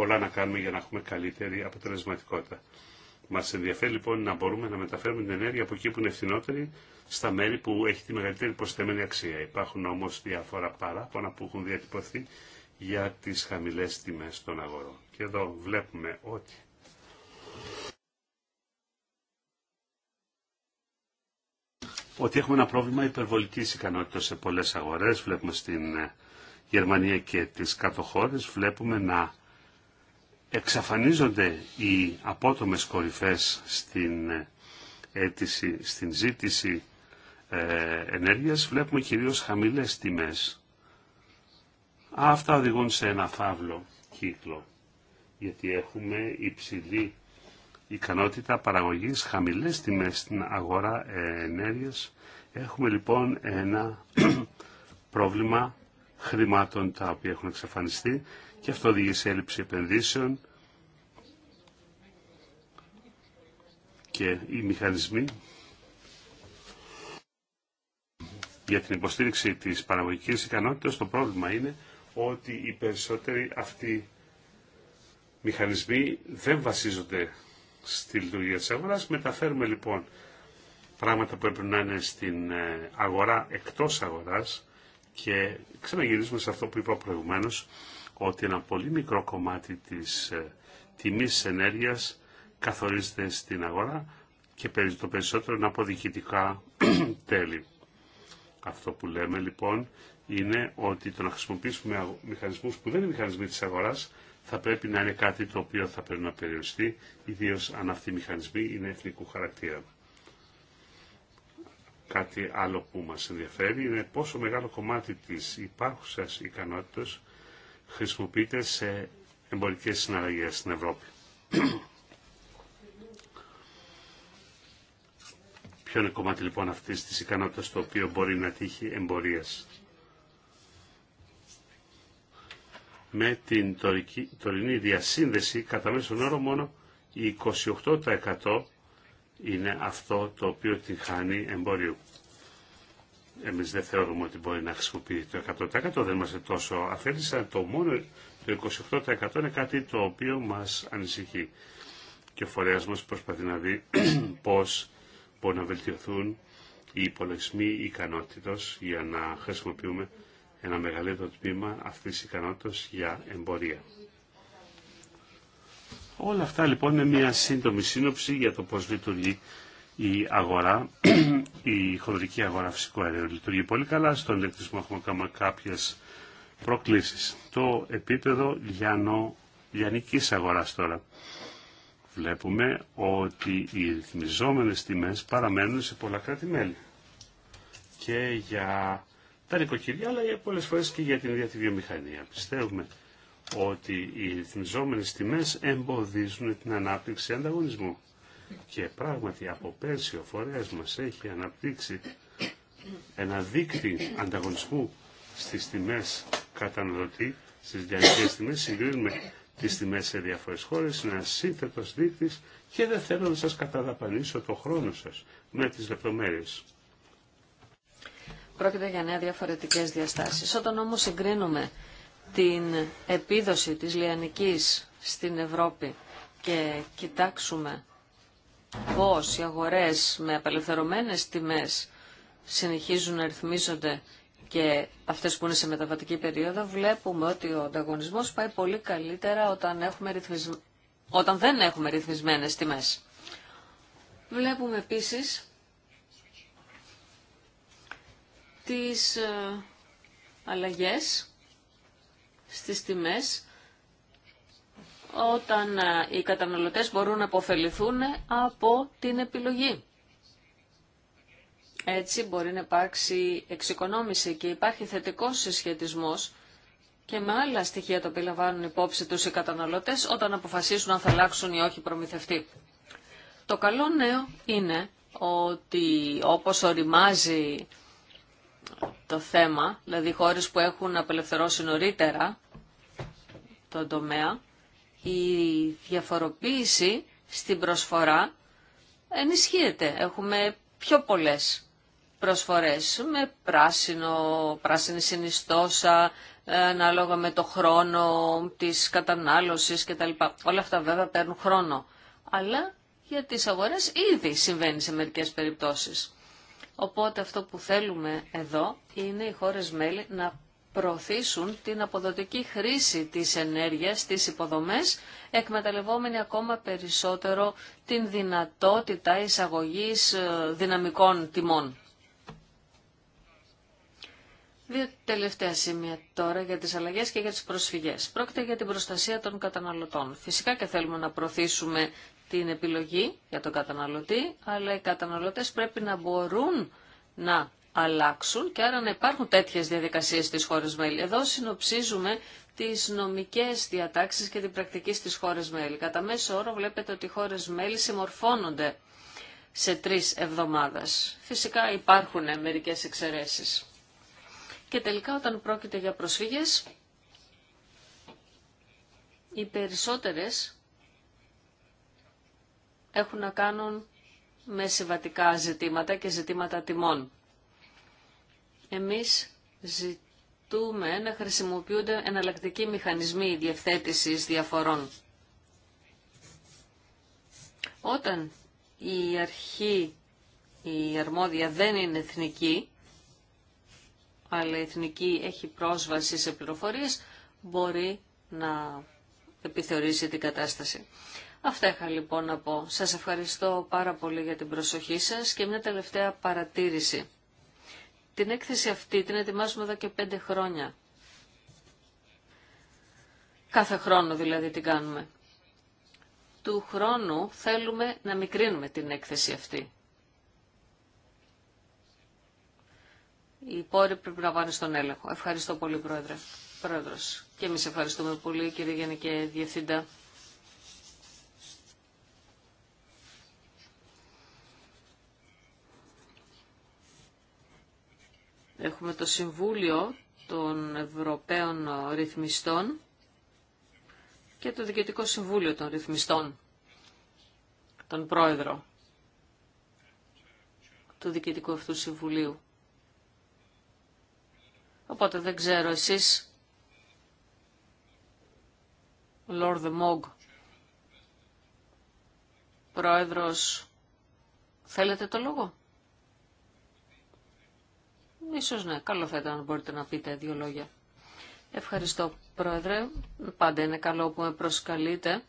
πολλά να κάνουμε για να έχουμε καλύτερη αποτελεσματικότητα. Μα ενδιαφέρει λοιπόν να μπορούμε να μεταφέρουμε την ενέργεια από εκεί που είναι φθηνότερη στα μέρη που έχει τη μεγαλύτερη προσθέμενη αξία. Υπάρχουν όμω διάφορα παράπονα που έχουν διατυπωθεί για τι χαμηλέ τιμέ των αγορών. Και εδώ βλέπουμε ότι. ότι έχουμε ένα πρόβλημα υπερβολικής ικανότητας σε πολλές αγορές. Βλέπουμε στην ε, Γερμανία και τις κάτω χώρες, βλέπουμε να εξαφανίζονται οι απότομες κορυφές στην, ε, αίτηση, στην ζήτηση ε, ενέργειας, βλέπουμε κυρίως χαμηλές τιμές. Αυτά οδηγούν σε ένα φαύλο κύκλο, γιατί έχουμε υψηλή ικανότητα παραγωγής, χαμηλές τιμές στην αγορά ε, ενέργειας. Έχουμε λοιπόν ένα πρόβλημα χρημάτων τα οποία έχουν εξαφανιστεί και αυτό οδηγεί σε έλλειψη επενδύσεων και οι μηχανισμοί για την υποστήριξη της παραγωγικής ικανότητας το πρόβλημα είναι ότι οι περισσότεροι αυτοί μηχανισμοί δεν βασίζονται στη λειτουργία της αγοράς. Μεταφέρουμε λοιπόν πράγματα που έπρεπε να είναι στην ε, αγορά εκτός αγοράς και ξαναγυρίζουμε σε αυτό που είπα προηγουμένως ότι ένα πολύ μικρό κομμάτι της ε, τιμής ενέργειας καθορίζεται στην αγορά και το περισσότερο είναι από τέλη. Αυτό που λέμε λοιπόν είναι ότι το να χρησιμοποιήσουμε μηχανισμούς που δεν είναι μηχανισμοί της αγοράς θα πρέπει να είναι κάτι το οποίο θα πρέπει να περιοριστεί, ιδίω αν αυτοί οι μηχανισμοί είναι εθνικού χαρακτήρα. Κάτι άλλο που μας ενδιαφέρει είναι πόσο μεγάλο κομμάτι της υπάρχουσας ικανότητας χρησιμοποιείται σε εμπορικές συναλλαγές στην Ευρώπη. Ποιο είναι κομμάτι λοιπόν αυτής της ικανότητας το οποίο μπορεί να τύχει εμπορίας. Με την τωρινή διασύνδεση κατά μέσο όρο μόνο η 28% είναι αυτό το οποίο την χάνει εμπορίου. Εμείς δεν θεωρούμε ότι μπορεί να χρησιμοποιεί το 100%, δεν είμαστε τόσο αφέλης, το μόνο το 28% είναι κάτι το οποίο μας ανησυχεί. Και ο φορέας μας προσπαθεί να δει πώς μπορούν να βελτιωθούν οι υπολογισμοί ικανότητος για να χρησιμοποιούμε ένα μεγαλύτερο τμήμα αυτής της ικανότητας για εμπορία. Όλα αυτά λοιπόν είναι μια σύντομη σύνοψη για το πώς λειτουργεί η αγορά, η χοντρική αγορά φυσικού αερίου λειτουργεί πολύ καλά. Στον ηλεκτρισμό έχουμε κάνει κάποιες προκλήσεις. Το επίπεδο λιανο, λιανικής αγοράς τώρα. Βλέπουμε ότι οι ρυθμιζόμενε τιμέ παραμένουν σε πολλά κράτη-μέλη. Και για τα νοικοκυριά, αλλά και πολλέ φορές και για την ίδια τη βιομηχανία. Πιστεύουμε ότι οι ρυθμιζόμενε τιμέ εμποδίζουν την ανάπτυξη ανταγωνισμού. Και πράγματι από πέρσι ο φορέας μας έχει αναπτύξει ένα δίκτυο ανταγωνισμού στις τιμές καταναλωτή, στις διαρκές τιμές, συγκρίνουμε τις τιμές σε διάφορες χώρες, είναι ένα σύνθετος και δεν θέλω να σας καταδαπανίσω το χρόνο σας με τις λεπτομέρειες. Πρόκειται για νέα διαφορετικές διαστάσεις. Όταν όμως συγκρίνουμε την επίδοση της λιανικής στην Ευρώπη και κοιτάξουμε πώς οι αγορές με απελευθερωμένες τιμές συνεχίζουν να ρυθμίζονται και αυτές που είναι σε μεταβατική περίοδο, βλέπουμε ότι ο ανταγωνισμός πάει πολύ καλύτερα όταν, έχουμε όταν δεν έχουμε ρυθμισμένες τιμές. Βλέπουμε επίσης τις ε, αλλαγές στις τιμές όταν ε, οι καταναλωτές μπορούν να αποφεληθούν από την επιλογή. Έτσι μπορεί να υπάρξει εξοικονόμηση και υπάρχει θετικός συσχετισμός και με άλλα στοιχεία τα οποία λαμβάνουν υπόψη τους οι καταναλωτές όταν αποφασίσουν αν θα αλλάξουν ή όχι προμηθευτή. Το καλό νέο είναι ότι όπως οριμάζει το θέμα, δηλαδή χώρες που έχουν απελευθερώσει νωρίτερα τον τομέα, η διαφοροποίηση στην προσφορά ενισχύεται. Έχουμε πιο πολλές προσφορές με πράσινο, πράσινη συνιστόσα, ανάλογα με το χρόνο της κατανάλωσης κτλ. Όλα αυτά βέβαια παίρνουν χρόνο. Αλλά για τις αγορές ήδη συμβαίνει σε μερικές περιπτώσεις. Οπότε αυτό που θέλουμε εδώ είναι οι χώρες μέλη να προωθήσουν την αποδοτική χρήση της ενέργειας στις υποδομές, εκμεταλλευόμενοι ακόμα περισσότερο την δυνατότητα εισαγωγής ε, δυναμικών τιμών. Δύο τελευταία σημεία τώρα για τις αλλαγές και για τις προσφυγές. Πρόκειται για την προστασία των καταναλωτών. Φυσικά και θέλουμε να προωθήσουμε την επιλογή για τον καταναλωτή, αλλά οι καταναλωτές πρέπει να μπορούν να αλλάξουν και άρα να υπάρχουν τέτοιες διαδικασίες στις χώρες μέλη. Εδώ συνοψίζουμε τις νομικές διατάξεις και την πρακτική στις χώρες μέλη. Κατά μέσο όρο βλέπετε ότι οι χώρες μέλη συμμορφώνονται σε τρεις εβδομάδες. Φυσικά υπάρχουν μερικές εξαιρέσεις. Και τελικά όταν πρόκειται για προσφύγες, οι περισσότερες έχουν να κάνουν με συμβατικά ζητήματα και ζητήματα τιμών. Εμείς ζητούμε να χρησιμοποιούνται εναλλακτικοί μηχανισμοί διευθέτησης διαφορών. Όταν η αρχή, η αρμόδια δεν είναι εθνική, αλλά η εθνική έχει πρόσβαση σε πληροφορίες, μπορεί να επιθεωρήσει την κατάσταση. Αυτά είχα λοιπόν να πω. Σας ευχαριστώ πάρα πολύ για την προσοχή σας και μια τελευταία παρατήρηση. Την έκθεση αυτή την ετοιμάζουμε εδώ και πέντε χρόνια. Κάθε χρόνο δηλαδή την κάνουμε. Του χρόνου θέλουμε να μικρύνουμε την έκθεση αυτή. Οι πόροι πρέπει να πάνε στον έλεγχο. Ευχαριστώ πολύ, Πρόεδρε. Πρόεδρος. Και εμείς ευχαριστούμε πολύ, κύριε Γενική Διευθύντα. Έχουμε το Συμβούλιο των Ευρωπαίων Ρυθμιστών και το Διοικητικό Συμβούλιο των Ρυθμιστών, τον Πρόεδρο του Διοικητικού αυτού Συμβουλίου. Οπότε δεν ξέρω εσείς, the Mog, Πρόεδρος, θέλετε το λόγο. Ίσως ναι, καλό θα ήταν να μπορείτε να πείτε δύο λόγια. Ευχαριστώ, Πρόεδρε. Πάντα είναι καλό που με προσκαλείτε.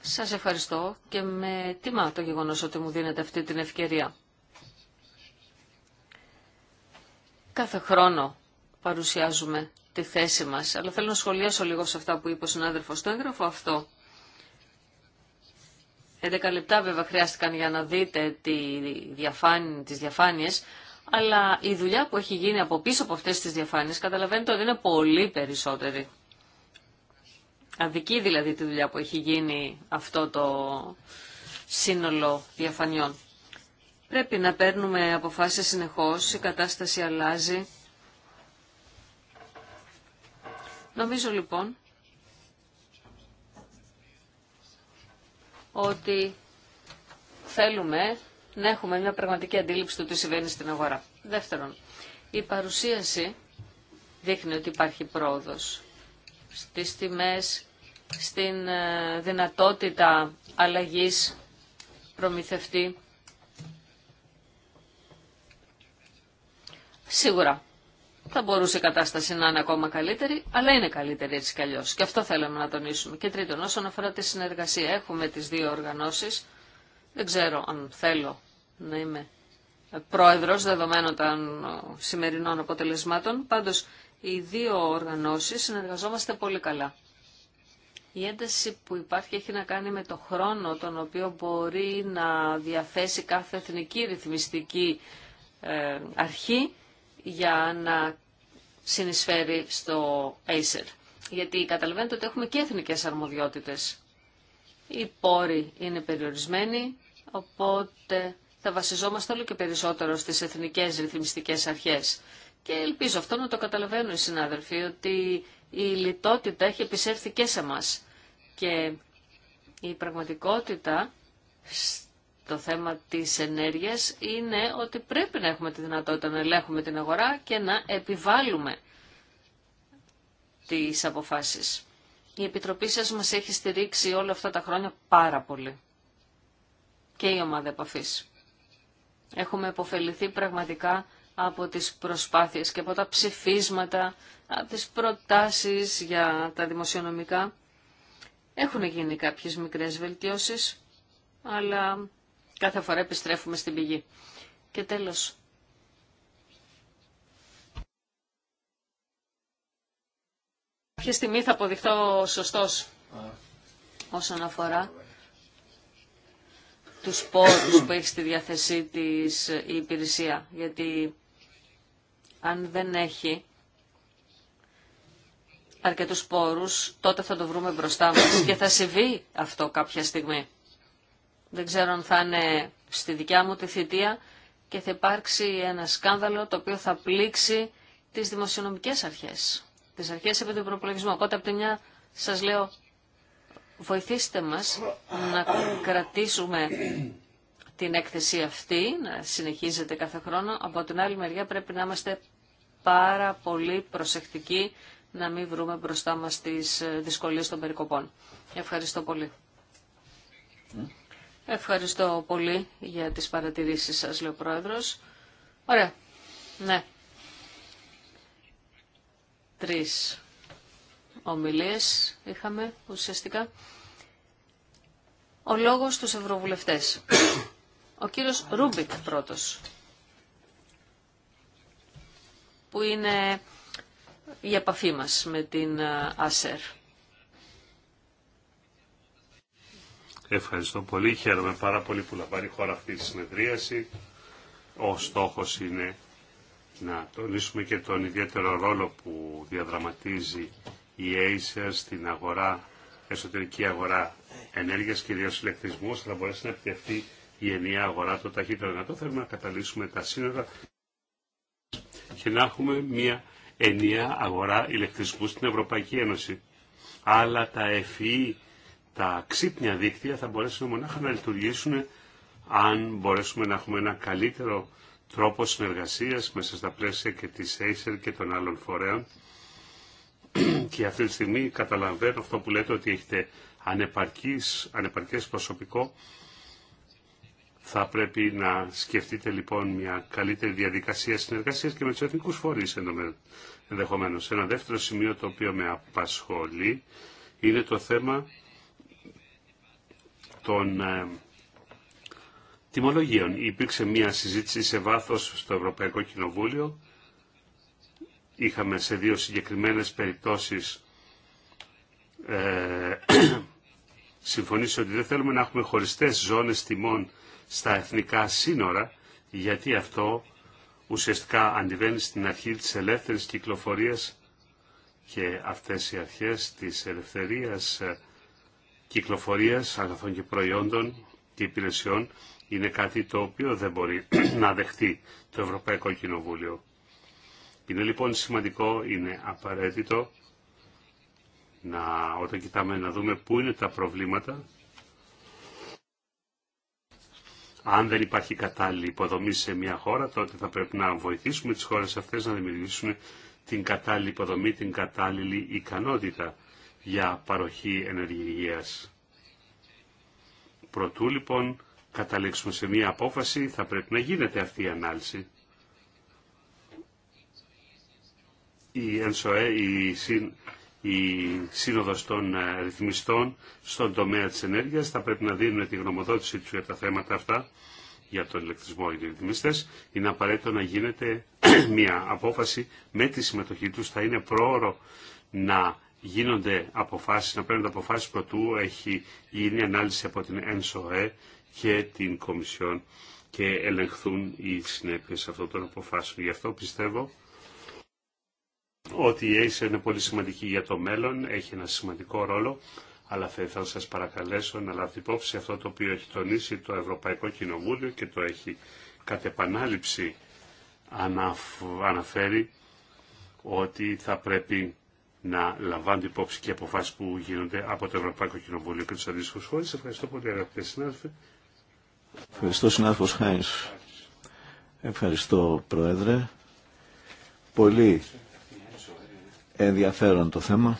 Σας ευχαριστώ και με τιμά το γεγονός ότι μου δίνετε αυτή την ευκαιρία. Κάθε χρόνο παρουσιάζουμε τη θέση μας, αλλά θέλω να σχολιάσω λίγο σε αυτά που είπε ο συνάδελφος. Το έγγραφο αυτό 11 λεπτά βέβαια χρειάστηκαν για να δείτε τη διαφάνει, τις διαφάνειες, αλλά η δουλειά που έχει γίνει από πίσω από αυτές τις διαφάνειες καταλαβαίνετε ότι είναι πολύ περισσότερη. Αδική δηλαδή τη δουλειά που έχει γίνει αυτό το σύνολο διαφανειών. Πρέπει να παίρνουμε αποφάσεις συνεχώς, η κατάσταση αλλάζει. Νομίζω λοιπόν ότι θέλουμε να έχουμε μια πραγματική αντίληψη του τι συμβαίνει στην αγορά. Δεύτερον, η παρουσίαση δείχνει ότι υπάρχει πρόοδος στις τιμές, στην ε, δυνατότητα αλλαγής προμηθευτή. Σίγουρα θα μπορούσε η κατάσταση να είναι ακόμα καλύτερη, αλλά είναι καλύτερη έτσι κι αλλιώ. Και αυτό θέλαμε να τονίσουμε. Και τρίτον, όσον αφορά τη συνεργασία, έχουμε τι δύο οργανώσει. Δεν ξέρω αν θέλω να είμαι πρόεδρο, δεδομένων των σημερινών αποτελεσμάτων. Πάντω, οι δύο οργανώσει συνεργαζόμαστε πολύ καλά. Η ένταση που υπάρχει έχει να κάνει με το χρόνο τον οποίο μπορεί να διαθέσει κάθε εθνική ρυθμιστική ε, αρχή για να συνεισφέρει στο Acer. Γιατί καταλαβαίνετε ότι έχουμε και εθνικές αρμοδιότητες. Οι πόροι είναι περιορισμένοι, οπότε θα βασιζόμαστε όλο και περισσότερο στις εθνικές ρυθμιστικές αρχές. Και ελπίζω αυτό να το καταλαβαίνουν οι συνάδελφοι, ότι η λιτότητα έχει επισέρθει και σε μας. Και η πραγματικότητα το θέμα της ενέργειας είναι ότι πρέπει να έχουμε τη δυνατότητα να ελέγχουμε την αγορά και να επιβάλλουμε τις αποφάσεις. Η Επιτροπή σας μας έχει στηρίξει όλα αυτά τα χρόνια πάρα πολύ. Και η ομάδα επαφής. Έχουμε υποφεληθεί πραγματικά από τις προσπάθειες και από τα ψηφίσματα, από τις προτάσεις για τα δημοσιονομικά. Έχουν γίνει κάποιες μικρές βελτιώσεις, αλλά Κάθε φορά επιστρέφουμε στην πηγή. Και τέλος, κάποια στιγμή θα αποδειχθώ σωστός όσον αφορά τους πόρους που έχει στη διάθεσή της η υπηρεσία. Γιατί αν δεν έχει αρκετούς πόρους, τότε θα το βρούμε μπροστά μας και θα συμβεί αυτό κάποια στιγμή. Δεν ξέρω αν θα είναι στη δικιά μου τη θητεία και θα υπάρξει ένα σκάνδαλο το οποίο θα πλήξει τις δημοσιονομικές αρχές, τις αρχές επί του προπολογισμού. Οπότε από τη μια σας λέω βοηθήστε μας να κρατήσουμε την έκθεση αυτή, να συνεχίζεται κάθε χρόνο. Από την άλλη μεριά πρέπει να είμαστε πάρα πολύ προσεκτικοί να μην βρούμε μπροστά μας τις δυσκολίες των περικοπών. Ευχαριστώ πολύ. Ευχαριστώ πολύ για τις παρατηρήσεις σας, λέει ο Πρόεδρος. Ωραία. Ναι. Τρεις ομιλίες είχαμε ουσιαστικά. Ο λόγος στους ευρωβουλευτές. Ο κύριος Ρούμπικ πρώτος, που είναι η επαφή μας με την ε, ΑΣΕΡ. Ευχαριστώ πολύ. Χαίρομαι πάρα πολύ που λαμβάνει η χώρα αυτή τη συνεδρίαση. Ο στόχος είναι να τονίσουμε και τον ιδιαίτερο ρόλο που διαδραματίζει η Acer στην αγορά, εσωτερική αγορά ενέργειας, κυρίως ηλεκτρισμού, να μπορέσει να επιτευχθεί η ενιαία αγορά το ταχύτερο δυνατό. Θέλουμε να καταλύσουμε τα σύνορα και να έχουμε μια ενιαία αγορά ηλεκτρισμού στην Ευρωπαϊκή Ένωση. Αλλά τα ΕΦΗ τα ξύπνια δίκτυα θα μπορέσουν μονάχα να λειτουργήσουν αν μπορέσουμε να έχουμε ένα καλύτερο τρόπο συνεργασίας μέσα στα πλαίσια και της Acer και των άλλων φορέων. και αυτή τη στιγμή καταλαβαίνω αυτό που λέτε ότι έχετε ανεπαρκής, ανεπαρκές προσωπικό. Θα πρέπει να σκεφτείτε λοιπόν μια καλύτερη διαδικασία συνεργασίας και με τους εθνικούς φορείς ενδεχομένως. Ένα δεύτερο σημείο το οποίο με απασχολεί είναι το θέμα των ε, τιμολογίων. Υπήρξε μια συζήτηση σε βάθος στο Ευρωπαϊκό Κοινοβούλιο. Είχαμε σε δύο συγκεκριμένες περιπτώσεις ε, συμφωνήσει ότι δεν θέλουμε να έχουμε χωριστές ζώνες τιμών στα εθνικά σύνορα, γιατί αυτό ουσιαστικά αντιβαίνει στην αρχή της ελεύθερης κυκλοφορίας και αυτές οι αρχές της ελευθερίας ε, κυκλοφορίας αγαθών και προϊόντων και υπηρεσιών είναι κάτι το οποίο δεν μπορεί να δεχτεί το Ευρωπαϊκό Κοινοβούλιο. Είναι λοιπόν σημαντικό, είναι απαραίτητο να, όταν κοιτάμε να δούμε πού είναι τα προβλήματα αν δεν υπάρχει κατάλληλη υποδομή σε μια χώρα, τότε θα πρέπει να βοηθήσουμε τις χώρες αυτές να δημιουργήσουν την κατάλληλη υποδομή, την κατάλληλη ικανότητα για παροχή ενεργείας. Προτού λοιπόν καταλήξουμε σε μία απόφαση θα πρέπει να γίνεται αυτή η ανάλυση. Η, ΕΝΣΟΕ, η, συν, Σύνοδος των ε, Ρυθμιστών στον τομέα της ενέργειας θα πρέπει να δίνουν τη γνωμοδότησή τους για τα θέματα αυτά για τον ηλεκτρισμό οι ρυθμιστές, είναι απαραίτητο να γίνεται μια απόφαση με τη συμμετοχή τους. Θα είναι πρόωρο να γίνονται αποφάσεις, να παίρνονται αποφάσεις προτού έχει γίνει ανάλυση από την ΕΝΣΟΕ και την Κομισιόν και ελεγχθούν οι συνέπειες αυτών των αποφάσεων. Γι' αυτό πιστεύω ότι η ΕΙΣΕ είναι πολύ σημαντική για το μέλλον, έχει ένα σημαντικό ρόλο, αλλά θα ήθελα σας παρακαλέσω να λάβετε υπόψη αυτό το οποίο έχει τονίσει το Ευρωπαϊκό Κοινοβούλιο και το έχει κατ' επανάληψη αναφέρει ότι θα πρέπει να λαμβάνονται υπόψη και αποφάσεις που γίνονται από το Ευρωπαϊκό Κοινοβούλιο και τους αντίστοιχους χώρες. Ευχαριστώ πολύ αγαπητέ συνάδελφε. Ευχαριστώ συνάδελφο Χάινς. Ευχαριστώ Πρόεδρε. Πολύ ενδιαφέρον το θέμα.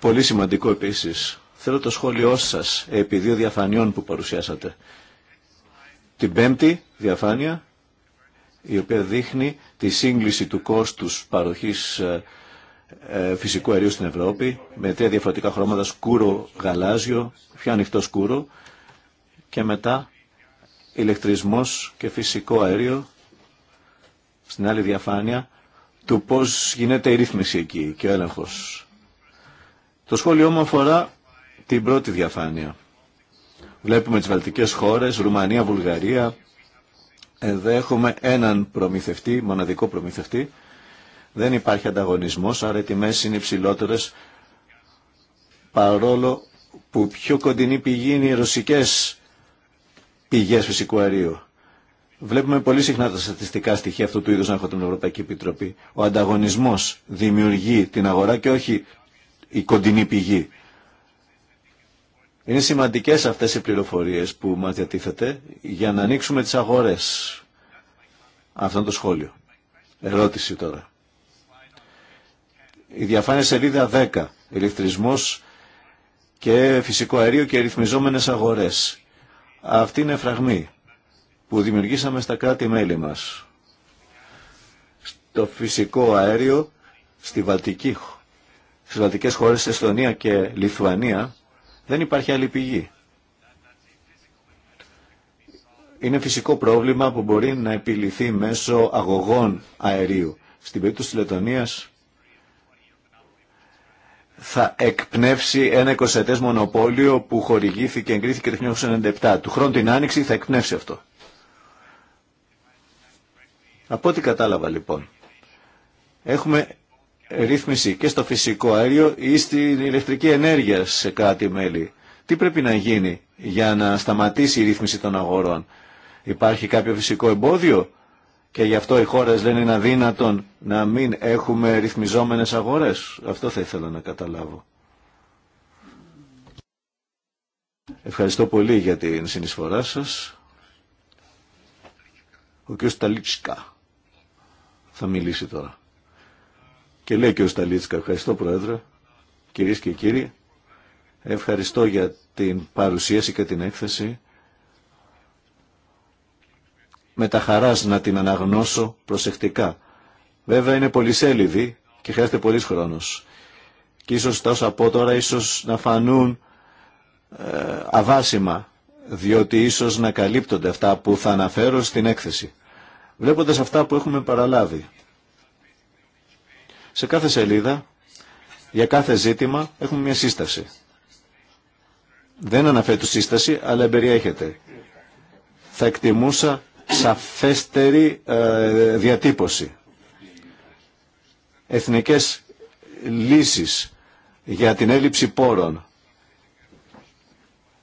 Πολύ σημαντικό επίσης. Θέλω το σχόλιο σας επί δύο διαφανειών που παρουσιάσατε. Την πέμπτη διαφάνεια η οποία δείχνει τη σύγκληση του κόστους παροχής ε, ε, φυσικού αερίου στην Ευρώπη με τρία διαφορετικά χρώματα, σκούρο γαλάζιο, πιο ανοιχτό σκούρο και μετά ηλεκτρισμός και φυσικό αέριο στην άλλη διαφάνεια του πώς γίνεται η ρύθμιση εκεί και ο έλεγχος. Το σχόλιο μου αφορά την πρώτη διαφάνεια. Βλέπουμε τις βαλτικές χώρες, Ρουμανία, Βουλγαρία, εδώ έχουμε έναν προμηθευτή, μοναδικό προμηθευτή. Δεν υπάρχει ανταγωνισμός, άρα οι τιμές είναι υψηλότερε παρόλο που πιο κοντινή πηγή είναι οι ρωσικές πηγές φυσικού αερίου. Βλέπουμε πολύ συχνά τα στατιστικά στοιχεία αυτού του είδους να έχω την Ευρωπαϊκή Επιτροπή. Ο ανταγωνισμός δημιουργεί την αγορά και όχι η κοντινή πηγή. Είναι σημαντικές αυτές οι πληροφορίες που μας διατίθεται για να ανοίξουμε τις αγορές. Αυτό είναι το σχόλιο. Ερώτηση τώρα. Η διαφάνεια σελίδα 10. Ηλεκτρισμός και φυσικό αέριο και ρυθμιζόμενες αγορές. Αυτή είναι φραγμή που δημιουργήσαμε στα κράτη-μέλη μας. Στο φυσικό αέριο, στη Βαλτική, στις Βαλτικές χώρες, Εστονία και Λιθουανία, δεν υπάρχει άλλη πηγή. Είναι φυσικό πρόβλημα που μπορεί να επιληθεί μέσω αγωγών αερίου. Στην περίπτωση της Λετωνίας θα εκπνεύσει ένα εικοσιετές μονοπόλιο που χορηγήθηκε, εγκρίθηκε το 1997. Του χρόνου την άνοιξη θα εκπνεύσει αυτό. Από ό,τι κατάλαβα λοιπόν, έχουμε ρύθμιση και στο φυσικό αέριο ή στην ηλεκτρική ενέργεια σε κάτι μελη Τι πρέπει να γίνει για να σταματήσει η ρύθμιση των αγορών. Υπάρχει κάποιο φυσικό εμπόδιο και γι' αυτό οι χώρες λένε είναι αδύνατον να μην έχουμε ρυθμιζόμενες αγορές. Αυτό θα ήθελα να καταλάβω. Ευχαριστώ πολύ για την συνεισφορά σας. Ο κ. Σταλίτσκα θα μιλήσει τώρα. Και λέει και ο Σταλίτσκα, ευχαριστώ Πρόεδρε, κυρίες και κύριοι, ευχαριστώ για την παρουσίαση και την έκθεση. Με τα χαράς να την αναγνώσω προσεκτικά. Βέβαια είναι σέλιδη και χρειάζεται πολύς χρόνος. Και ίσως τα όσα πω τώρα ίσως να φανούν ε, αβάσιμα, διότι ίσως να καλύπτονται αυτά που θα αναφέρω στην έκθεση. Βλέποντας αυτά που έχουμε παραλάβει σε κάθε σελίδα, για κάθε ζήτημα, έχουμε μια σύσταση. Δεν αναφέρει σύσταση, αλλά εμπεριέχεται. Θα εκτιμούσα σαφέστερη ε, διατύπωση. Εθνικές λύσεις για την έλλειψη πόρων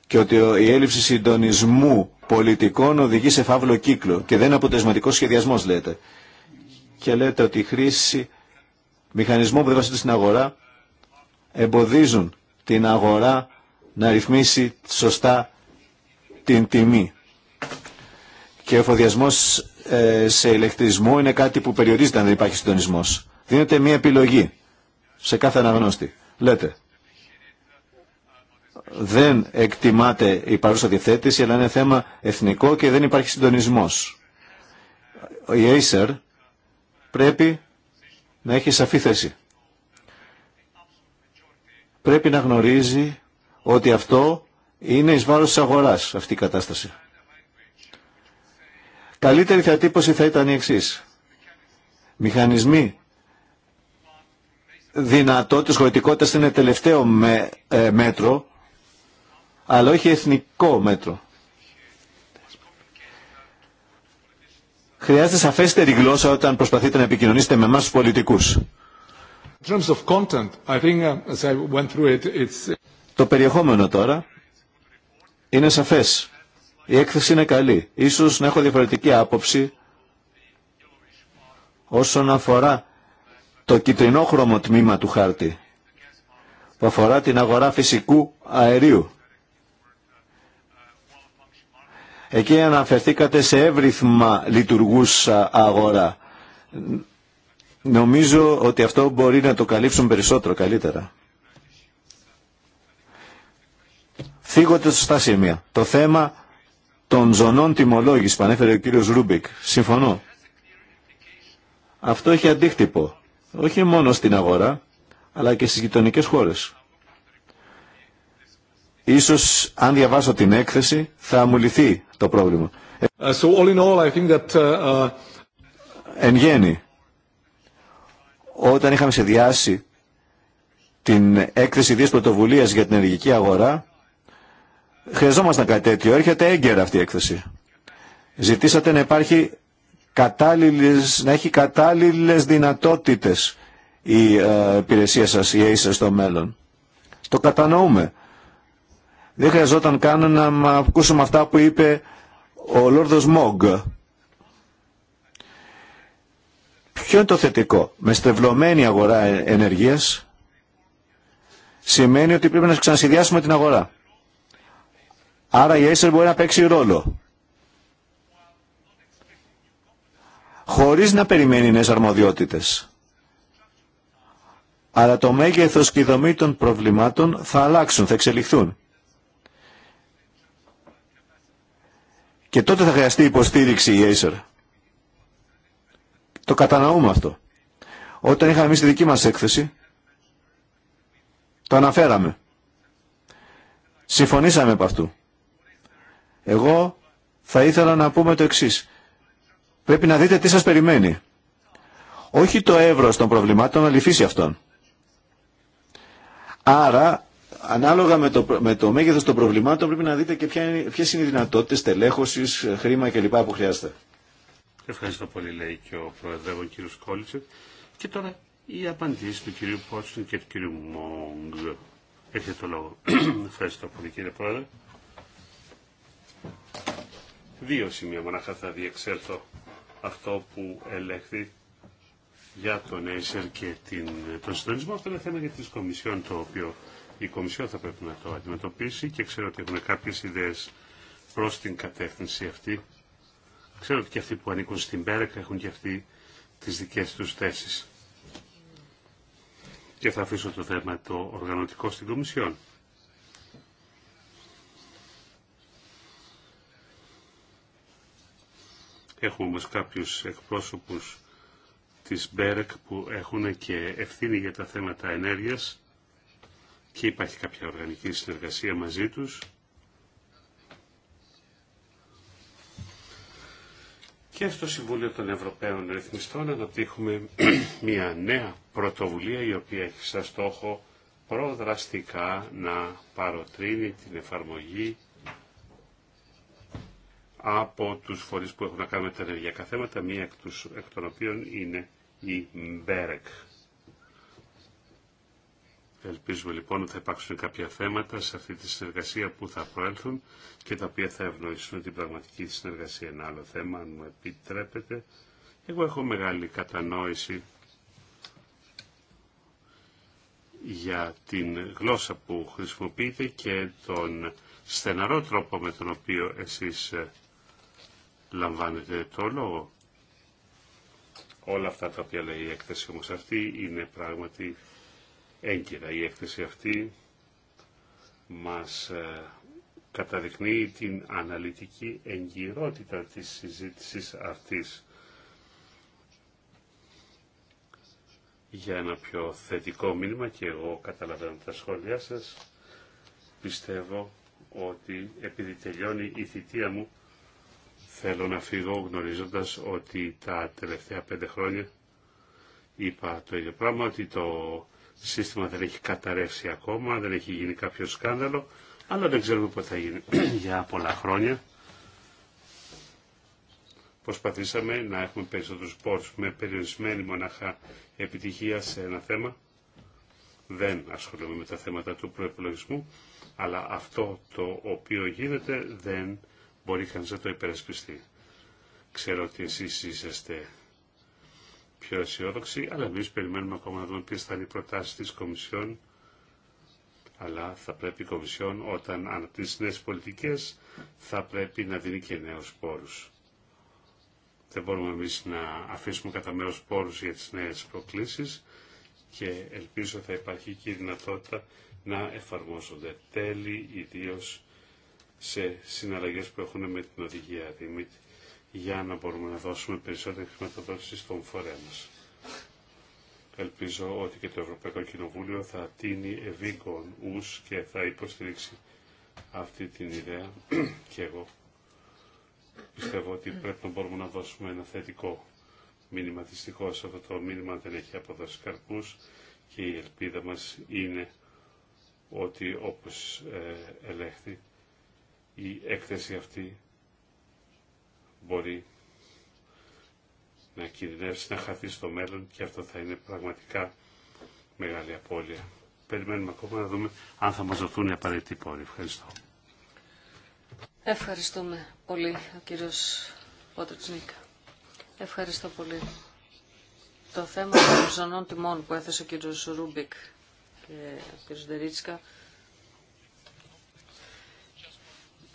και ότι η έλλειψη συντονισμού πολιτικών οδηγεί σε φαύλο κύκλο και δεν είναι αποτελεσματικό σχεδιασμός λέτε. Και λέτε ότι η χρήση μηχανισμό που δώσετε στην αγορά εμποδίζουν την αγορά να ρυθμίσει σωστά την τιμή. Και ο εφοδιασμός ε, σε ηλεκτρισμό είναι κάτι που περιορίζεται αν δεν υπάρχει συντονισμός. Δίνεται μια επιλογή σε κάθε αναγνώστη. Λέτε, δεν εκτιμάται η παρούσα διαθέτηση, αλλά είναι θέμα εθνικό και δεν υπάρχει συντονισμός. Η Acer πρέπει να έχει σαφή θέση. Πρέπει να γνωρίζει ότι αυτό είναι εις βάρος της αγοράς αυτή η κατάσταση. Καλύτερη θεατύπωση θα ήταν η εξής. Μηχανισμοί δυνατότητες χωρητικότητας είναι τελευταίο ε, μέτρο, αλλά όχι εθνικό μέτρο. Χρειάζεται σαφέστερη γλώσσα όταν προσπαθείτε να επικοινωνήσετε με εμάς τους πολιτικούς. Το περιεχόμενο τώρα είναι σαφές. Η έκθεση είναι καλή. Ίσως να έχω διαφορετική άποψη όσον αφορά το κυτρινόχρωμο τμήμα του χάρτη που αφορά την αγορά φυσικού αερίου. Εκεί αναφερθήκατε σε εύρυθμα λειτουργούσα αγορά. Νομίζω ότι αυτό μπορεί να το καλύψουν περισσότερο, καλύτερα. Φύγοντας σωστά σημεία. Το θέμα των ζωνών τιμολόγηση που ανέφερε ο κύριος Ρούμπικ. Συμφωνώ. Αυτό έχει αντίκτυπο. Όχι μόνο στην αγορά, αλλά και στις γειτονικές χώρες. Ίσως αν διαβάσω την έκθεση θα μου λυθεί το πρόβλημα. Εν γέννη, όταν είχαμε σχεδιάσει την έκθεση δύο πρωτοβουλία για την ενεργική αγορά, χρειαζόμασταν κάτι τέτοιο. Έρχεται έγκαιρα αυτή η έκθεση. Ζητήσατε να υπάρχει κατάλληλες, να έχει κατάλληλες δυνατότητες η ε, υπηρεσία σας, η ACE στο μέλλον. Το κατανοούμε. Δεν χρειαζόταν καν να ακούσουμε αυτά που είπε ο Λόρδος Μόγκ. Ποιο είναι το θετικό. Με στευλωμένη αγορά ε, ενεργείας σημαίνει ότι πρέπει να ξανασυδιάσουμε την αγορά. Άρα η Acer μπορεί να παίξει ρόλο. Χωρίς να περιμένει νέες αρμοδιότητες. Αλλά το μέγεθος και η δομή των προβλημάτων θα αλλάξουν, θα εξελιχθούν. Και τότε θα χρειαστεί υποστήριξη η Acer. Το κατανοούμε αυτό. Όταν είχαμε εμείς τη δική μας έκθεση, το αναφέραμε. Συμφωνήσαμε από αυτού. Εγώ θα ήθελα να πούμε το εξής. Πρέπει να δείτε τι σας περιμένει. Όχι το εύρος των προβλημάτων να λυφίσει αυτόν. Άρα ανάλογα με το, με το μέγεθος των προβλημάτων πρέπει να δείτε και ποια είναι, ποιες είναι οι δυνατότητες τελέχωσης, χρήμα κλπ. που χρειάζεται. Ευχαριστώ πολύ λέει και ο Προεδρεύων κύριος Κόλιτσεκ. Και τώρα οι απαντήσεις του κυρίου Πότσου και του κυρίου Μόγκ. Έχετε το λόγο. Ευχαριστώ πολύ κύριε Πρόεδρε. Δύο σημεία μονάχα θα διεξέλθω αυτό που ελέγχθη για τον Acer και την, τον συντονισμό. Αυτό είναι θέμα για τις Κομισιόν το οποίο η Κομισιόν θα πρέπει να το αντιμετωπίσει και ξέρω ότι έχουν κάποιε ιδέε προ την κατεύθυνση αυτή. Ξέρω ότι και αυτοί που ανήκουν στην ΠΕΡΕΚ έχουν και αυτοί τις δικές τους θέσει. Και θα αφήσω το θέμα το οργανωτικό στην Κομισιόν. Έχουμε όμως κάποιους εκπρόσωπους της ΜΠΕΡΕΚ που έχουν και ευθύνη για τα θέματα ενέργειας και υπάρχει κάποια οργανική συνεργασία μαζί τους. Και στο Συμβούλιο των Ευρωπαίων Ρυθμιστών αναπτύχουμε μια νέα πρωτοβουλία η οποία έχει σαν στόχο προδραστικά να παροτρύνει την εφαρμογή από τους φορείς που έχουν να κάνουν τα ενεργειακά θέματα, μία εκ, των οποίων είναι η Μπέρεκ. Ελπίζουμε λοιπόν ότι θα υπάρξουν κάποια θέματα σε αυτή τη συνεργασία που θα προέλθουν και τα οποία θα ευνοήσουν την πραγματική συνεργασία. Ένα άλλο θέμα, αν μου επιτρέπετε. Εγώ έχω μεγάλη κατανόηση για την γλώσσα που χρησιμοποιείτε και τον στεναρό τρόπο με τον οποίο εσείς ε, λαμβάνετε το λόγο. Όλα αυτά τα οποία λέει η έκθεση όμως αυτή είναι πράγματι έγκυρα. Η έκθεση αυτή μας ε, καταδεικνύει την αναλυτική εγκυρότητα της συζήτησης αυτής για ένα πιο θετικό μήνυμα και εγώ καταλαβαίνω τα σχόλιά σας. Πιστεύω ότι επειδή τελειώνει η θητεία μου θέλω να φύγω γνωρίζοντας ότι τα τελευταία πέντε χρόνια είπα το ίδιο πράγμα, ότι το σύστημα δεν έχει καταρρεύσει ακόμα, δεν έχει γίνει κάποιο σκάνδαλο, αλλά δεν ξέρουμε πότε θα γίνει. Για πολλά χρόνια προσπαθήσαμε να έχουμε περισσότερους πόρους με περιορισμένη μοναχά επιτυχία σε ένα θέμα. Δεν ασχολούμαι με τα θέματα του προεπιλογισμού, αλλά αυτό το οποίο γίνεται δεν μπορεί κανείς να το υπερασπιστεί. Ξέρω ότι εσείς είσαστε πιο αισιόδοξοι, αλλά εμεί περιμένουμε ακόμα να δούμε ποιε θα είναι οι προτάσει τη Κομισιόν. Αλλά θα πρέπει η Κομισιόν όταν αναπτύσσει νέε πολιτικέ θα πρέπει να δίνει και νέου πόρου. Δεν μπορούμε εμεί να αφήσουμε κατά μέρο πόρου για τι νέε προκλήσει και ελπίζω θα υπάρχει και η δυνατότητα να εφαρμόζονται τέλη, ιδίω σε συναλλαγές που έχουν με την οδηγία Δημήτρη για να μπορούμε να δώσουμε περισσότερη χρηματοδότηση στον φορέα μας. Ελπίζω ότι και το Ευρωπαϊκό Κοινοβούλιο θα τίνει ευήκον ους και θα υποστηρίξει αυτή την ιδέα και εγώ πιστεύω ότι πρέπει να μπορούμε να δώσουμε ένα θετικό μήνυμα. Δυστυχώ αυτό το μήνυμα δεν έχει αποδώσει καρπούς και η ελπίδα μας είναι ότι όπως ε, ελέγχθη η έκθεση αυτή μπορεί να κινδυνεύσει να χαθεί στο μέλλον και αυτό θα είναι πραγματικά μεγάλη απώλεια. Περιμένουμε ακόμα να δούμε αν θα μας δοθούν οι απαραίτητοι πόροι. Ευχαριστώ. Ευχαριστούμε πολύ, ο κύριος Πότρετσνίκ. Ευχαριστώ πολύ. Το θέμα των ζωνών τιμών που έθεσε ο κύριος Ρούμπικ και ο κύριος Ντερίτσκα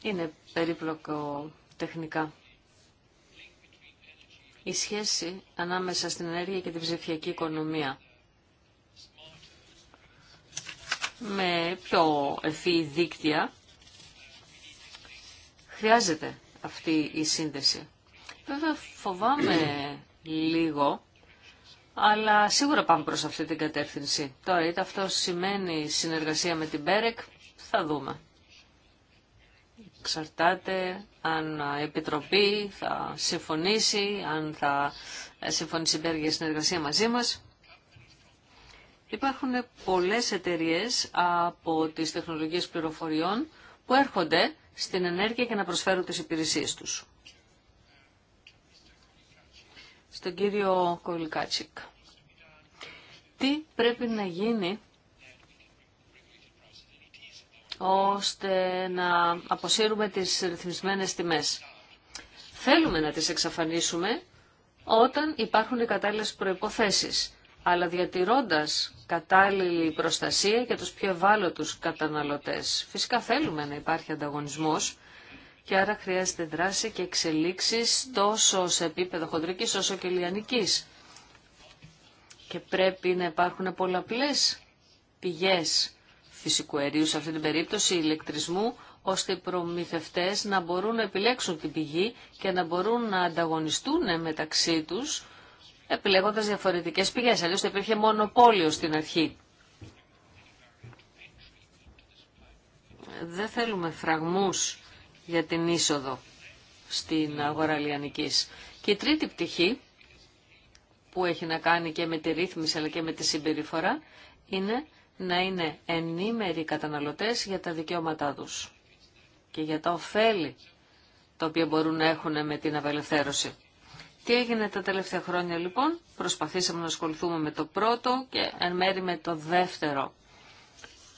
είναι περίπλοκο τεχνικά η σχέση ανάμεσα στην ενέργεια και την ψηφιακή οικονομία. Με πιο ευφύ δίκτυα χρειάζεται αυτή η σύνδεση. Βέβαια φοβάμαι λίγο, αλλά σίγουρα πάμε προς αυτή την κατεύθυνση. Τώρα, είτε αυτό σημαίνει συνεργασία με την Μπέρεκ, θα δούμε. Εξαρτάται αν η Επιτροπή θα συμφωνήσει, αν θα συμφωνήσει η για συνεργασία μαζί μας. Υπάρχουν πολλές εταιρείες από τις τεχνολογίες πληροφοριών που έρχονται στην ενέργεια και να προσφέρουν τις υπηρεσίες τους. Στον κύριο Κολικάτσικ. Τι πρέπει να γίνει ώστε να αποσύρουμε τις ρυθμισμένες τιμές. Θέλουμε να τις εξαφανίσουμε όταν υπάρχουν οι κατάλληλες προϋποθέσεις, αλλά διατηρώντας κατάλληλη προστασία για τους πιο ευάλωτους καταναλωτές. Φυσικά θέλουμε να υπάρχει ανταγωνισμός και άρα χρειάζεται δράση και εξελίξεις τόσο σε επίπεδο χοντρικής όσο και λιανικής. Και πρέπει να υπάρχουν πολλαπλές πηγές φυσικού αερίου σε αυτή την περίπτωση ηλεκτρισμού ώστε οι προμηθευτές να μπορούν να επιλέξουν την πηγή και να μπορούν να ανταγωνιστούν μεταξύ τους επιλέγοντας διαφορετικές πηγές. Αλλιώς θα υπήρχε μονοπόλιο στην αρχή. Δεν θέλουμε φραγμούς για την είσοδο στην αγορά λιανικής. Και η τρίτη πτυχή που έχει να κάνει και με τη ρύθμιση αλλά και με τη συμπεριφορά είναι να είναι ενήμεροι καταναλωτές για τα δικαιώματά τους και για τα ωφέλη τα οποία μπορούν να έχουν με την απελευθέρωση. Τι έγινε τα τελευταία χρόνια λοιπόν, προσπαθήσαμε να ασχοληθούμε με το πρώτο και εν μέρη με το δεύτερο.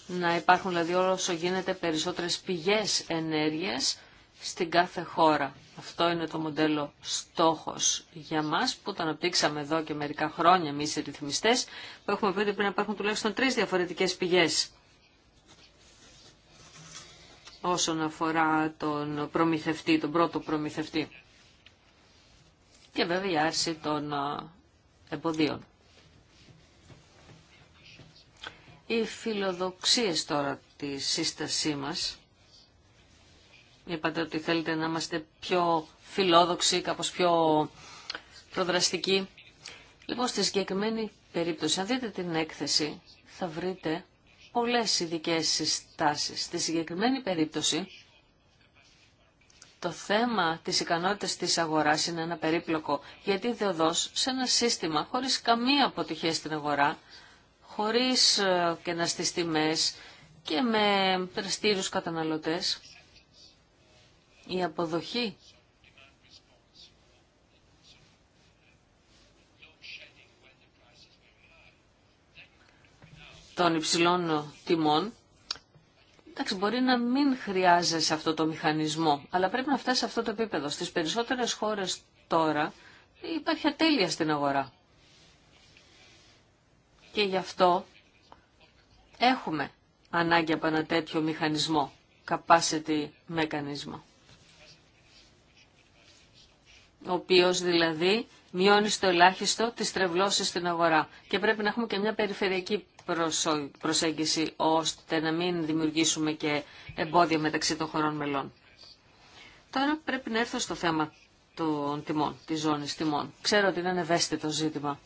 Να υπάρχουν δηλαδή όσο γίνεται περισσότερες πηγές ενέργειας στην κάθε χώρα. Αυτό είναι το μοντέλο στόχος για μας που το αναπτύξαμε εδώ και μερικά χρόνια εμείς οι ρυθμιστές που έχουμε πει ότι πρέπει να υπάρχουν τουλάχιστον τρεις διαφορετικές πηγές όσον αφορά τον προμηθευτή, τον πρώτο προμηθευτή και βέβαια η άρση των εμποδίων. Οι φιλοδοξίες τώρα της σύστασή μας Είπατε ότι θέλετε να είμαστε πιο φιλόδοξοι, κάπως πιο προδραστικοί. Λοιπόν, στη συγκεκριμένη περίπτωση, αν δείτε την έκθεση, θα βρείτε πολλές ειδικέ συστάσεις. Στη συγκεκριμένη περίπτωση, το θέμα της ικανότητας της αγοράς είναι ένα περίπλοκο, γιατί δεοδός σε ένα σύστημα χωρίς καμία αποτυχία στην αγορά, χωρίς ε, και να στις τιμές και με περιστήρους καταναλωτές, η αποδοχή των υψηλών τιμών εντάξει, μπορεί να μην χρειάζεσαι αυτό το μηχανισμό, αλλά πρέπει να φτάσει σε αυτό το επίπεδο. Στις περισσότερες χώρες τώρα υπάρχει ατέλεια στην αγορά. Και γι' αυτό έχουμε ανάγκη από ένα τέτοιο μηχανισμό, capacity mechanism ο οποίος δηλαδή μειώνει στο ελάχιστο τις τρευλώσεις στην αγορά. Και πρέπει να έχουμε και μια περιφερειακή προσέγγιση, ώστε να μην δημιουργήσουμε και εμπόδια μεταξύ των χωρών μελών. Τώρα πρέπει να έρθω στο θέμα των τιμών, της ζώνης τιμών. Ξέρω ότι είναι ένα ευαίσθητο ζήτημα.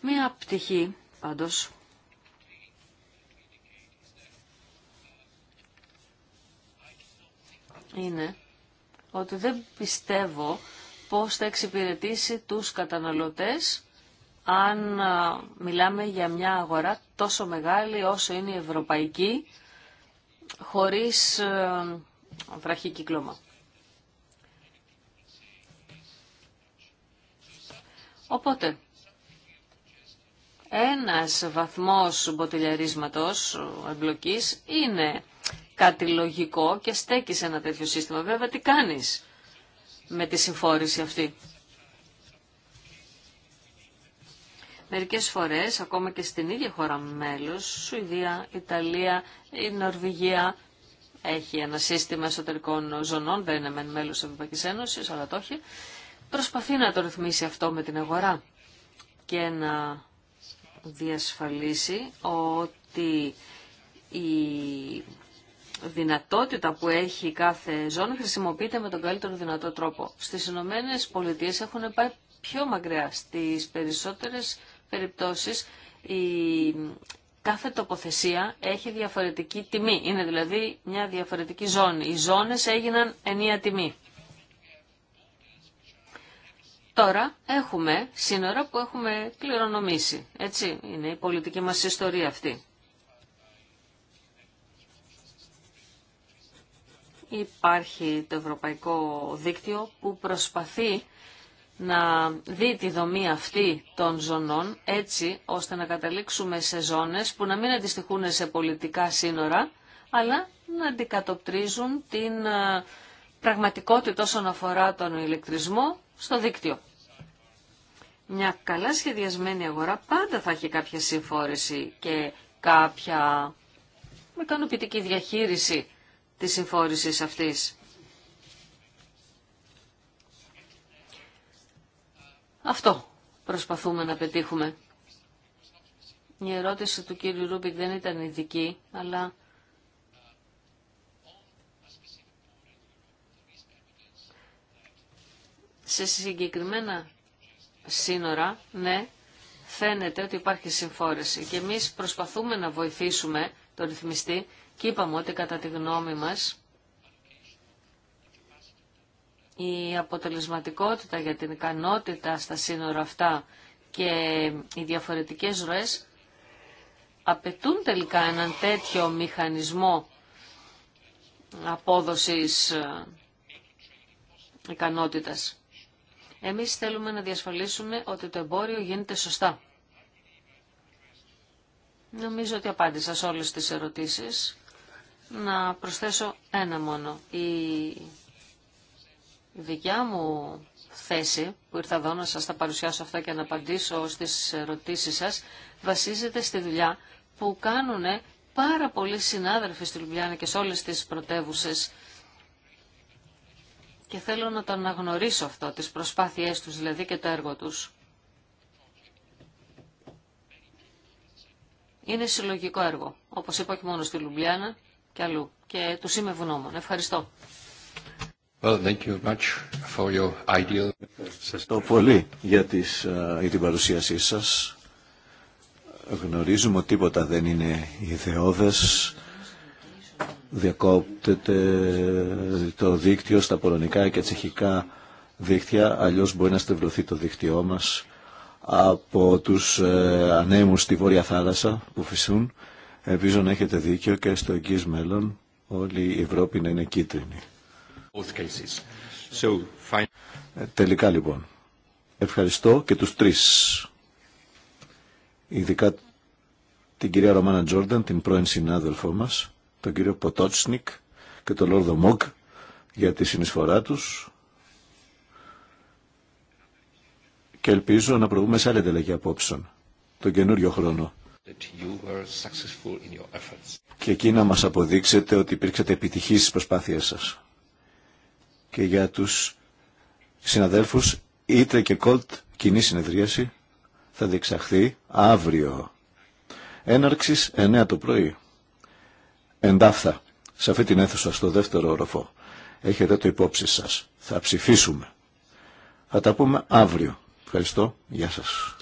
Μία πτυχή, πάντως, είναι ότι δεν πιστεύω πώς θα εξυπηρετήσει τους καταναλωτές αν μιλάμε για μια αγορά τόσο μεγάλη όσο είναι η ευρωπαϊκή, χωρίς ε, βραχή κυκλώμα. Οπότε, ένας βαθμός μποτελιαρίσματος εμπλοκής είναι κάτι λογικό και στέκει σε ένα τέτοιο σύστημα. Βέβαια, τι κάνεις με τη συμφόρηση αυτή. Μερικές φορές, ακόμα και στην ίδια χώρα μέλος, Σουηδία, Ιταλία, η Νορβηγία, έχει ένα σύστημα εσωτερικών ζωνών, δεν είναι μεν μέλος της Ευρωπαϊκής Ένωσης, αλλά το έχει, προσπαθεί να το ρυθμίσει αυτό με την αγορά και να διασφαλίσει ότι η δυνατότητα που έχει κάθε ζώνη χρησιμοποιείται με τον καλύτερο δυνατό τρόπο. Στις Ηνωμένε Πολιτείε έχουν πάει πιο μακριά. Στις περισσότερες περιπτώσεις η κάθε τοποθεσία έχει διαφορετική τιμή. Είναι δηλαδή μια διαφορετική ζώνη. Οι ζώνες έγιναν ενία τιμή. Τώρα έχουμε σύνορα που έχουμε κληρονομήσει. Έτσι είναι η πολιτική μας ιστορία αυτή. Υπάρχει το Ευρωπαϊκό Δίκτυο που προσπαθεί να δει τη δομή αυτή των ζωνών έτσι ώστε να καταλήξουμε σε ζώνες που να μην αντιστοιχούν σε πολιτικά σύνορα αλλά να αντικατοπτρίζουν την ε, πραγματικότητα όσον αφορά τον ηλεκτρισμό στο δίκτυο. Μια καλά σχεδιασμένη αγορά πάντα θα έχει κάποια συμφόρηση και κάποια ικανοποιητική διαχείριση της συμφόρησης αυτής. Αυτό προσπαθούμε να πετύχουμε. Η ερώτηση του κύριου Ρούμπικ δεν ήταν ειδική, αλλά σε συγκεκριμένα σύνορα, ναι, φαίνεται ότι υπάρχει συμφόρηση. Και εμείς προσπαθούμε να βοηθήσουμε τον ρυθμιστή και είπαμε ότι κατά τη γνώμη μας η αποτελεσματικότητα για την ικανότητα στα σύνορα αυτά και οι διαφορετικές ροές απαιτούν τελικά έναν τέτοιο μηχανισμό απόδοσης ε, ικανότητας. Εμείς θέλουμε να διασφαλίσουμε ότι το εμπόριο γίνεται σωστά. Νομίζω ότι απάντησα σε όλες τις ερωτήσεις να προσθέσω ένα μόνο. Η δικιά μου θέση που ήρθα εδώ να σας τα παρουσιάσω αυτά και να απαντήσω στις ερωτήσεις σας βασίζεται στη δουλειά που κάνουν πάρα πολλοί συνάδελφοι στη Λουμπλιάνα και σε όλες τις πρωτεύουσε. και θέλω να το αναγνωρίσω αυτό, τις προσπάθειές τους δηλαδή και το έργο τους. Είναι συλλογικό έργο, όπως είπα και μόνο στη Λουμπλιάνα και αλλού. Και του είμαι ευγνώμων. Ευχαριστώ. Well, thank you much for your Σας ευχαριστώ πολύ για, τις, την παρουσίασή σας. Γνωρίζουμε ότι τίποτα δεν είναι ιδεώδες. Διακόπτεται το δίκτυο στα πολωνικά και τσεχικά δίκτυα, αλλιώς μπορεί να στευλωθεί το δίκτυό μας από τους ε, ανέμους στη Βόρεια Θάλασσα που φυσούν. Ελπίζω να έχετε δίκιο και στο εγγύς μέλλον όλη η Ευρώπη να είναι κίτρινη. So, ε, Τελικά λοιπόν, ευχαριστώ και τους τρεις. Ειδικά την κυρία Ρωμάνα Τζόρνταν, την πρώην συνάδελφό μας, τον κύριο Ποτότσνικ και τον Λόρδο Μόγκ για τη συνεισφορά τους και ελπίζω να προβούμε σε άλλη ανταλλαγή απόψεων τον καινούριο χρόνο. Και εκεί να μας αποδείξετε ότι υπήρξατε επιτυχείς στις προσπάθειές σας. Και για τους συναδέλφους, ήτρε και κολτ κοινή συνεδρίαση θα διεξαχθεί αύριο. Έναρξης 9 το πρωί. Εντάφθα, σε αυτή την αίθουσα στο δεύτερο όροφο. Έχετε το υπόψη σας. Θα ψηφίσουμε. Θα τα πούμε αύριο. Ευχαριστώ. Γεια σας.